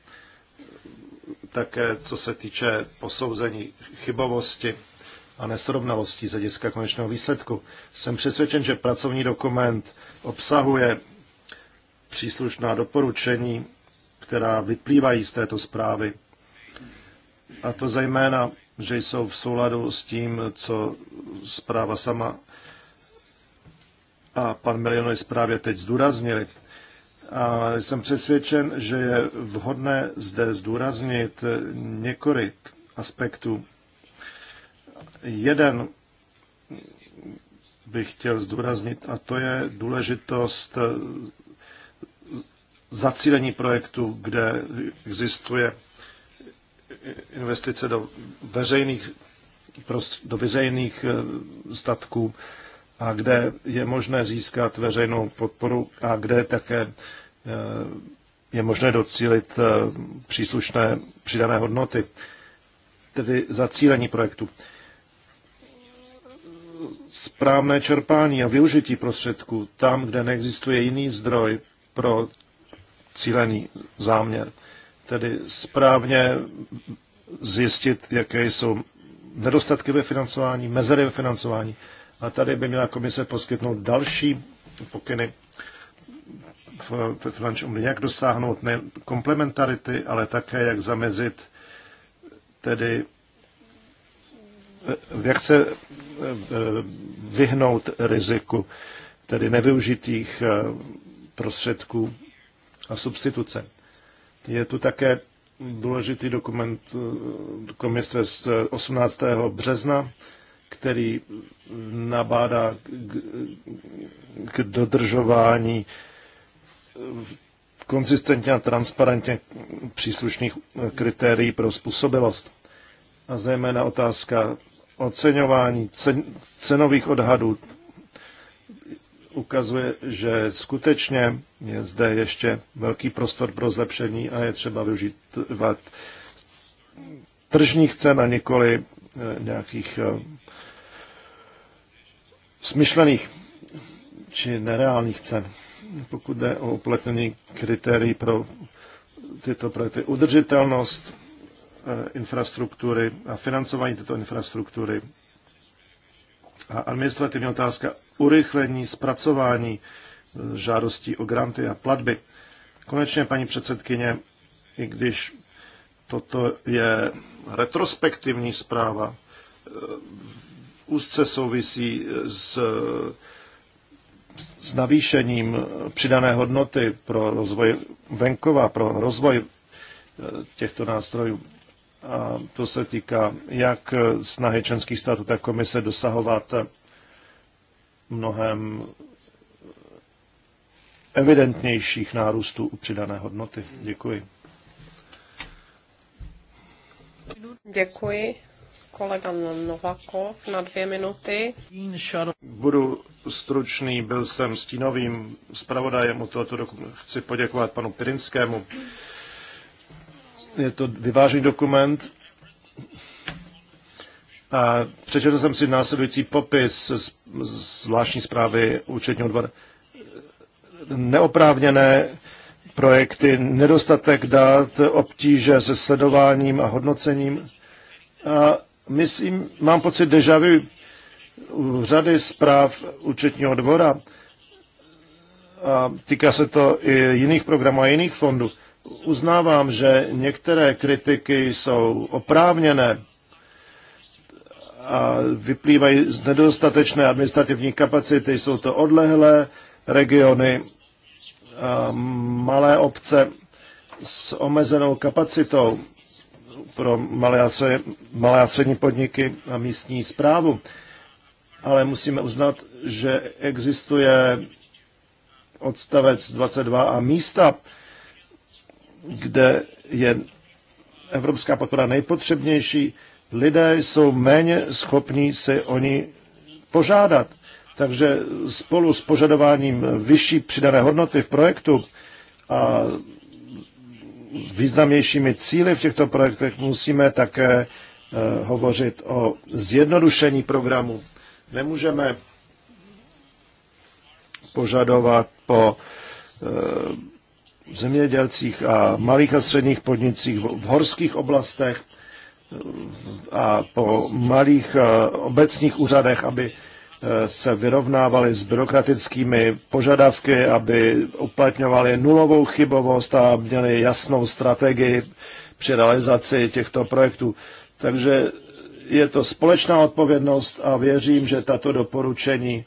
také co se týče posouzení chybovosti a nesrovnalostí z hlediska konečného výsledku. Jsem přesvědčen, že pracovní dokument obsahuje příslušná doporučení, která vyplývají z této zprávy. A to zejména, že jsou v souladu s tím, co zpráva sama a pan Milionoj zprávě teď zdůraznili. A jsem přesvědčen, že je vhodné zde zdůraznit několik aspektů Jeden bych chtěl zdůraznit, a to je důležitost eh, zacílení projektu, kde existuje investice do veřejných, do veřejných eh, statků a kde je možné získat veřejnou podporu a kde také eh, je možné docílit příslušné přidané hodnoty, tedy zacílení projektu správné čerpání a využití prostředků tam, kde neexistuje jiný zdroj pro cílený záměr. Tedy správně zjistit, jaké jsou nedostatky ve financování, mezery ve financování. A tady by měla komise poskytnout další pokyny ve finanční unii, jak dosáhnout ne komplementarity, ale také jak zamezit tedy jak se eh, eh, vyhnout riziku tedy nevyužitých eh, prostředků a substituce. Je tu také důležitý dokument komise z 18. března, který nabádá k, k dodržování konzistentně a transparentně příslušných kritérií pro způsobilost. A zejména otázka oceňování cen, cenových odhadů ukazuje, že skutečně je zde ještě velký prostor pro zlepšení a je třeba využívat tržních cen a nikoli eh, nějakých eh, smyšlených či nereálných cen. Pokud jde o uplatnění kritérií pro tyto projekty, udržitelnost Eh, infrastruktury a financování této infrastruktury. A administrativní otázka urychlení zpracování eh, žádostí o granty a platby. Konečně, paní předsedkyně, i když toto je retrospektivní zpráva, eh, úzce souvisí s, s navýšením přidané hodnoty pro rozvoj venkova, pro rozvoj těchto nástrojů. A to se týká jak snahy členských států, tak komise dosahovat mnohem evidentnějších nárůstů u přidané hodnoty. Děkuji. Děkuji. Kolega Novakov na dvě minuty. Budu stručný, byl jsem stínovým zpravodajem u tohoto dokumentu. Chci poděkovat panu Pirinskému je to vyvážený dokument. A přečetl jsem si následující popis z zvláštní zprávy účetního dvora. Neoprávněné projekty, nedostatek dát, obtíže se sledováním a hodnocením. A myslím, mám pocit deja vu u řady zpráv účetního dvora. A týká se to i jiných programů a jiných fondů uznávám, že některé kritiky jsou oprávněné a vyplývají z nedostatečné administrativní kapacity. Jsou to odlehlé regiony, a malé obce s omezenou kapacitou pro malé a, střední, malé a střední podniky a místní zprávu. Ale musíme uznat, že existuje odstavec 22 a místa, kde je evropská podpora nejpotřebnější, lidé jsou méně schopní se o ní požádat. Takže spolu s požadováním vyšší přidané hodnoty v projektu a významnějšími cíly v těchto projektech musíme také eh, hovořit o zjednodušení programu. Nemůžeme požadovat po eh, v zemědělcích a malých a středních podnicích v horských oblastech a po malých e, obecních úřadech, aby e, se vyrovnávali s byrokratickými požadavky, aby uplatňovali nulovou chybovost a měli jasnou strategii při realizaci těchto projektů. Takže je to společná odpovědnost a věřím, že tato doporučení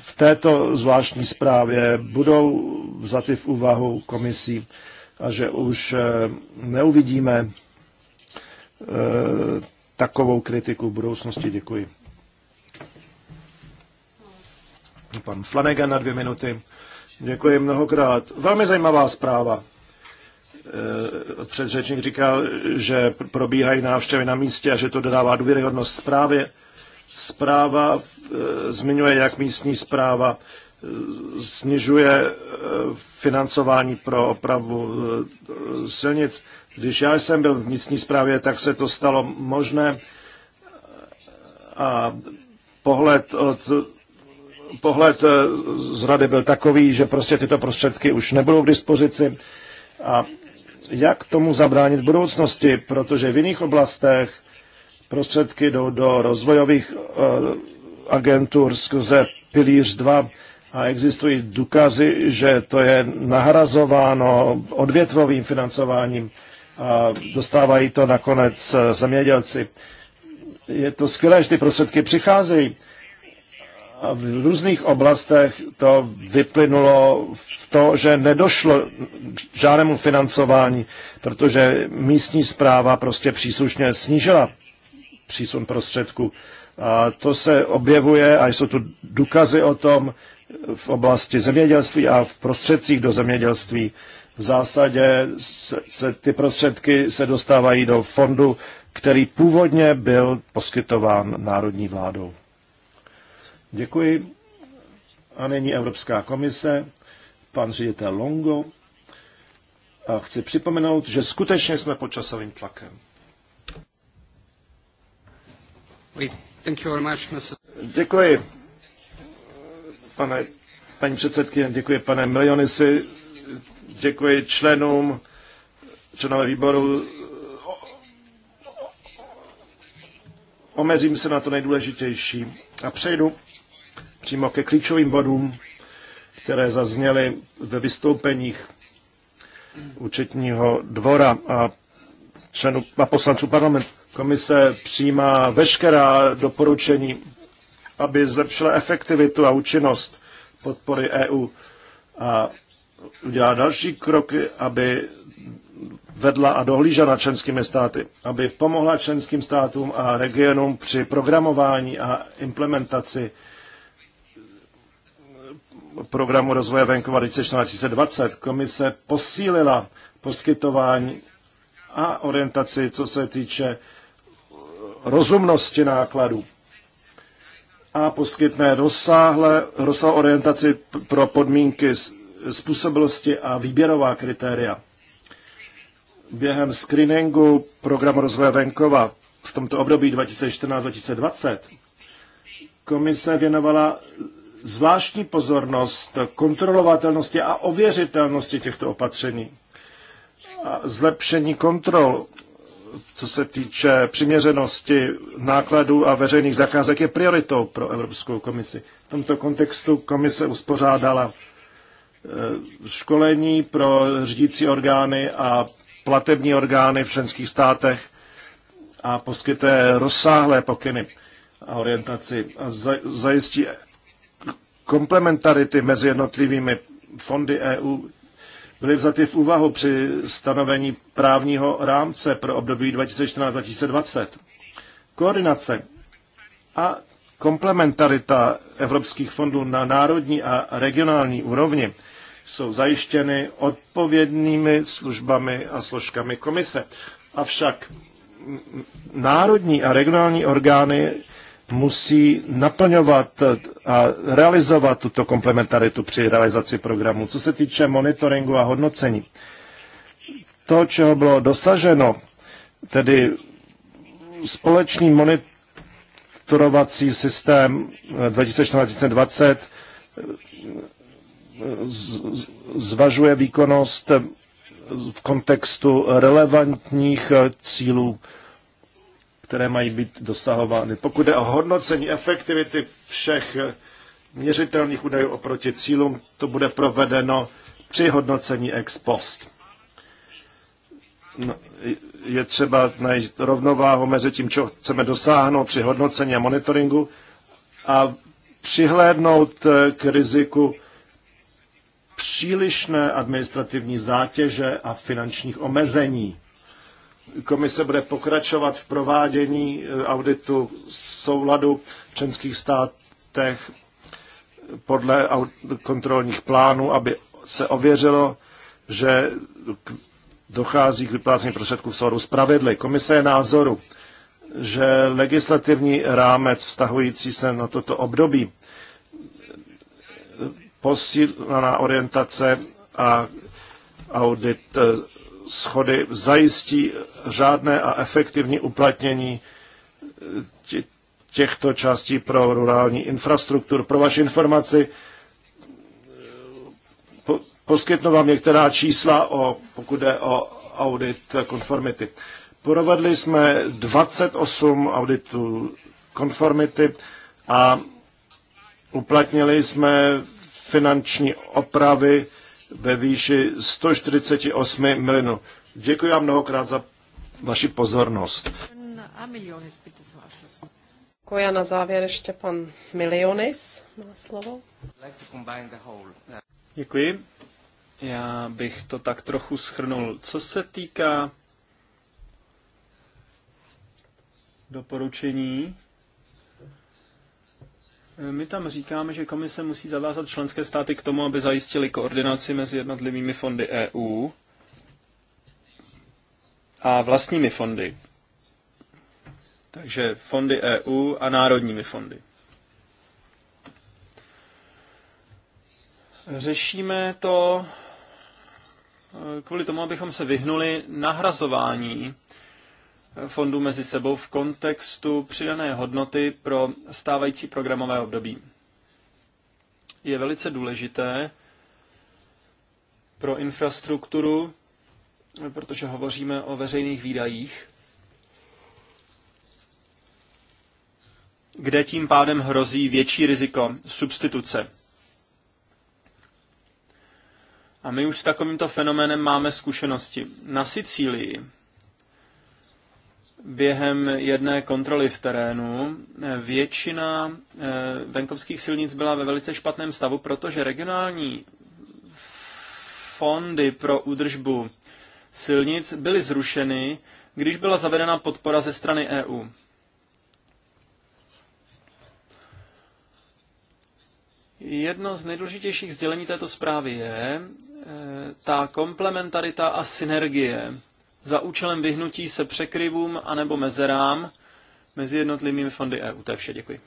v této zvláštní zprávě budou vzaty v úvahu komisí a že už eh, neuvidíme eh, takovou kritiku v budoucnosti. Děkuji. Pan Flanagan na dvě minuty. Děkuji mnohokrát. Velmi zajímavá zpráva. Eh, předřečník říkal, že probíhají návštěvy na místě a že to dodává důvěryhodnost zprávě. Zpráva eh, zmiňuje, jak místní zpráva eh, snižuje eh, financování pro opravu silnic. Když já jsem byl v místní správě, tak se to stalo možné a pohled od pohled z rady byl takový, že prostě tyto prostředky už nebudou k dispozici a jak tomu zabránit v budoucnosti, protože v jiných oblastech prostředky do, do rozvojových eh, agentur skrze pilíř 2 a existují důkazy, že to je nahrazováno odvětvovým financováním a dostávají to nakonec eh, zemědělci. Je to skvělé, že ty prostředky přicházejí. A v různých oblastech to vyplynulo v to, že nedošlo k žádnému financování, protože místní zpráva prostě příslušně snížila přísun prostředků. A to se objevuje a jsou tu důkazy o tom v oblasti zemědělství a v prostředcích do zemědělství. V zásadě se, se ty prostředky se dostávají do fondu, který původně byl poskytován národní vládou. Děkuji. A nyní Evropská komise, pan ředitel Longo. A chci připomenout, že skutečně jsme pod časovým tlakem. Děkuji. Pane, paní předsedkyně, děkuji pane Milionisi, děkuji členům, členové výboru. Omezím se na to nejdůležitější a přejdu přímo ke klíčovým bodům, které zazněly ve vystoupeních účetního dvora a členů a poslanců parlamentu. Komise přijímá veškerá doporučení, aby zlepšila efektivitu a účinnost podpory EU a udělá další kroky, aby vedla a dohlížela členskými státy, aby pomohla členským státům a regionům při programování a implementaci programu rozvoje venkova 2020 Komise posílila poskytování a orientaci, co se týče rozumnosti nákladů a poskytne rozsáhle, rozsáhle orientaci pro podmínky způsobilosti a výběrová kritéria. Během screeningu programu rozvoje venkova v tomto období 2014-2020 komise věnovala zvláštní pozornost kontrolovatelnosti a ověřitelnosti těchto opatření. A zlepšení kontrol co se týče přiměřenosti nákladů a veřejných zakázek, je prioritou pro Evropskou komisi. V tomto kontextu komise uspořádala e, školení pro řídící orgány a platební orgány v členských státech a poskytuje rozsáhlé pokyny a orientaci a zajistí komplementarity mezi jednotlivými fondy EU byly vzaty v úvahu při stanovení právního rámce pro období 2014-2020. Koordinace a komplementarita evropských fondů na národní a regionální úrovni jsou zajištěny odpovědnými službami a složkami komise. Avšak národní a regionální orgány musí naplňovat a realizovat tuto komplementaritu při realizaci programu. Co se týče monitoringu a hodnocení, to, čeho bylo dosaženo, tedy společný monitorovací systém 2014-2020 zvažuje výkonnost v kontextu relevantních cílů které mají být dosahovány. Pokud jde o hodnocení efektivity všech měřitelných údajů oproti cílům, to bude provedeno při hodnocení ex post. No, je třeba najít rovnováhu mezi tím, co chceme dosáhnout při hodnocení a monitoringu a přihlédnout eh, k riziku přílišné administrativní zátěže a finančních omezení. Komise bude pokračovat v provádění eh, auditu souladu v členských státech podle kontrolních plánů, aby se ověřilo, že dochází k vyplácení prostředků v souladu s pravidly. Komise je názoru, že legislativní rámec vztahující se na toto období posílená orientace a audit eh, schody zajistí řádné a efektivní uplatnění eh, těchto částí pro rurální infrastrukturu. Pro vaši informaci eh, poskytnu vám některá čísla, o, pokud jde o audit konformity. Provedli jsme 28 auditů konformity a uplatnili jsme finanční opravy ve výši 148 milionů. Děkuji vám mnohokrát za vaši pozornost. Děkuji na závěr ještě pan Milionis má slovo. Děkuji. Já bych to tak trochu schrnul. Co se týká doporučení my tam říkáme, že komise musí zavázat členské státy k tomu, aby zajistili koordinaci mezi jednotlivými fondy EU a vlastními fondy. Takže fondy EU a národními fondy. Řešíme to eh, kvůli tomu, abychom se vyhnuli nahrazování fondů mezi sebou v kontextu přidané hodnoty pro stávající programové období. Je velice důležité pro infrastrukturu, protože hovoříme o veřejných výdajích, kde tím pádem hrozí větší riziko substituce. A my už s takovýmto fenoménem máme zkušenosti. Na Sicílii během jedné kontroly v terénu většina eh, venkovských silnic byla ve velice špatném stavu, protože regionální fondy pro údržbu silnic byly zrušeny, když byla zavedena podpora ze strany EU. Jedno z nejdůležitějších sdělení této zprávy je eh, ta komplementarita a synergie za účelem vyhnutí se překryvům anebo mezerám mezi jednotlivými fondy EU. To je vše, děkuji.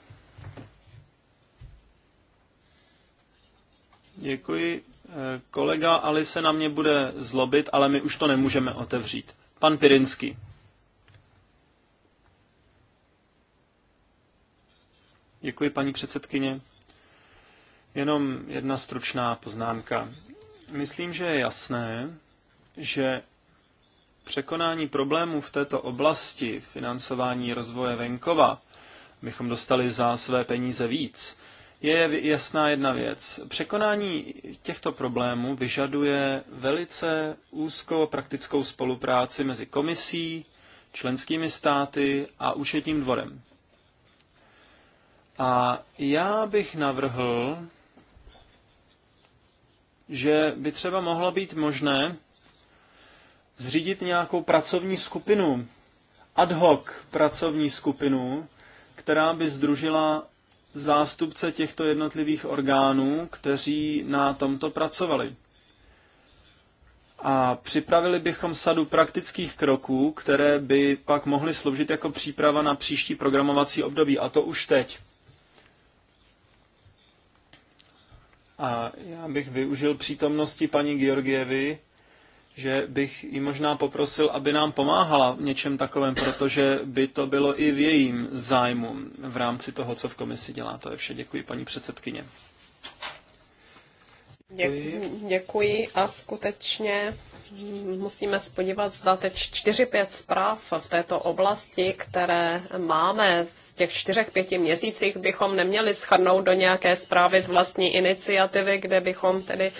Děkuji. Eh, kolega Ali se na mě bude zlobit, ale my už to nemůžeme otevřít. Pan Pirinský. Děkuji, paní předsedkyně. Jenom jedna stručná poznámka. Myslím, že je jasné, že překonání problémů v této oblasti financování rozvoje venkova, bychom dostali za své peníze víc, je jasná jedna věc. Překonání těchto problémů vyžaduje velice úzkou praktickou spolupráci mezi komisí, členskými státy a účetním dvorem. A já bych navrhl, že by třeba mohlo být možné zřídit nějakou pracovní skupinu, ad hoc pracovní skupinu, která by združila zástupce těchto jednotlivých orgánů, kteří na tomto pracovali. A připravili bychom sadu praktických kroků, které by pak mohly sloužit jako příprava na příští programovací období, a to už teď. A já bych využil přítomnosti paní Georgievy že bych ji možná poprosil, aby nám pomáhala v něčem takovém, protože by to bylo i v jejím zájmu v rámci toho, co v komisi dělá. To je vše. Děkuji, paní předsedkyně. Děkuji. Děkuji a skutečně musíme spodívat, zda teď 4-5 zpráv v této oblasti, které máme v těch 4-5 měsících, bychom neměli schrnout do nějaké zprávy z vlastní iniciativy, kde bychom tedy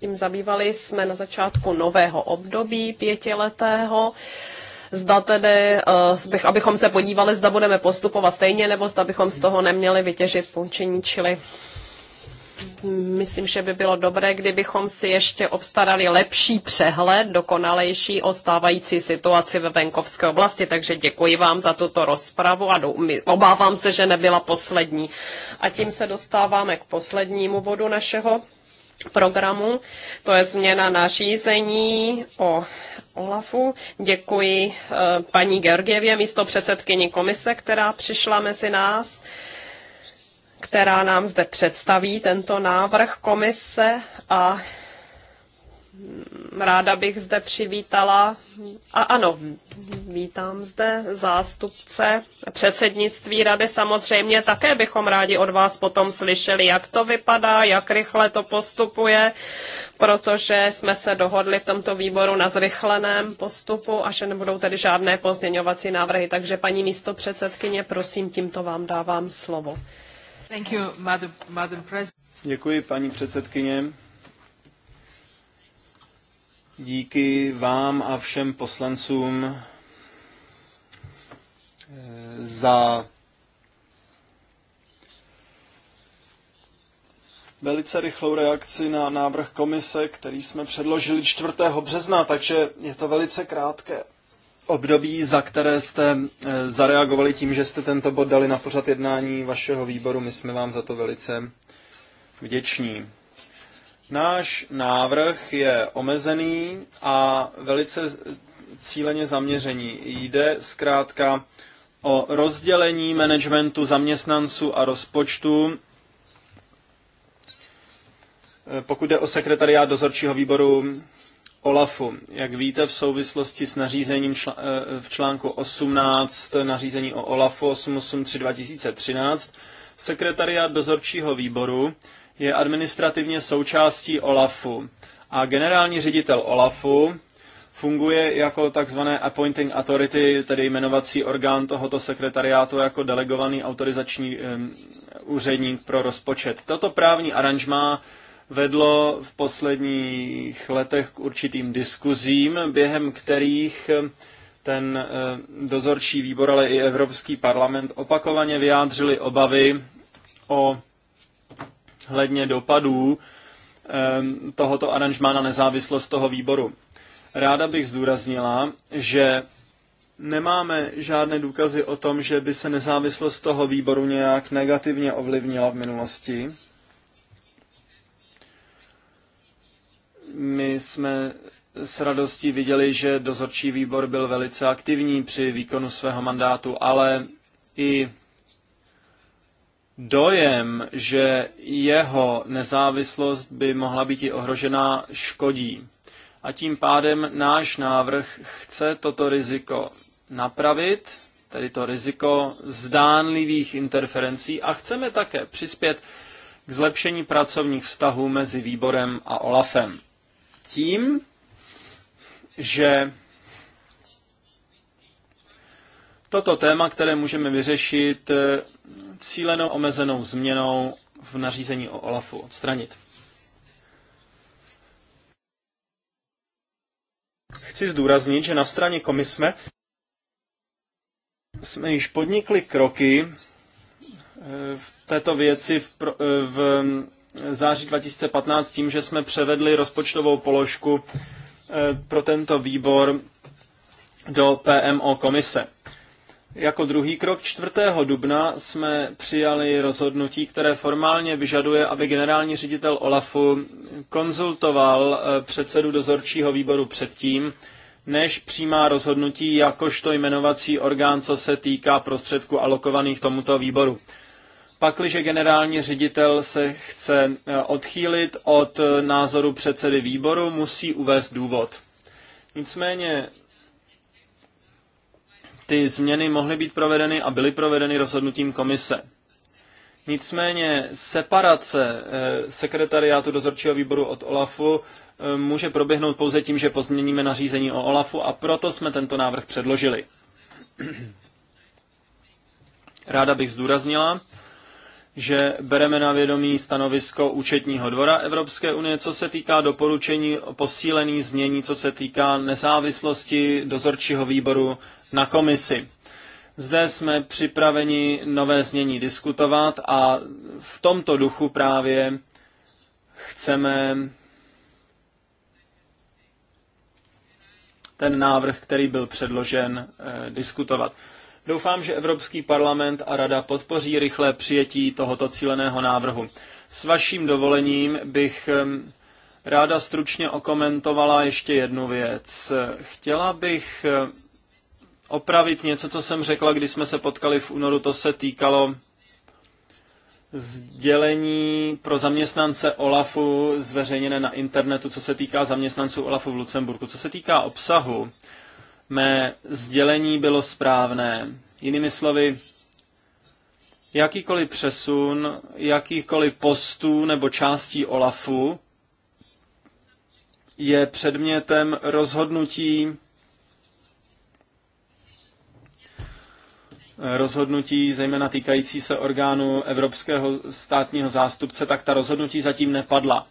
tím zabývali. Jsme na začátku nového období pětiletého zda tedy, eh, abychom se podívali, zda budeme postupovat stejně, nebo zda bychom z toho neměli vytěžit poučení, čili myslím, že by bylo dobré, kdybychom si ještě obstarali lepší přehled, dokonalejší o stávající situaci ve venkovské oblasti, takže děkuji vám za tuto rozpravu a obávám se, že nebyla poslední. A tím se dostáváme k poslednímu bodu našeho programu, to je změna nařízení o Olafu. Děkuji eh, paní Georgievě, místo předsedkyni komise, která přišla mezi nás která nám zde představí tento návrh komise a ráda bych zde přivítala, a ano, vítám zde zástupce předsednictví rady. Samozřejmě také bychom rádi od vás potom slyšeli, jak to vypadá, jak rychle to postupuje, protože jsme se dohodli v tomto výboru na zrychleném postupu a že nebudou tedy žádné pozměňovací návrhy. Takže paní místo předsedkyně, prosím, tímto vám dávám slovo. Děkuji, paní předsedkyně. Díky vám a všem poslancům eh, za velice rychlou reakci na návrh komise, který jsme předložili 4. března, takže je to velice krátké období, za které jste eh, zareagovali tím, že jste tento bod dali na pořad jednání vašeho výboru. My jsme vám za to velice vděční. Náš návrh je omezený a velice cíleně zaměřený. Jde zkrátka o rozdělení managementu zaměstnanců a rozpočtu. Eh, pokud jde o sekretariát dozorčího výboru OLAFu. Jak víte, v souvislosti s nařízením čl- eh, v článku 18 nařízení o OLAFu 883 2013 sekretariát dozorčího výboru je administrativně součástí OLAFu a generální ředitel OLAFu funguje jako tzv. appointing authority, tedy jmenovací orgán tohoto sekretariátu jako delegovaný autorizační um, úředník pro rozpočet. Toto právní aranžma vedlo v posledních letech k určitým diskuzím, během kterých eh, ten eh, dozorčí výbor, ale i Evropský parlament opakovaně vyjádřili obavy o hledně dopadů eh, tohoto aranžmá na nezávislost toho výboru. Ráda bych zdůraznila, že nemáme žádné důkazy o tom, že by se nezávislost toho výboru nějak negativně ovlivnila v minulosti. My jsme s radostí viděli, že dozorčí výbor byl velice aktivní při výkonu svého mandátu, ale i dojem, že jeho nezávislost by mohla být i ohrožená, škodí. A tím pádem náš návrh chce toto riziko napravit, tedy to riziko zdánlivých interferencí a chceme také přispět k zlepšení pracovních vztahů mezi výborem a OLAFem tím, že toto téma, které můžeme vyřešit eh, cílenou omezenou změnou v nařízení o OLAFu odstranit. Chci zdůraznit, že na straně komise jsme již podnikli kroky eh, v této věci v, eh, v září 2015 tím, že jsme převedli rozpočtovou položku eh, pro tento výbor do PMO komise. Jako druhý krok 4. dubna jsme přijali rozhodnutí, které formálně vyžaduje, aby generální ředitel Olafu konzultoval eh, předsedu dozorčího výboru předtím, než přijímá rozhodnutí jakožto jmenovací orgán, co se týká prostředků alokovaných tomuto výboru. Pakliže generální ředitel se chce eh, odchýlit od eh, názoru předsedy výboru, musí uvést důvod. Nicméně ty změny mohly být provedeny a byly provedeny rozhodnutím komise. Nicméně separace eh, sekretariátu dozorčího výboru od OLAFu může proběhnout pouze tím, že pozměníme nařízení o OLAFu a proto jsme tento návrh předložili. Ráda bych zdůraznila, že bereme na vědomí stanovisko účetního dvora Evropské unie, co se týká doporučení o posílení znění, co se týká nezávislosti dozorčího výboru na komisi. Zde jsme připraveni nové znění diskutovat a v tomto duchu právě chceme ten návrh, který byl předložen, eh, diskutovat. Doufám, že Evropský parlament a Rada podpoří rychlé přijetí tohoto cíleného návrhu. S vaším dovolením bych ráda stručně okomentovala ještě jednu věc. Chtěla bych opravit něco, co jsem řekla, když jsme se potkali v únoru. To se týkalo sdělení pro zaměstnance OLAFu zveřejněné na internetu, co se týká zaměstnanců OLAFu v Lucemburku. Co se týká obsahu, mé sdělení bylo správné. Jinými slovy, jakýkoliv přesun, jakýkoliv postů nebo částí OLAFu je předmětem rozhodnutí rozhodnutí, zejména týkající se orgánu Evropského státního zástupce, tak ta rozhodnutí zatím nepadla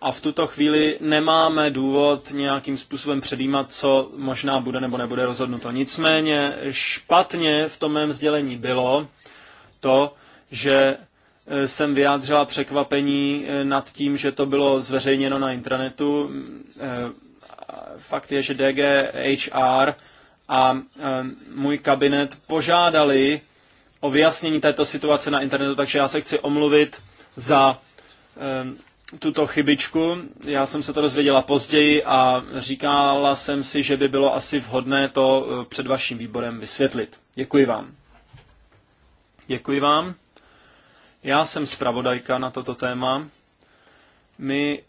a v tuto chvíli nemáme důvod nějakým způsobem předjímat, co možná bude nebo nebude rozhodnuto. Nicméně špatně v tom mém sdělení bylo to, že e, jsem vyjádřila překvapení e, nad tím, že to bylo zveřejněno na intranetu. E, fakt je, že DGHR a můj kabinet požádali o vyjasnění této situace na internetu, takže já se chci omluvit za tuto chybičku. Já jsem se to dozvěděla později a říkala jsem si, že by bylo asi vhodné to eh, před vaším výborem vysvětlit. Děkuji vám. Děkuji vám. Já jsem zpravodajka na toto téma. My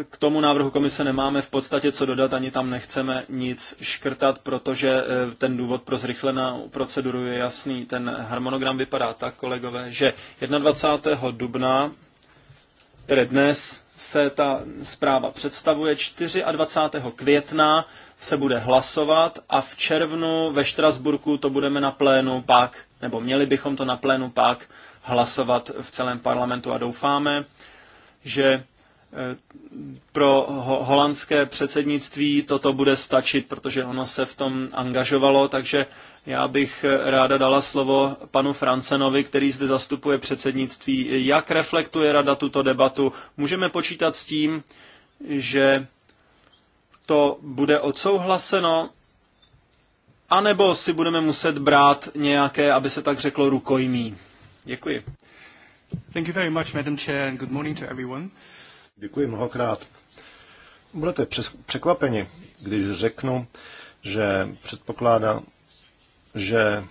eh, k tomu návrhu komise nemáme v podstatě co dodat, ani tam nechceme nic škrtat, protože eh, ten důvod pro zrychlenou proceduru je jasný. Ten harmonogram vypadá tak, kolegové, že 21. dubna tedy dnes se ta zpráva představuje. 24. května se bude hlasovat a v červnu ve Štrasburku to budeme na plénu pak, nebo měli bychom to na plénu pak hlasovat v celém parlamentu a doufáme, že eh, pro holandské předsednictví toto bude stačit, protože ono se v tom angažovalo, takže já bych eh, ráda dala slovo panu Francenovi, který zde zastupuje předsednictví. Jak reflektuje rada tuto debatu? Můžeme počítat s tím, že to bude odsouhlaseno, anebo si budeme muset brát nějaké, aby se tak řeklo, rukojmí. Děkuji. Thank you very much, Madam Chair, and good morning to everyone. Děkuji mnohokrát. Budete překvapeni, když řeknu, že předpokládám že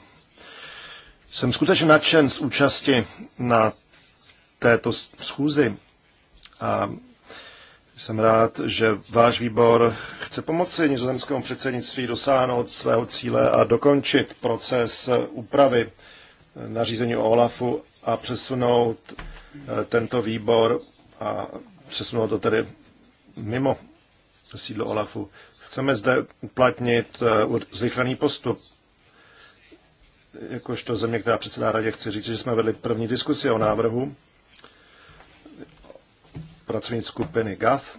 jsem skutečně nadšen z účasti na této schůzi a jsem rád, že váš výbor chce pomoci nizozemskému předsednictví dosáhnout svého cíle a dokončit proces úpravy nařízení o OLAFu a přesunout eh, tento výbor a přesunout to tedy mimo sídlo OLAFu. Chceme zde uplatnit eh, zrychlený postup jakožto země, která předsedá radě, chci říct, že jsme vedli první diskusi o návrhu pracovní skupiny GAF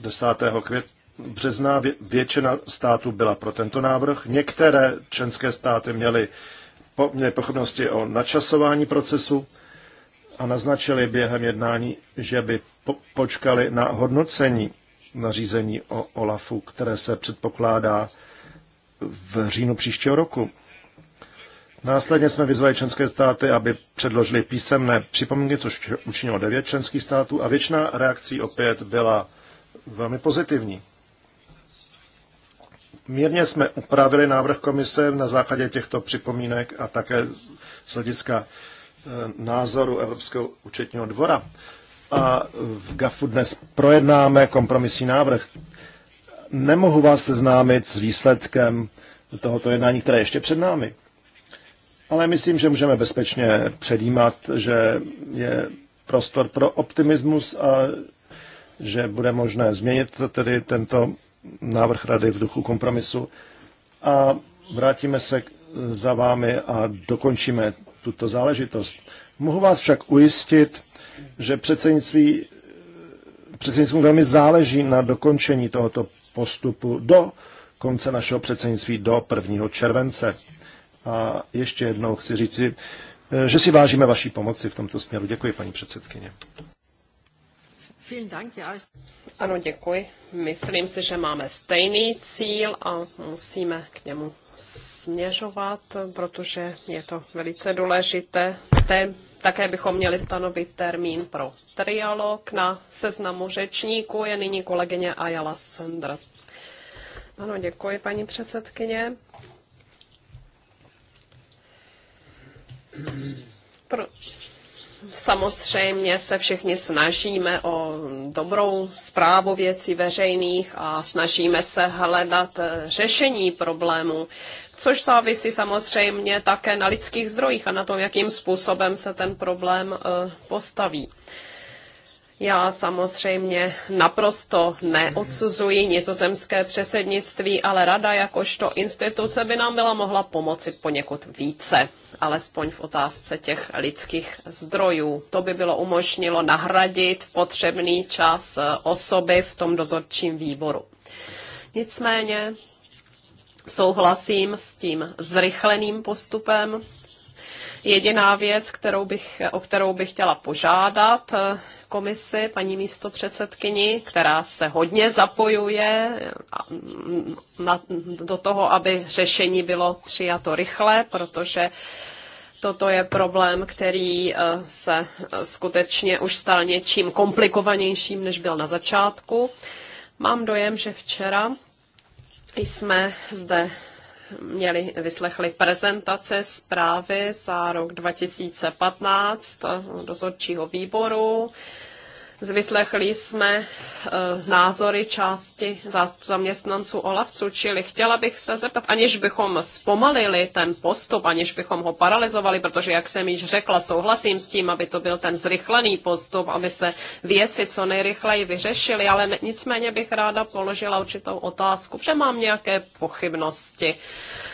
10. Květ, března. Většina států byla pro tento návrh. Některé členské státy měly, po, měly pochopnosti o načasování procesu a naznačili během jednání, že by po, počkali na hodnocení nařízení o OLAFu, které se předpokládá v říjnu příštího roku. Následně jsme vyzvali členské státy, aby předložili písemné připomínky, což učinilo devět členských států a většina reakcí opět byla velmi pozitivní. Mírně jsme upravili návrh komise na základě těchto připomínek a také z hlediska e, názoru Evropského účetního dvora. A v GAFu dnes projednáme kompromisní návrh. Nemohu vás seznámit s výsledkem tohoto jednání, které ještě před námi ale myslím, že můžeme bezpečně předjímat, že je prostor pro optimismus a že bude možné změnit tedy tento návrh rady v duchu kompromisu a vrátíme se za vámi a dokončíme tuto záležitost. Mohu vás však ujistit, že předsednictví, předsednictví velmi záleží na dokončení tohoto postupu do konce našeho předsednictví do 1. července. A ještě jednou chci říci, eh, že si vážíme vaší pomoci v tomto směru. Děkuji, paní předsedkyně. Ano, děkuji. Myslím si, že máme stejný cíl a musíme k němu směřovat, protože je to velice důležité. také bychom měli stanovit termín pro trialog na seznamu řečníků. Je nyní kolegyně Ayala Sandra. Ano, děkuji, paní předsedkyně. Pro... Samozřejmě se všichni snažíme o dobrou zprávu věcí veřejných a snažíme se hledat eh, řešení problému, což závisí samozřejmě také na lidských zdrojích a na tom, jakým způsobem se ten problém eh, postaví. Já samozřejmě naprosto neodsuzuji nizozemské předsednictví, ale rada jakožto instituce by nám byla mohla pomoci poněkud více, alespoň v otázce těch lidských zdrojů. To by bylo umožnilo nahradit v potřebný čas eh, osoby v tom dozorčím výboru. Nicméně souhlasím s tím zrychleným postupem Jediná věc, kterou bych, o kterou bych chtěla požádat eh, komisi, paní místo předsedkyni, která se hodně zapojuje mm, na, do toho, aby řešení bylo přijato rychle, protože toto je problém, který eh, se eh, skutečně už stal něčím komplikovanějším, než byl na začátku. Mám dojem, že včera jsme zde měli, vyslechli prezentaci zprávy za rok 2015 dozorčího výboru Zvyslechli jsme eh, názory části zaměstnanců OLAVců, čili chtěla bych se zeptat, aniž bychom zpomalili ten postup, aniž bychom ho paralizovali, protože, jak jsem již řekla, souhlasím s tím, aby to byl ten zrychlený postup, aby se věci co nejrychleji vyřešily, ale nicméně bych ráda položila určitou otázku, protože mám nějaké pochybnosti. Uh,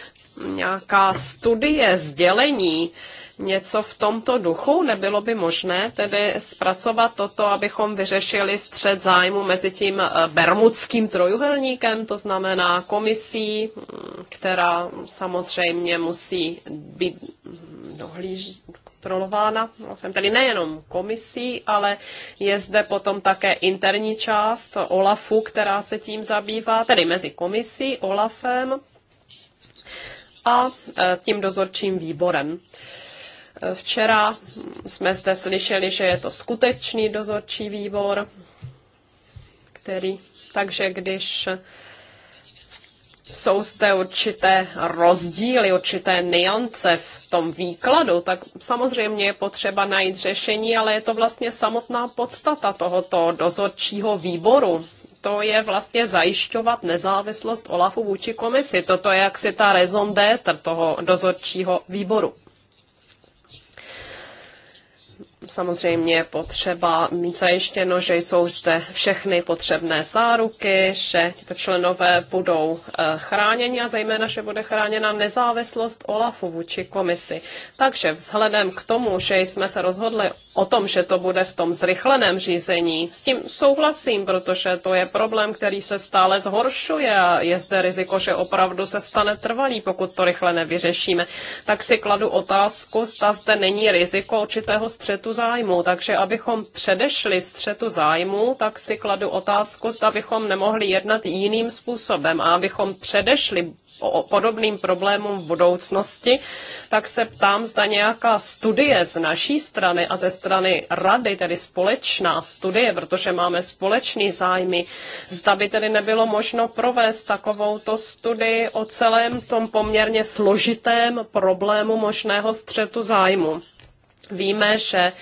nějaká studie, sdělení, něco v tomto duchu? Nebylo by možné tedy zpracovat toto, abychom vyřešili střed zájmu mezi tím eh, bermudským trojuhelníkem, to znamená komisí, mm, která samozřejmě musí být dohlíž, kontrolována, tedy nejenom komisí, ale je zde potom také interní část OLAFu, která se tím zabývá, tedy mezi komisí, OLAFem, a e, tím dozorčím výborem. E, včera jsme zde slyšeli, že je to skutečný dozorčí výbor, který, takže když jsou zde určité rozdíly, určité niance v tom výkladu, tak samozřejmě je potřeba najít řešení, ale je to vlastně samotná podstata tohoto dozorčího výboru, to je vlastně zajišťovat nezávislost Olafu vůči komisi. Toto je jaksi ta raison d'être toho dozorčího výboru samozřejmě je potřeba mít zajištěno, že jsou zde všechny potřebné záruky, že tito členové budou eh, chráněni a zejména, že bude chráněna nezávislost OLAFu vůči komisi. Takže vzhledem k tomu, že jsme se rozhodli o tom, že to bude v tom zrychleném řízení. S tím souhlasím, protože to je problém, který se stále zhoršuje a je zde riziko, že opravdu se stane trvalý, pokud to rychle nevyřešíme. Tak si kladu otázku, zda zde není riziko určitého střetu zájmu. Takže abychom předešli střetu zájmu, tak si kladu otázku, zda bychom nemohli jednat jiným způsobem a abychom předešli o podobným problémům v budoucnosti, tak se ptám, zda nějaká studie z naší strany a ze strany rady, tedy společná studie, protože máme společný zájmy, zda by tedy nebylo možno provést takovouto studii o celém tom poměrně složitém problému možného střetu zájmu. Víme, že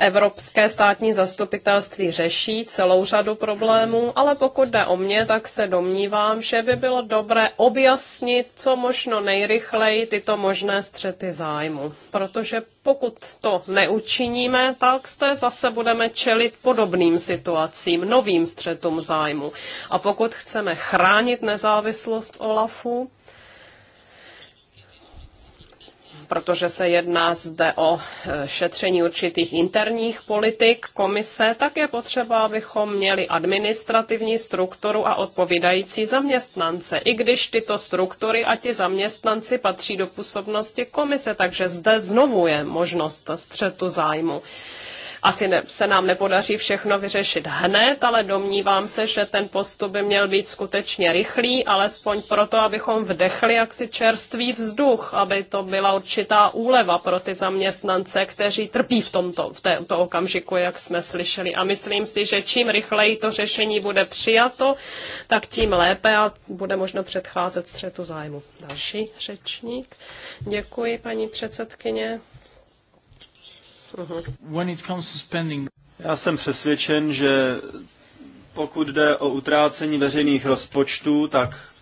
Evropské státní zastupitelství řeší celou řadu problémů, ale pokud jde o mě, tak se domnívám, že by bylo dobré objasnit co možno nejrychleji tyto možné střety zájmu. Protože pokud to neučiníme, tak zde zase budeme čelit podobným situacím, novým střetům zájmu. A pokud chceme chránit nezávislost OLAFu, protože se jedná zde o e, šetření určitých interních politik komise, tak je potřeba, abychom měli administrativní strukturu a odpovídající zaměstnance, i když tyto struktury a ti zaměstnanci patří do působnosti komise, takže zde znovu je možnost střetu zájmu. Asi ne, se nám nepodaří všechno vyřešit hned, ale domnívám se, že ten postup by měl být skutečně rychlý, alespoň proto, abychom vdechli jaksi čerstvý vzduch, aby to byla určitá úleva pro ty zaměstnance, kteří trpí v tomto v to okamžiku, jak jsme slyšeli. A myslím si, že čím rychleji to řešení bude přijato, tak tím lépe a bude možno předcházet střetu zájmu. Další řečník. Děkuji, paní předsedkyně. Mhm. Já jsem přesvědčen, že pokud jde o utrácení veřejných rozpočtů, tak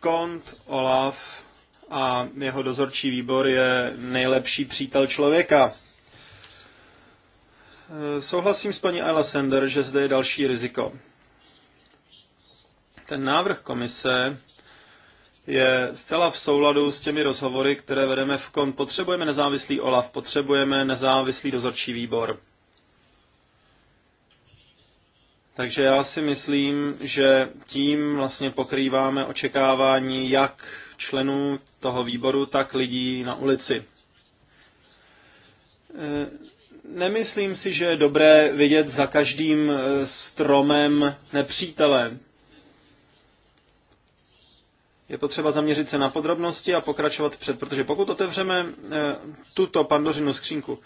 Kont, Olaf a jeho dozorčí výbor je nejlepší přítel člověka. Eh, souhlasím s paní Ayla Sender, že zde je další riziko. Ten návrh komise je zcela v souladu s těmi rozhovory, které vedeme v KON. Potřebujeme nezávislý OLAF, potřebujeme nezávislý dozorčí výbor. Takže já si myslím, že tím vlastně pokrýváme očekávání jak členů toho výboru, tak lidí na ulici. E, nemyslím si, že je dobré vidět za každým e, stromem nepřítele. Je potřeba zaměřit se na podrobnosti a pokračovat před, protože pokud otevřeme eh, tuto pandořinu skřínku,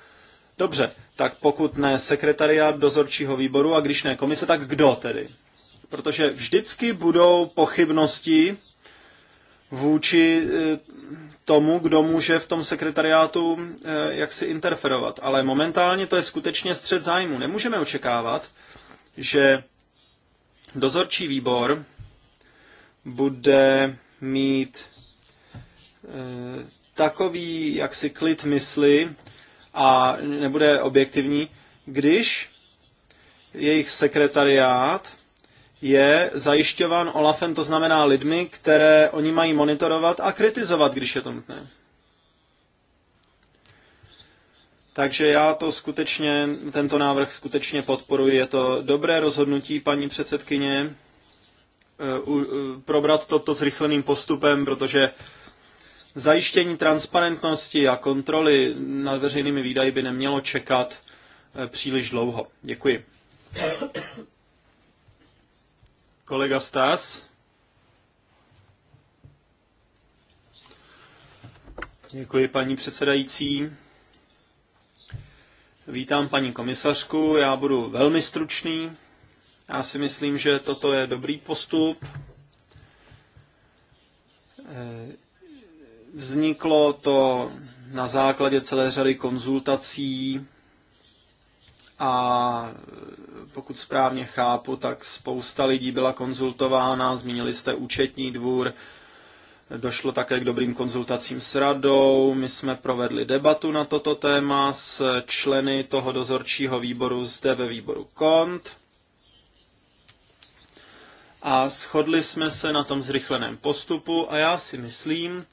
dobře, tak pokud ne sekretariát dozorčího výboru a když ne komise, tak kdo tedy? Protože vždycky budou pochybnosti vůči eh, tomu, kdo může v tom sekretariátu eh, jaksi interferovat. Ale momentálně to je skutečně střed zájmu. Nemůžeme očekávat, že dozorčí výbor bude mít eh, takový jaksi klid mysli a nebude objektivní, když jejich sekretariát je zajišťovan Olafem, to znamená lidmi, které oni mají monitorovat a kritizovat, když je to nutné. Takže já to skutečně, tento návrh skutečně podporuji. Je to dobré rozhodnutí, paní předsedkyně. Eh, eh, probrat toto zrychleným postupem, protože zajištění transparentnosti a kontroly nad veřejnými výdaji by nemělo čekat eh, příliš dlouho. Děkuji. Kolega Stas. Děkuji, paní předsedající. Vítám paní komisařku, já budu velmi stručný. Já si myslím, že toto je dobrý postup. Eh, vzniklo to na základě celé řady konzultací a pokud správně chápu, tak spousta lidí byla konzultována, zmínili jste účetní dvůr, došlo také k dobrým konzultacím s radou, my jsme provedli debatu na toto téma s členy toho dozorčího výboru zde ve výboru KONT a shodli jsme se na tom zrychleném postupu a já si myslím,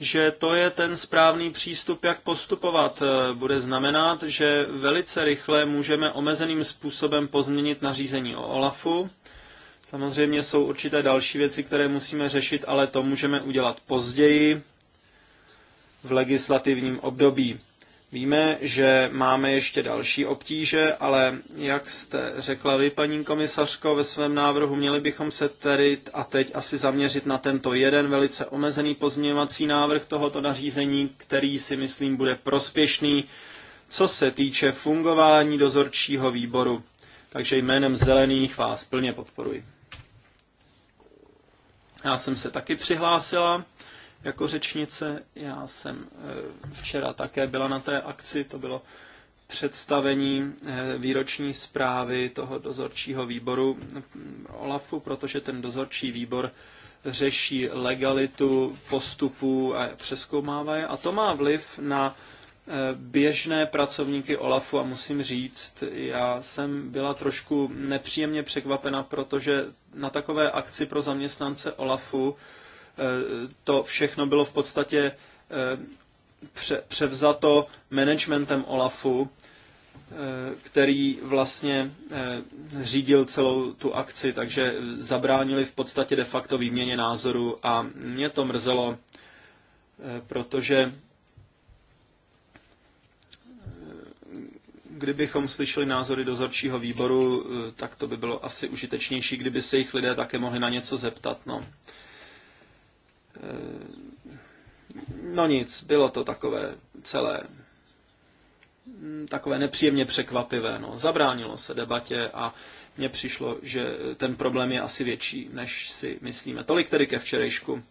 že to je ten správný přístup, jak postupovat. Eh, bude znamenat, že velice rychle můžeme omezeným způsobem pozměnit nařízení o OLAFu. Samozřejmě jsou určité další věci, které musíme řešit, ale to můžeme udělat později v legislativním období. Víme, že máme ještě další obtíže, ale jak jste řekla vy, paní komisařko, ve svém návrhu měli bychom se tedy a teď asi zaměřit na tento jeden velice omezený pozměňovací návrh tohoto nařízení, který si myslím bude prospěšný, co se týče fungování dozorčího výboru. Takže jménem zelených vás plně podporuji. Já jsem se taky přihlásila jako řečnice. Já jsem eh, včera také byla na té akci, to bylo představení eh, výroční zprávy toho dozorčího výboru mm, OLAFu, protože ten dozorčí výbor řeší legalitu postupů a přeskoumává je. A to má vliv na eh, běžné pracovníky OLAFu a musím říct, já jsem byla trošku nepříjemně překvapena, protože na takové akci pro zaměstnance OLAFu Eh, to všechno bylo v podstatě eh, převzato managementem Olafu, eh, který vlastně řídil celou tu akci, takže zabránili v podstatě de facto výměně názoru a mě to mrzelo, protože kdybychom slyšeli názory dozorčího výboru, tak to by bylo asi užitečnější, kdyby se jich lidé také mohli na něco zeptat. No. Eh, no nic, bylo to takové celé hm, takové nepříjemně překvapivé. No. Zabránilo se debatě a mně přišlo, že ten problém je asi větší, než si myslíme. Tolik tedy ke včerejšku.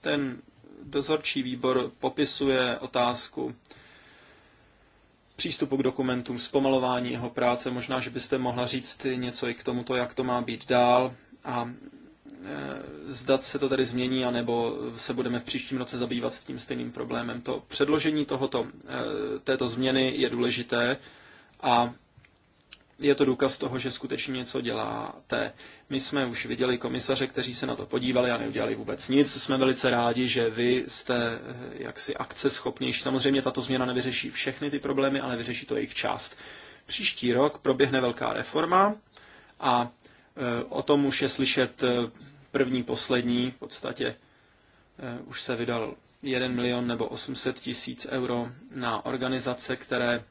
Ten dozorčí výbor popisuje otázku přístupu k dokumentům, zpomalování jeho práce. Možná, že byste mohla říct něco i k tomuto, jak to má být dál a e, zdat se to tady změní, anebo se budeme v příštím roce zabývat s tím stejným problémem. To předložení tohoto, e, této změny je důležité a je to důkaz toho, že skutečně něco děláte. My jsme už viděli komisaře, kteří se na to podívali a neudělali vůbec nic. Jsme velice rádi, že vy jste eh, jaksi akceschopnější. Samozřejmě tato změna nevyřeší všechny ty problémy, ale vyřeší to jejich část. Příští rok proběhne velká reforma a eh, o tom už je slyšet eh, první, poslední, v podstatě už se vydal 1 milion nebo 800 tisíc euro na organizace, které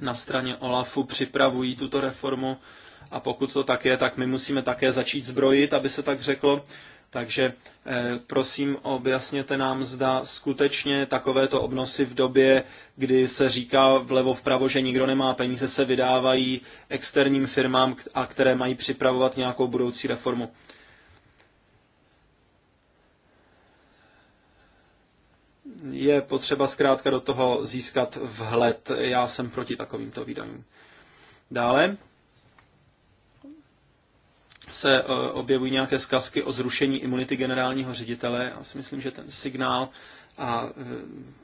na straně OLAFu připravují tuto reformu a pokud to tak je, tak my musíme také začít zbrojit, aby se tak řeklo. Takže eh, prosím, objasněte nám, zda skutečně takovéto obnosy v době, kdy se říká vlevo vpravo, že nikdo nemá peníze, se vydávají externím firmám, a které mají připravovat nějakou budoucí reformu. je potřeba zkrátka do toho získat vhled. Já jsem proti takovýmto výdajům. Dále se e, objevují nějaké zkazky o zrušení imunity generálního ředitele. Já si myslím, že ten signál a e,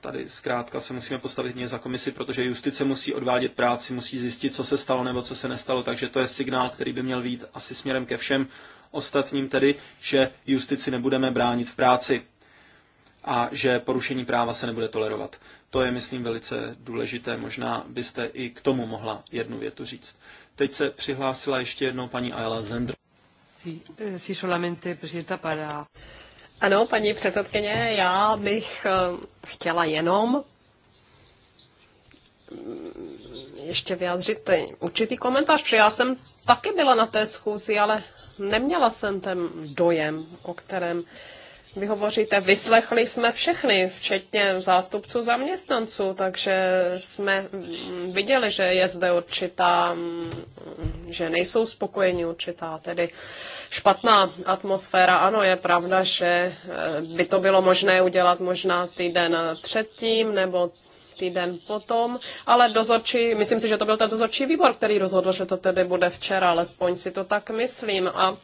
tady zkrátka se musíme postavit mě za komisi, protože justice musí odvádět práci, musí zjistit, co se stalo nebo co se nestalo, takže to je signál, který by měl být asi směrem ke všem ostatním tedy, že justici nebudeme bránit v práci a že porušení práva se nebude tolerovat. To je, myslím, velice důležité. Možná byste i k tomu mohla jednu větu říct. Teď se přihlásila ještě jednou paní Ayala Zendr. Eh, ano, paní předsedkyně, já bych eh, chtěla jenom mm, ještě vyjádřit určitý komentář, protože já jsem taky byla na té schůzi, ale neměla jsem ten dojem, o kterém vy hovoříte, vyslechli jsme všechny, včetně zástupců zaměstnanců, takže jsme mm, viděli, že je zde určitá, mm, že nejsou spokojeni určitá, tedy špatná atmosféra. Ano, je pravda, že eh, by to bylo možné udělat možná týden předtím nebo týden potom, ale dozorčí, myslím si, že to byl ten dozorčí výbor, který rozhodl, že to tedy bude včera, alespoň si to tak myslím. A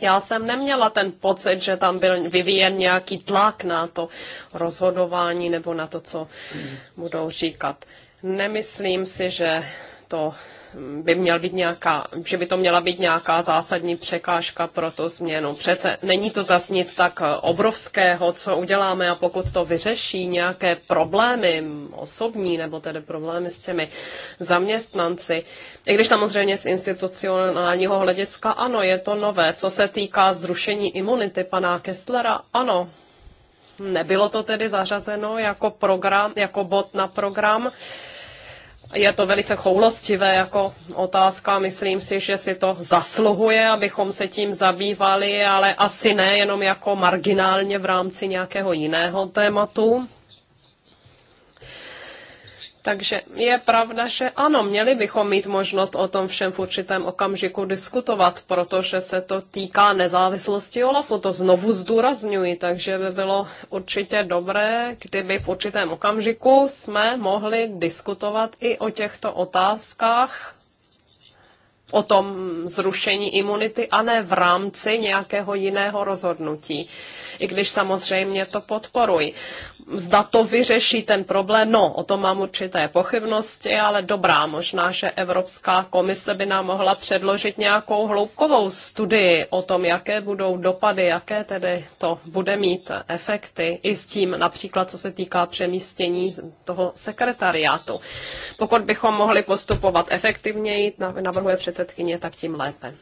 já jsem neměla ten pocit, že tam byl vyvíjen nějaký tlak na to rozhodování nebo na to, co budou říkat. Nemyslím si, že to by měl být nějaká, že by to měla být nějaká zásadní překážka pro tu změnu. Přece není to zas nic tak eh, obrovského, co uděláme a pokud to vyřeší nějaké problémy osobní nebo tedy problémy s těmi zaměstnanci, i když samozřejmě z institucionálního hlediska ano, je to nové. Co se týká zrušení imunity pana Kesslera, ano, Nebylo to tedy zařazeno jako program, jako bod na program. Uh, je to velice choulostivé jako otázka. Myslím si, že si to zasluhuje, abychom se tím zabývali, ale asi ne jenom jako marginálně v rámci nějakého jiného tématu. Takže je pravda, že ano, měli bychom mít možnost o tom všem v určitém okamžiku diskutovat, protože se to týká nezávislosti Olafu, to znovu zdůrazňuji, takže by bylo určitě dobré, kdyby v určitém okamžiku jsme mohli diskutovat i o těchto otázkách o tom zrušení imunity a ne v rámci nějakého jiného rozhodnutí. I když samozřejmě to podporuji. Zda to vyřeší ten problém, no, o tom mám určité pochybnosti, ale dobrá, možná, že Evropská komise by nám mohla předložit nějakou hloubkovou studii o tom, jaké budou dopady, jaké tedy to bude mít efekty, i s tím například, co se týká přemístění toho sekretariátu. Pokud bychom mohli postupovat efektivněji, navrhuje před předsedkyně, tak tím lépe.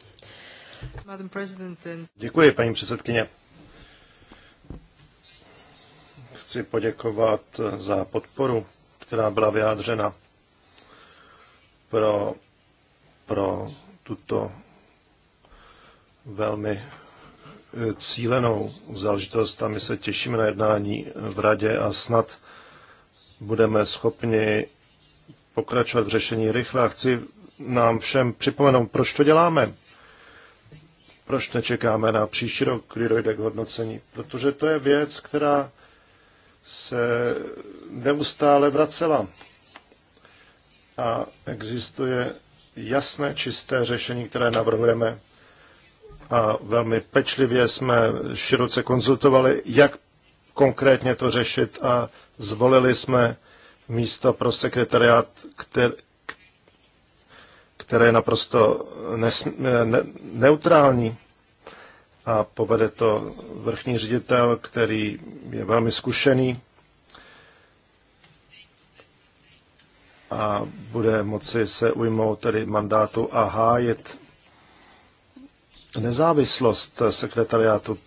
Děkuji, paní předsedkyně. Chci poděkovat za podporu, která byla vyjádřena pro, pro tuto velmi eh, cílenou záležitost a my se těšíme na jednání v radě a snad budeme schopni pokračovat v řešení rychle. A chci nám všem připomenout, proč to děláme. Proč nečekáme na příští rok, kdy dojde k hodnocení. Protože to je věc, která se neustále vracela. A existuje jasné, čisté řešení, které navrhujeme. A velmi pečlivě jsme široce konzultovali, jak konkrétně to řešit a zvolili jsme místo pro sekretariát, které je naprosto ne, neutrální a povede to vrchní ředitel, který je velmi zkušený a bude moci se ujmout tedy mandátu a hájit nezávislost sekretariátu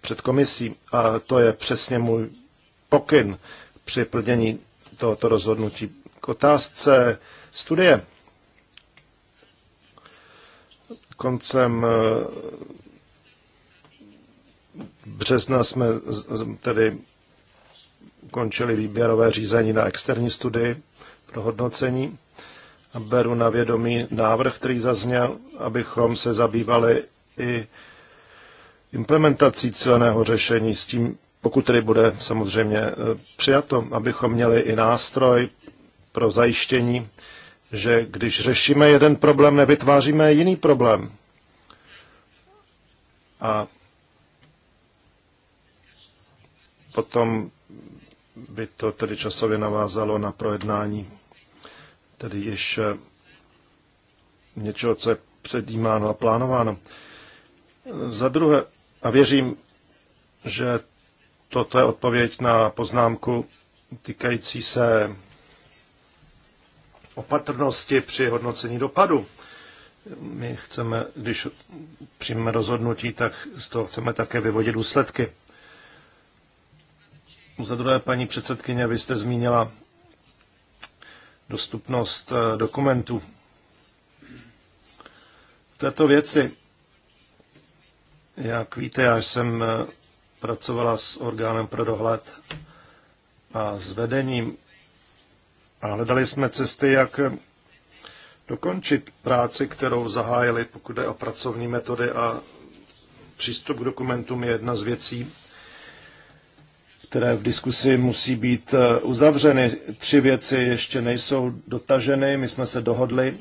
před komisí a to je přesně můj pokyn při plnění tohoto rozhodnutí. K otázce studie koncem eh, března jsme tedy ukončili výběrové řízení na externí studii pro hodnocení a beru na vědomí návrh, který zazněl, abychom se zabývali i implementací cíleného řešení s tím, pokud tedy bude samozřejmě eh, přijato, abychom měli i nástroj pro zajištění že když řešíme jeden problém, nevytváříme jiný problém. A potom by to tedy časově navázalo na projednání tedy již eh, něčeho, co je předjímáno a plánováno. Za druhé, a věřím, že toto je odpověď na poznámku týkající se opatrnosti při hodnocení dopadu. My chceme, když přijmeme rozhodnutí, tak z toho chceme také vyvodit důsledky. Za druhé, paní předsedkyně, vy jste zmínila dostupnost eh, dokumentů. V této věci, jak víte, já jsem eh, pracovala s orgánem pro dohled a s vedením a hledali jsme cesty, jak dokončit práci, kterou zahájili, pokud jde o pracovní metody a přístup k dokumentům je jedna z věcí, které v diskusi musí být eh, uzavřeny. Tři věci ještě nejsou dotaženy. My jsme se dohodli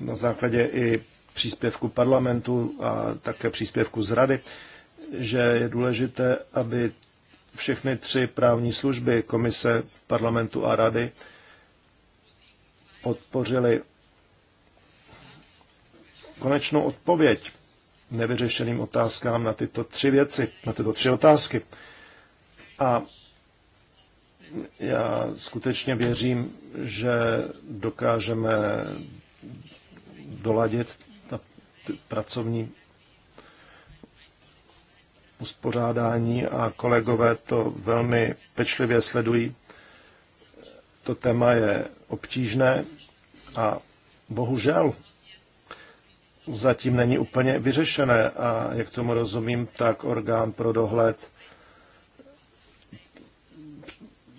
na základě i příspěvku parlamentu a také příspěvku z rady, že je důležité, aby všechny tři právní služby, komise, parlamentu a rady, podpořili konečnou odpověď nevyřešeným otázkám na tyto tři věci, na tyto tři otázky. A já skutečně věřím, že dokážeme doladit ta pracovní uspořádání a kolegové to velmi pečlivě sledují. To téma je obtížné a bohužel zatím není úplně vyřešené a jak tomu rozumím, tak orgán pro dohled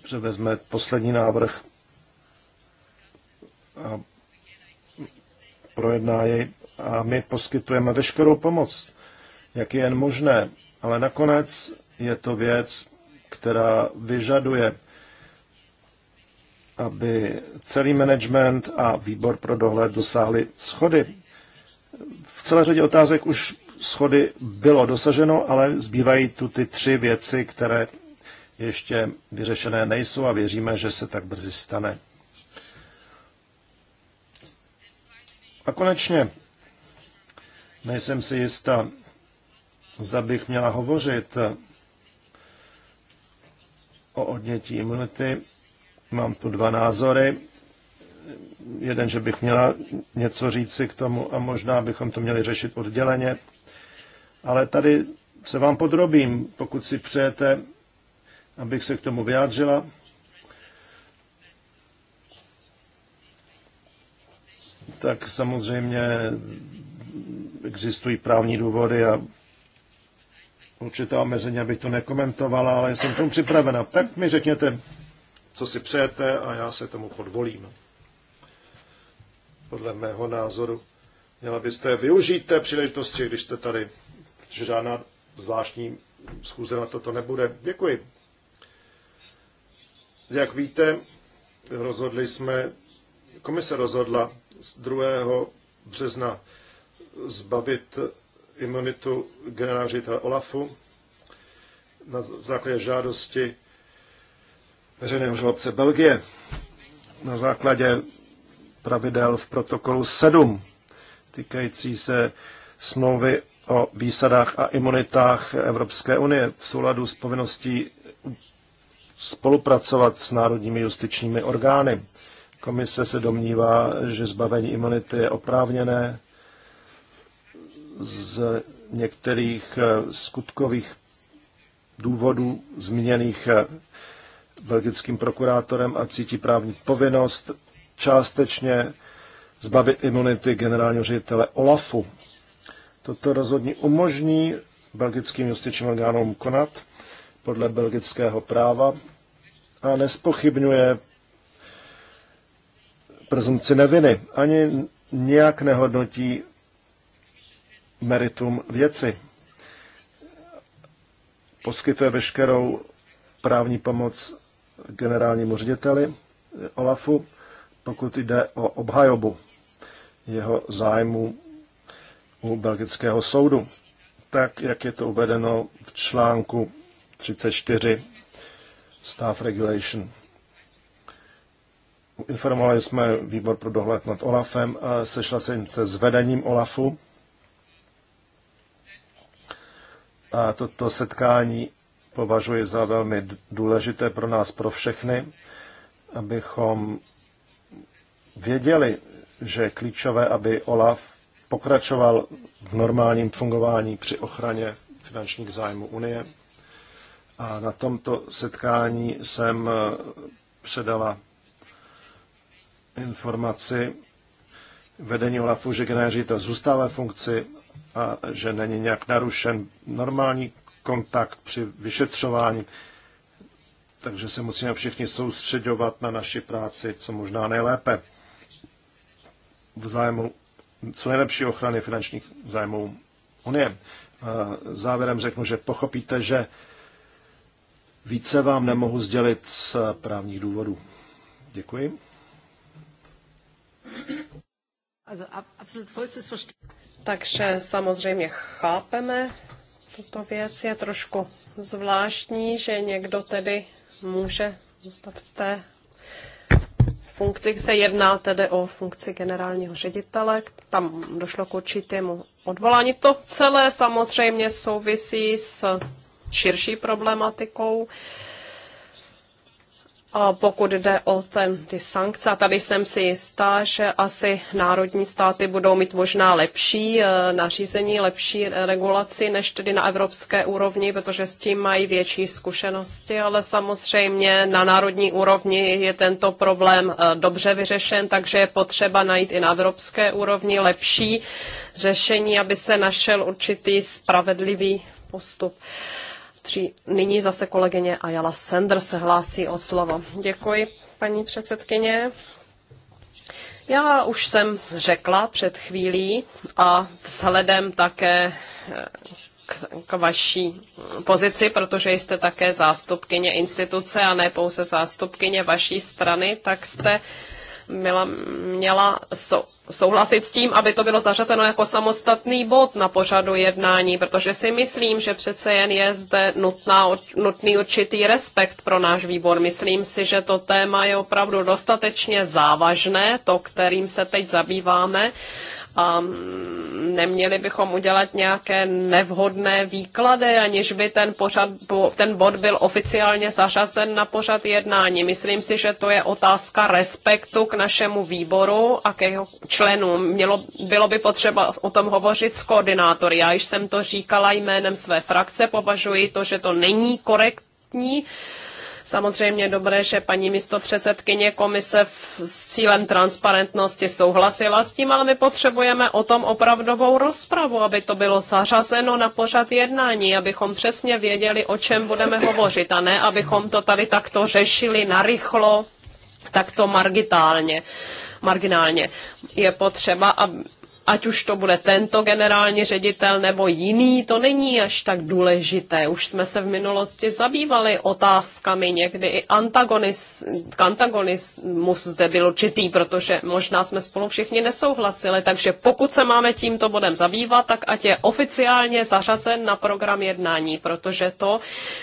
převezme poslední návrh a projedná jej a my poskytujeme veškerou pomoc, jak je jen možné, ale nakonec je to věc, která vyžaduje aby celý management a výbor pro dohled dosáhli schody. V celé řadě otázek už schody bylo dosaženo, ale zbývají tu ty tři věci, které ještě vyřešené nejsou a věříme, že se tak brzy stane. A konečně, nejsem si jista, zda bych měla hovořit o odnětí imunity Mám tu dva názory. Jeden, že bych měla něco říci k tomu a možná bychom to měli řešit odděleně. Ale tady se vám podrobím, pokud si přejete, abych se k tomu vyjádřila. Tak samozřejmě existují právní důvody a určitá omezení, abych to nekomentovala, ale jsem k tomu připravena. Tak mi řekněte, co si přejete a já se tomu podvolím. Podle mého názoru měla byste využít té příležitosti, když jste tady, že žádná zvláštní schůze na toto nebude. Děkuji. Jak víte, rozhodli jsme, komise rozhodla z 2. března zbavit imunitu generálního Olafu na základě žádosti veřejného žalobce Belgie na základě pravidel v protokolu 7 týkající se smlouvy o výsadách a imunitách Evropské unie v souladu s povinností spolupracovat s národními justičními orgány. Komise se domnívá, že zbavení imunity je oprávněné z některých eh, skutkových důvodů zmíněných eh, belgickým prokurátorem a cítí právní povinnost částečně zbavit imunity generálního ředitele Olafu. Toto rozhodně umožní belgickým justičním orgánům konat podle belgického práva a nespochybňuje prezumci neviny, ani nijak nehodnotí meritum věci. Poskytuje veškerou právní pomoc generálnímu řediteli Olafu, pokud jde o obhajobu jeho zájmu u belgického soudu, tak jak je to uvedeno v článku 34 Staff Regulation. Informovali jsme výbor pro dohled nad Olafem a sešla se jim se zvedením Olafu. A toto setkání považuji za velmi důležité pro nás, pro všechny, abychom věděli, že je klíčové, aby OLAF pokračoval v normálním fungování při ochraně finančních zájmů Unie. A na tomto setkání jsem eh, předala informaci vedení OLAFu, že generální to zůstává funkci a že není nějak narušen normální kontakt při vyšetřování. Takže se musíme všichni soustředovat na naši práci, co možná nejlépe. V zájmu co nejlepší ochrany finančních zájmů Unie. Závěrem řeknu, že pochopíte, že více vám nemohu sdělit z právních důvodů. Děkuji. Takže samozřejmě chápeme tuto věc je trošku zvláštní, že někdo tedy může zůstat v té funkci, se jedná tedy o funkci generálního ředitele, tam došlo k určitému odvolání. To celé samozřejmě souvisí s širší problematikou a pokud jde o ten, ty sankce, tady jsem si jistá, že asi národní státy budou mít možná lepší eh, nařízení, lepší regulaci než tedy na evropské úrovni, protože s tím mají větší zkušenosti, ale samozřejmě na národní úrovni je tento problém eh, dobře vyřešen, takže je potřeba najít i na evropské úrovni lepší řešení, aby se našel určitý spravedlivý postup. Uh, Tři Nyní zase kolegyně Ayala Sender se hlásí o slovo. Děkuji, paní předsedkyně. Já už jsem řekla před chvílí a vzhledem také eh, k vaší pozici, protože jste také zástupkyně instituce a ne pouze zástupkyně vaší strany, tak jste měla, měla so, souhlasit s tím, aby to bylo zařazeno jako samostatný bod na pořadu jednání, protože si myslím, že přece jen je zde nutná, nutný určitý respekt pro náš výbor. Myslím si, že to téma je opravdu dostatečně závažné, to, kterým se teď zabýváme a um, neměli bychom udělat nějaké nevhodné výklady, aniž by ten, pořad, ten bod byl oficiálně zařazen na pořad jednání. Myslím si, že to je otázka respektu k našemu výboru a k jeho členům. Mělo, bylo by potřeba o tom hovořit s koordinátory. Já již jsem to říkala jménem své frakce, považuji to, že to není korektní korektní Samozřejmě dobré, že paní místo předsedkyně komise v, s cílem transparentnosti souhlasila s tím, ale my potřebujeme o tom opravdovou rozpravu, aby to bylo zařazeno na pořad jednání, abychom přesně věděli, o čem budeme hovořit a ne, abychom to tady takto řešili narychlo, takto marginálně. marginálně. Je potřeba, aby ať už to bude tento generální ředitel nebo jiný, to není až tak důležité. Už jsme se v minulosti zabývali otázkami, někdy i antagonis, antagonismus zde byl určitý, protože možná jsme spolu všichni nesouhlasili, takže pokud se máme tímto bodem zabývat, tak ať je oficiálně zařazen na program jednání, protože to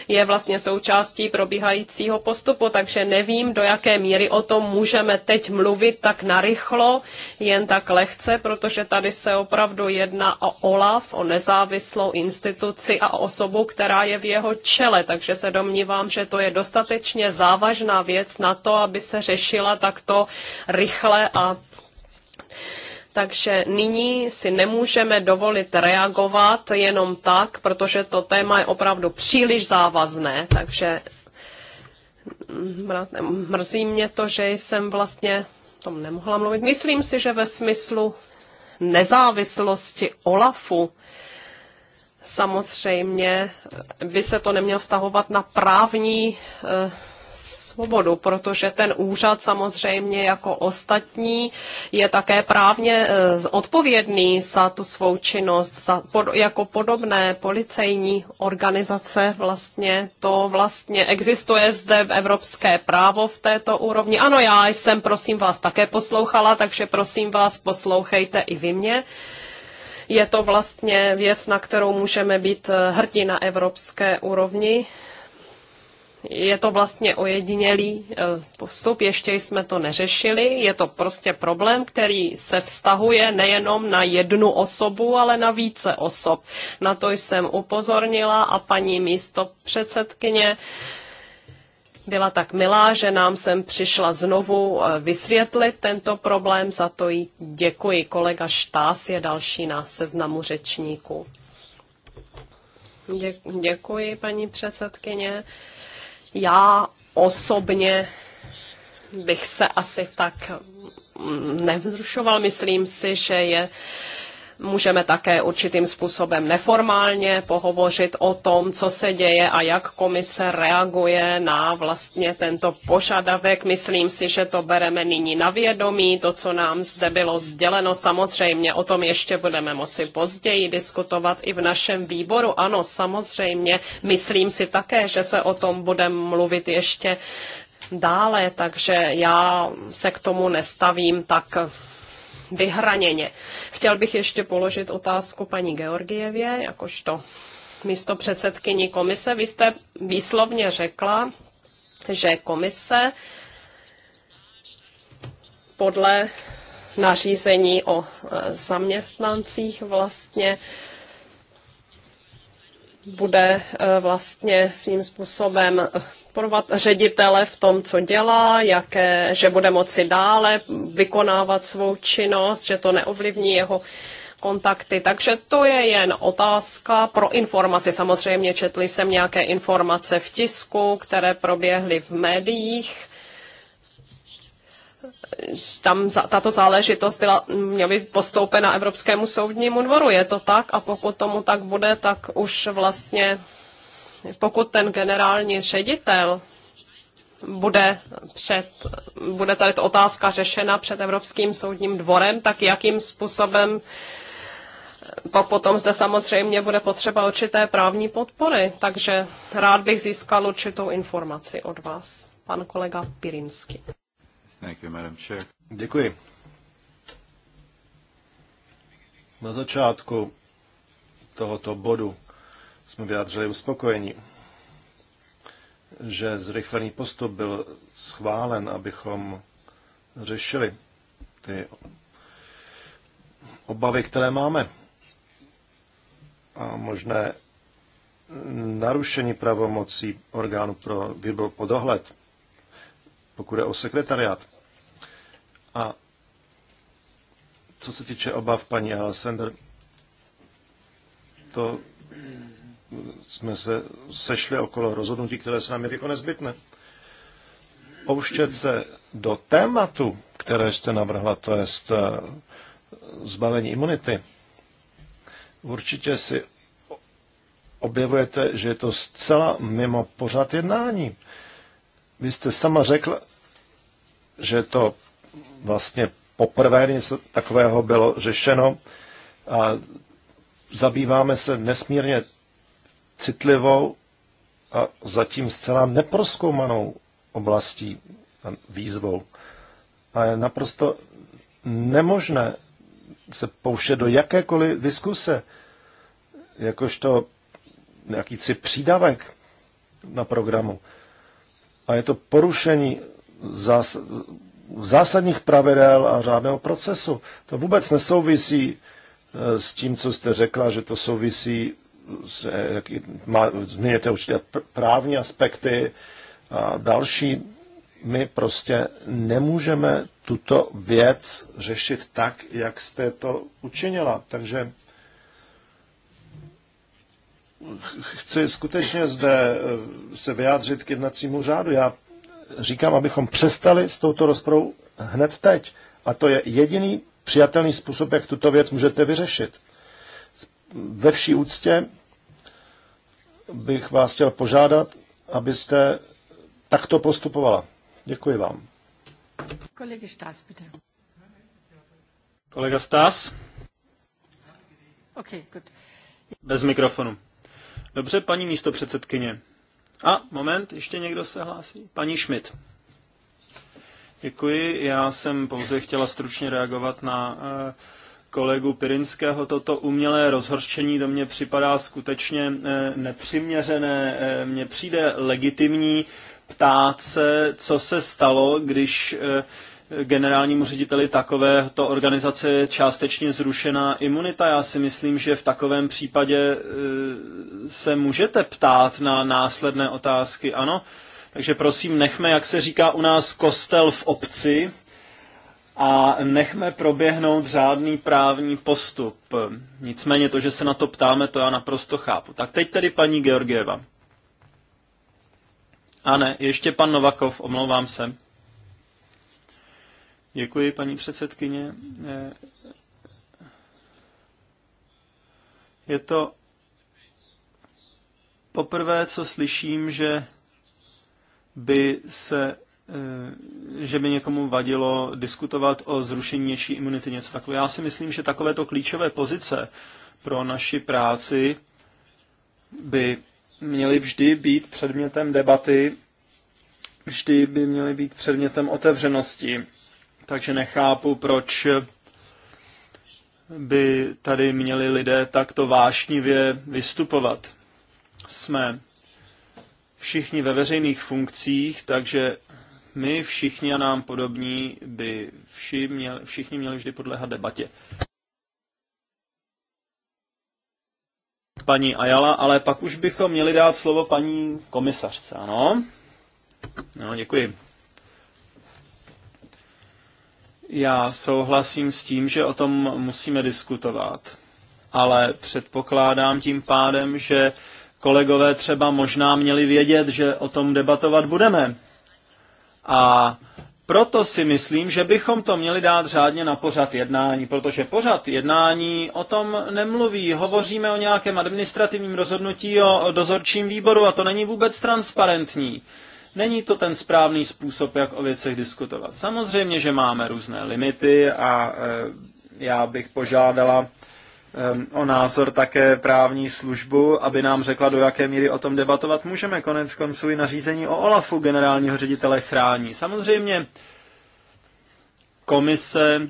je vlastně součástí probíhajícího postupu, takže nevím, do jaké míry o tom můžeme teď mluvit tak narychlo, jen tak lehce, protože ta Tady se opravdu jedná o OLAF, o nezávislou instituci a o osobu, která je v jeho čele, takže se domnívám, že to je dostatečně závažná věc na to, aby se řešila takto rychle a takže nyní si nemůžeme dovolit reagovat jenom tak, protože to téma je opravdu příliš závazné. Takže mrzí mě to, že jsem vlastně tom nemohla mluvit. Myslím si, že ve smyslu nezávislosti OLAFu, samozřejmě by se to nemělo vztahovat na právní eh, svobodu, protože ten úřad samozřejmě jako ostatní je také právně eh, odpovědný za tu svou činnost, za, pod, jako podobné policejní organizace vlastně to vlastně existuje zde v evropské právo v této úrovni. Ano, já jsem prosím vás také poslouchala, takže prosím vás poslouchejte i vy mě je to vlastně věc, na kterou můžeme být eh, hrdí na evropské úrovni je to vlastně ojedinělý e, postup, ještě jsme to neřešili. Je to prostě problém, který se vztahuje nejenom na jednu osobu, ale na více osob. Na to jsem upozornila a paní místo předsedkyně byla tak milá, že nám sem přišla znovu e, vysvětlit tento problém, za to jí děkuji. Kolega Štás je další na seznamu řečníků. Děkuji, paní předsedkyně. Já osobně bych se asi tak nevzrušoval. Myslím si, že je Můžeme také určitým způsobem neformálně pohovořit o tom, co se děje a jak komise reaguje na vlastně tento požadavek. Myslím si, že to bereme nyní na vědomí. To, co nám zde bylo sděleno, samozřejmě o tom ještě budeme moci později diskutovat i v našem výboru. Ano, samozřejmě. Myslím si také, že se o tom budeme mluvit ještě dále, takže já se k tomu nestavím tak vyhraněně. Chtěl bych ještě položit otázku paní Georgievě, jakožto místo předsedkyní komise. Vy jste výslovně řekla, že komise podle nařízení o e, zaměstnancích vlastně bude eh, vlastně svým způsobem eh, porovat ředitele v tom, co dělá, jaké, že bude moci dále vykonávat svou činnost, že to neovlivní jeho kontakty. Takže to je jen otázka pro informaci. Samozřejmě četli jsem nějaké informace v tisku, které proběhly v médiích tam za, tato záležitost byla, měla být postoupena Evropskému soudnímu dvoru. Je to tak? A pokud tomu tak bude, tak už vlastně, pokud ten generální ředitel bude, před, bude tady ta otázka řešena před Evropským soudním dvorem, tak jakým způsobem potom zde samozřejmě bude potřeba určité právní podpory, takže rád bych získal určitou informaci od vás, pan kolega Pirinsky. Děkuji. Na začátku tohoto bodu jsme vyjádřili uspokojení, že zrychlený postup byl schválen, abychom řešili ty obavy, které máme a možné narušení pravomocí orgánu pro výbor pod ohled pokud je o sekretariát. A co se týče obav paní Alessander, to jsme se sešli okolo rozhodnutí, které se nám je jako nezbytné. Pouštět se do tématu, které jste navrhla, to je eh, zbavení imunity, určitě si objevujete, že je to zcela mimo pořad jednání. Vy jste sama řekl, že to vlastně poprvé něco takového bylo řešeno a zabýváme se nesmírně citlivou a zatím zcela neproskoumanou oblastí a výzvou. A je naprosto nemožné se pouštět do jakékoliv diskuse, jakožto nějaký si přídavek na programu a je to porušení zás, zásadních pravidel a řádného procesu. To vůbec nesouvisí e, s tím, co jste řekla, že to souvisí s, e, má, změněte určitě právní aspekty a další. My prostě nemůžeme tuto věc řešit tak, jak jste to učinila. Takže chci skutečně zde eh, se vyjádřit k jednacímu řádu. Já říkám, abychom přestali s touto rozprou hned teď. A to je jediný přijatelný způsob, jak tuto věc můžete vyřešit. Ve vší úctě bych vás chtěl požádat, abyste takto postupovala. Děkuji vám. Kolega Stas, bitte. Kolega Stas? Okay, good. Bez mikrofonu. Dobře, paní místo předsedkyně. A, moment, ještě někdo se hlásí? Paní Schmidt. Děkuji, já jsem pouze chtěla stručně reagovat na eh, kolegu Pirinského. Toto umělé rozhorčení do mě připadá skutečně eh, nepřiměřené. Eh, mně přijde legitimní ptát se, co se stalo, když generálnímu řediteli takovéto organizace je částečně zrušená imunita. Já si myslím, že v takovém případě e, se můžete ptát na následné otázky, ano. Takže prosím, nechme, jak se říká u nás, kostel v obci a nechme proběhnout řádný právní postup. Nicméně to, že se na to ptáme, to já naprosto chápu. Tak teď tedy paní Georgieva. A ne, ještě pan Novakov, omlouvám se. Děkuji, paní předsedkyně. Je to poprvé, co slyším, že by se že by někomu vadilo diskutovat o zrušení něčí imunity, něco takového. Já si myslím, že takovéto klíčové pozice pro naši práci by měly vždy být předmětem debaty, vždy by měly být předmětem otevřenosti takže nechápu, proč by tady měli lidé takto vášnivě vystupovat. Jsme všichni ve veřejných funkcích, takže my všichni a nám podobní by všichni měli, všichni měli vždy podlehat debatě. Paní Ajala, ale pak už bychom měli dát slovo paní komisařce, ano? No, děkuji. Já souhlasím s tím, že o tom musíme diskutovat, ale předpokládám tím pádem, že kolegové třeba možná měli vědět, že o tom debatovat budeme. A proto si myslím, že bychom to měli dát řádně na pořad jednání, protože pořad jednání o tom nemluví. Hovoříme o nějakém administrativním rozhodnutí o dozorčím výboru a to není vůbec transparentní. Není to ten správný způsob, jak o věcech diskutovat. Samozřejmě, že máme různé limity a eh, já bych požádala eh, o názor také právní službu, aby nám řekla, do jaké míry o tom debatovat můžeme. Konec konců i nařízení o OLAFu generálního ředitele chrání. Samozřejmě komise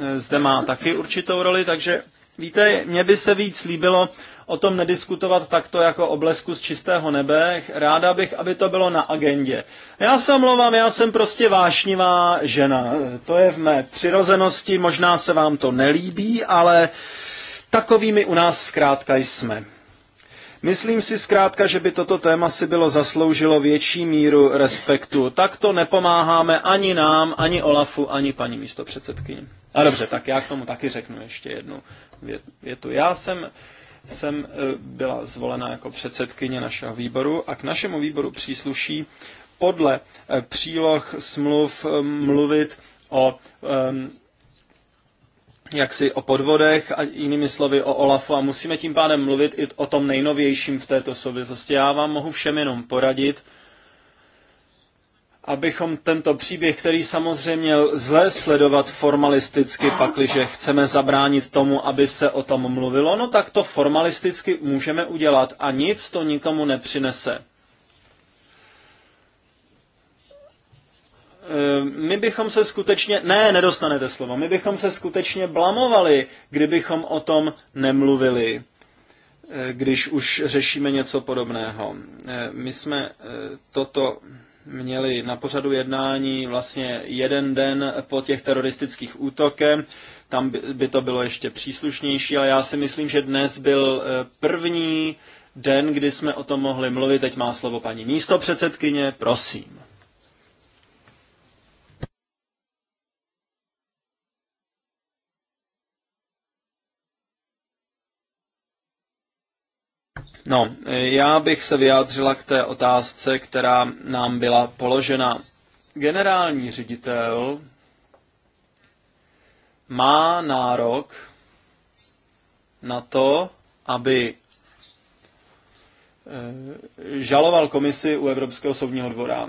eh, zde má taky určitou roli, takže víte, mně by se víc líbilo, o tom nediskutovat takto jako oblesku z čistého nebe. Ráda bych, aby to bylo na agendě. Já se omlouvám, já jsem prostě vášnivá žena. To je v mé přirozenosti, možná se vám to nelíbí, ale takovými u nás zkrátka jsme. Myslím si zkrátka, že by toto téma si bylo zasloužilo větší míru respektu. Tak to nepomáháme ani nám, ani Olafu, ani paní místopředsedkyni. A dobře, tak já k tomu taky řeknu ještě jednu větu. Já jsem jsem e, byla zvolena jako předsedkyně našeho výboru a k našemu výboru přísluší podle e, příloh smluv e, mluvit o jaksi o podvodech a jinými slovy o Olafu a musíme tím pádem mluvit i o tom nejnovějším v této souvislosti. Prostě já vám mohu všem jenom poradit, abychom tento příběh, který samozřejmě zle sledovat formalisticky, pakliže chceme zabránit tomu, aby se o tom mluvilo, no tak to formalisticky můžeme udělat a nic to nikomu nepřinese. Eh, my bychom se skutečně, ne, nedostanete slovo, my bychom se skutečně blamovali, kdybychom o tom nemluvili, eh, když už řešíme něco podobného. Eh, my jsme toto měli na pořadu jednání vlastně jeden den po těch teroristických útokem. Tam by to bylo ještě příslušnější, ale já si myslím, že dnes byl eh, první den, kdy jsme o tom mohli mluvit. Teď má slovo paní místo předsedkyně, prosím. No, já bych se vyjádřila k té otázce, která nám byla položena. Generální ředitel má nárok na to, aby eh, žaloval komisi u Evropského soudního dvora.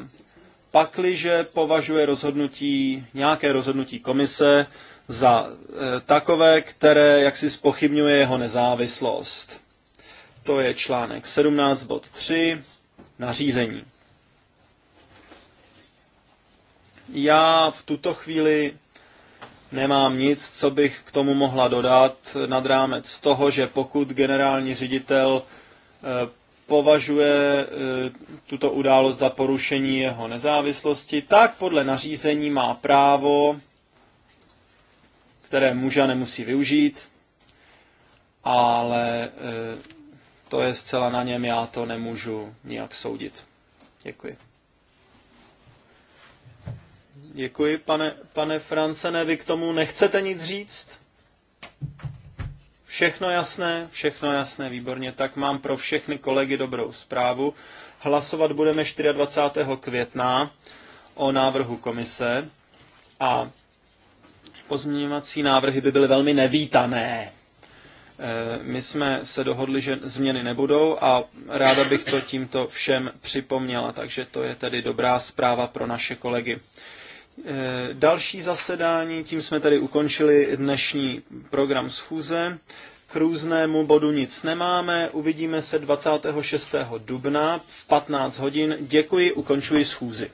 Pakliže považuje rozhodnutí, nějaké rozhodnutí komise za eh, takové, které jaksi spochybňuje jeho nezávislost to je článek 17 bod 3, nařízení. Já v tuto chvíli nemám nic, co bych k tomu mohla dodat nad rámec toho, že pokud generální ředitel eh, považuje eh, tuto událost za porušení jeho nezávislosti, tak podle nařízení má právo, které muža nemusí využít, ale eh, to je zcela na něm, já to nemůžu nijak soudit. Děkuji. Děkuji, pane, pane Francene, vy k tomu nechcete nic říct? Všechno jasné, všechno jasné, výborně. Tak mám pro všechny kolegy dobrou zprávu. Hlasovat budeme 24. května o návrhu komise a pozměňovací návrhy by byly velmi nevítané Eh, my jsme se dohodli, že změny nebudou a ráda bych to tímto všem připomněla, takže to je tedy dobrá zpráva pro naše kolegy. Eh, další zasedání, tím jsme tedy ukončili dnešní program schůze. K různému bodu nic nemáme, uvidíme se 26. dubna v 15 hodin. Děkuji, ukončuji schůzi.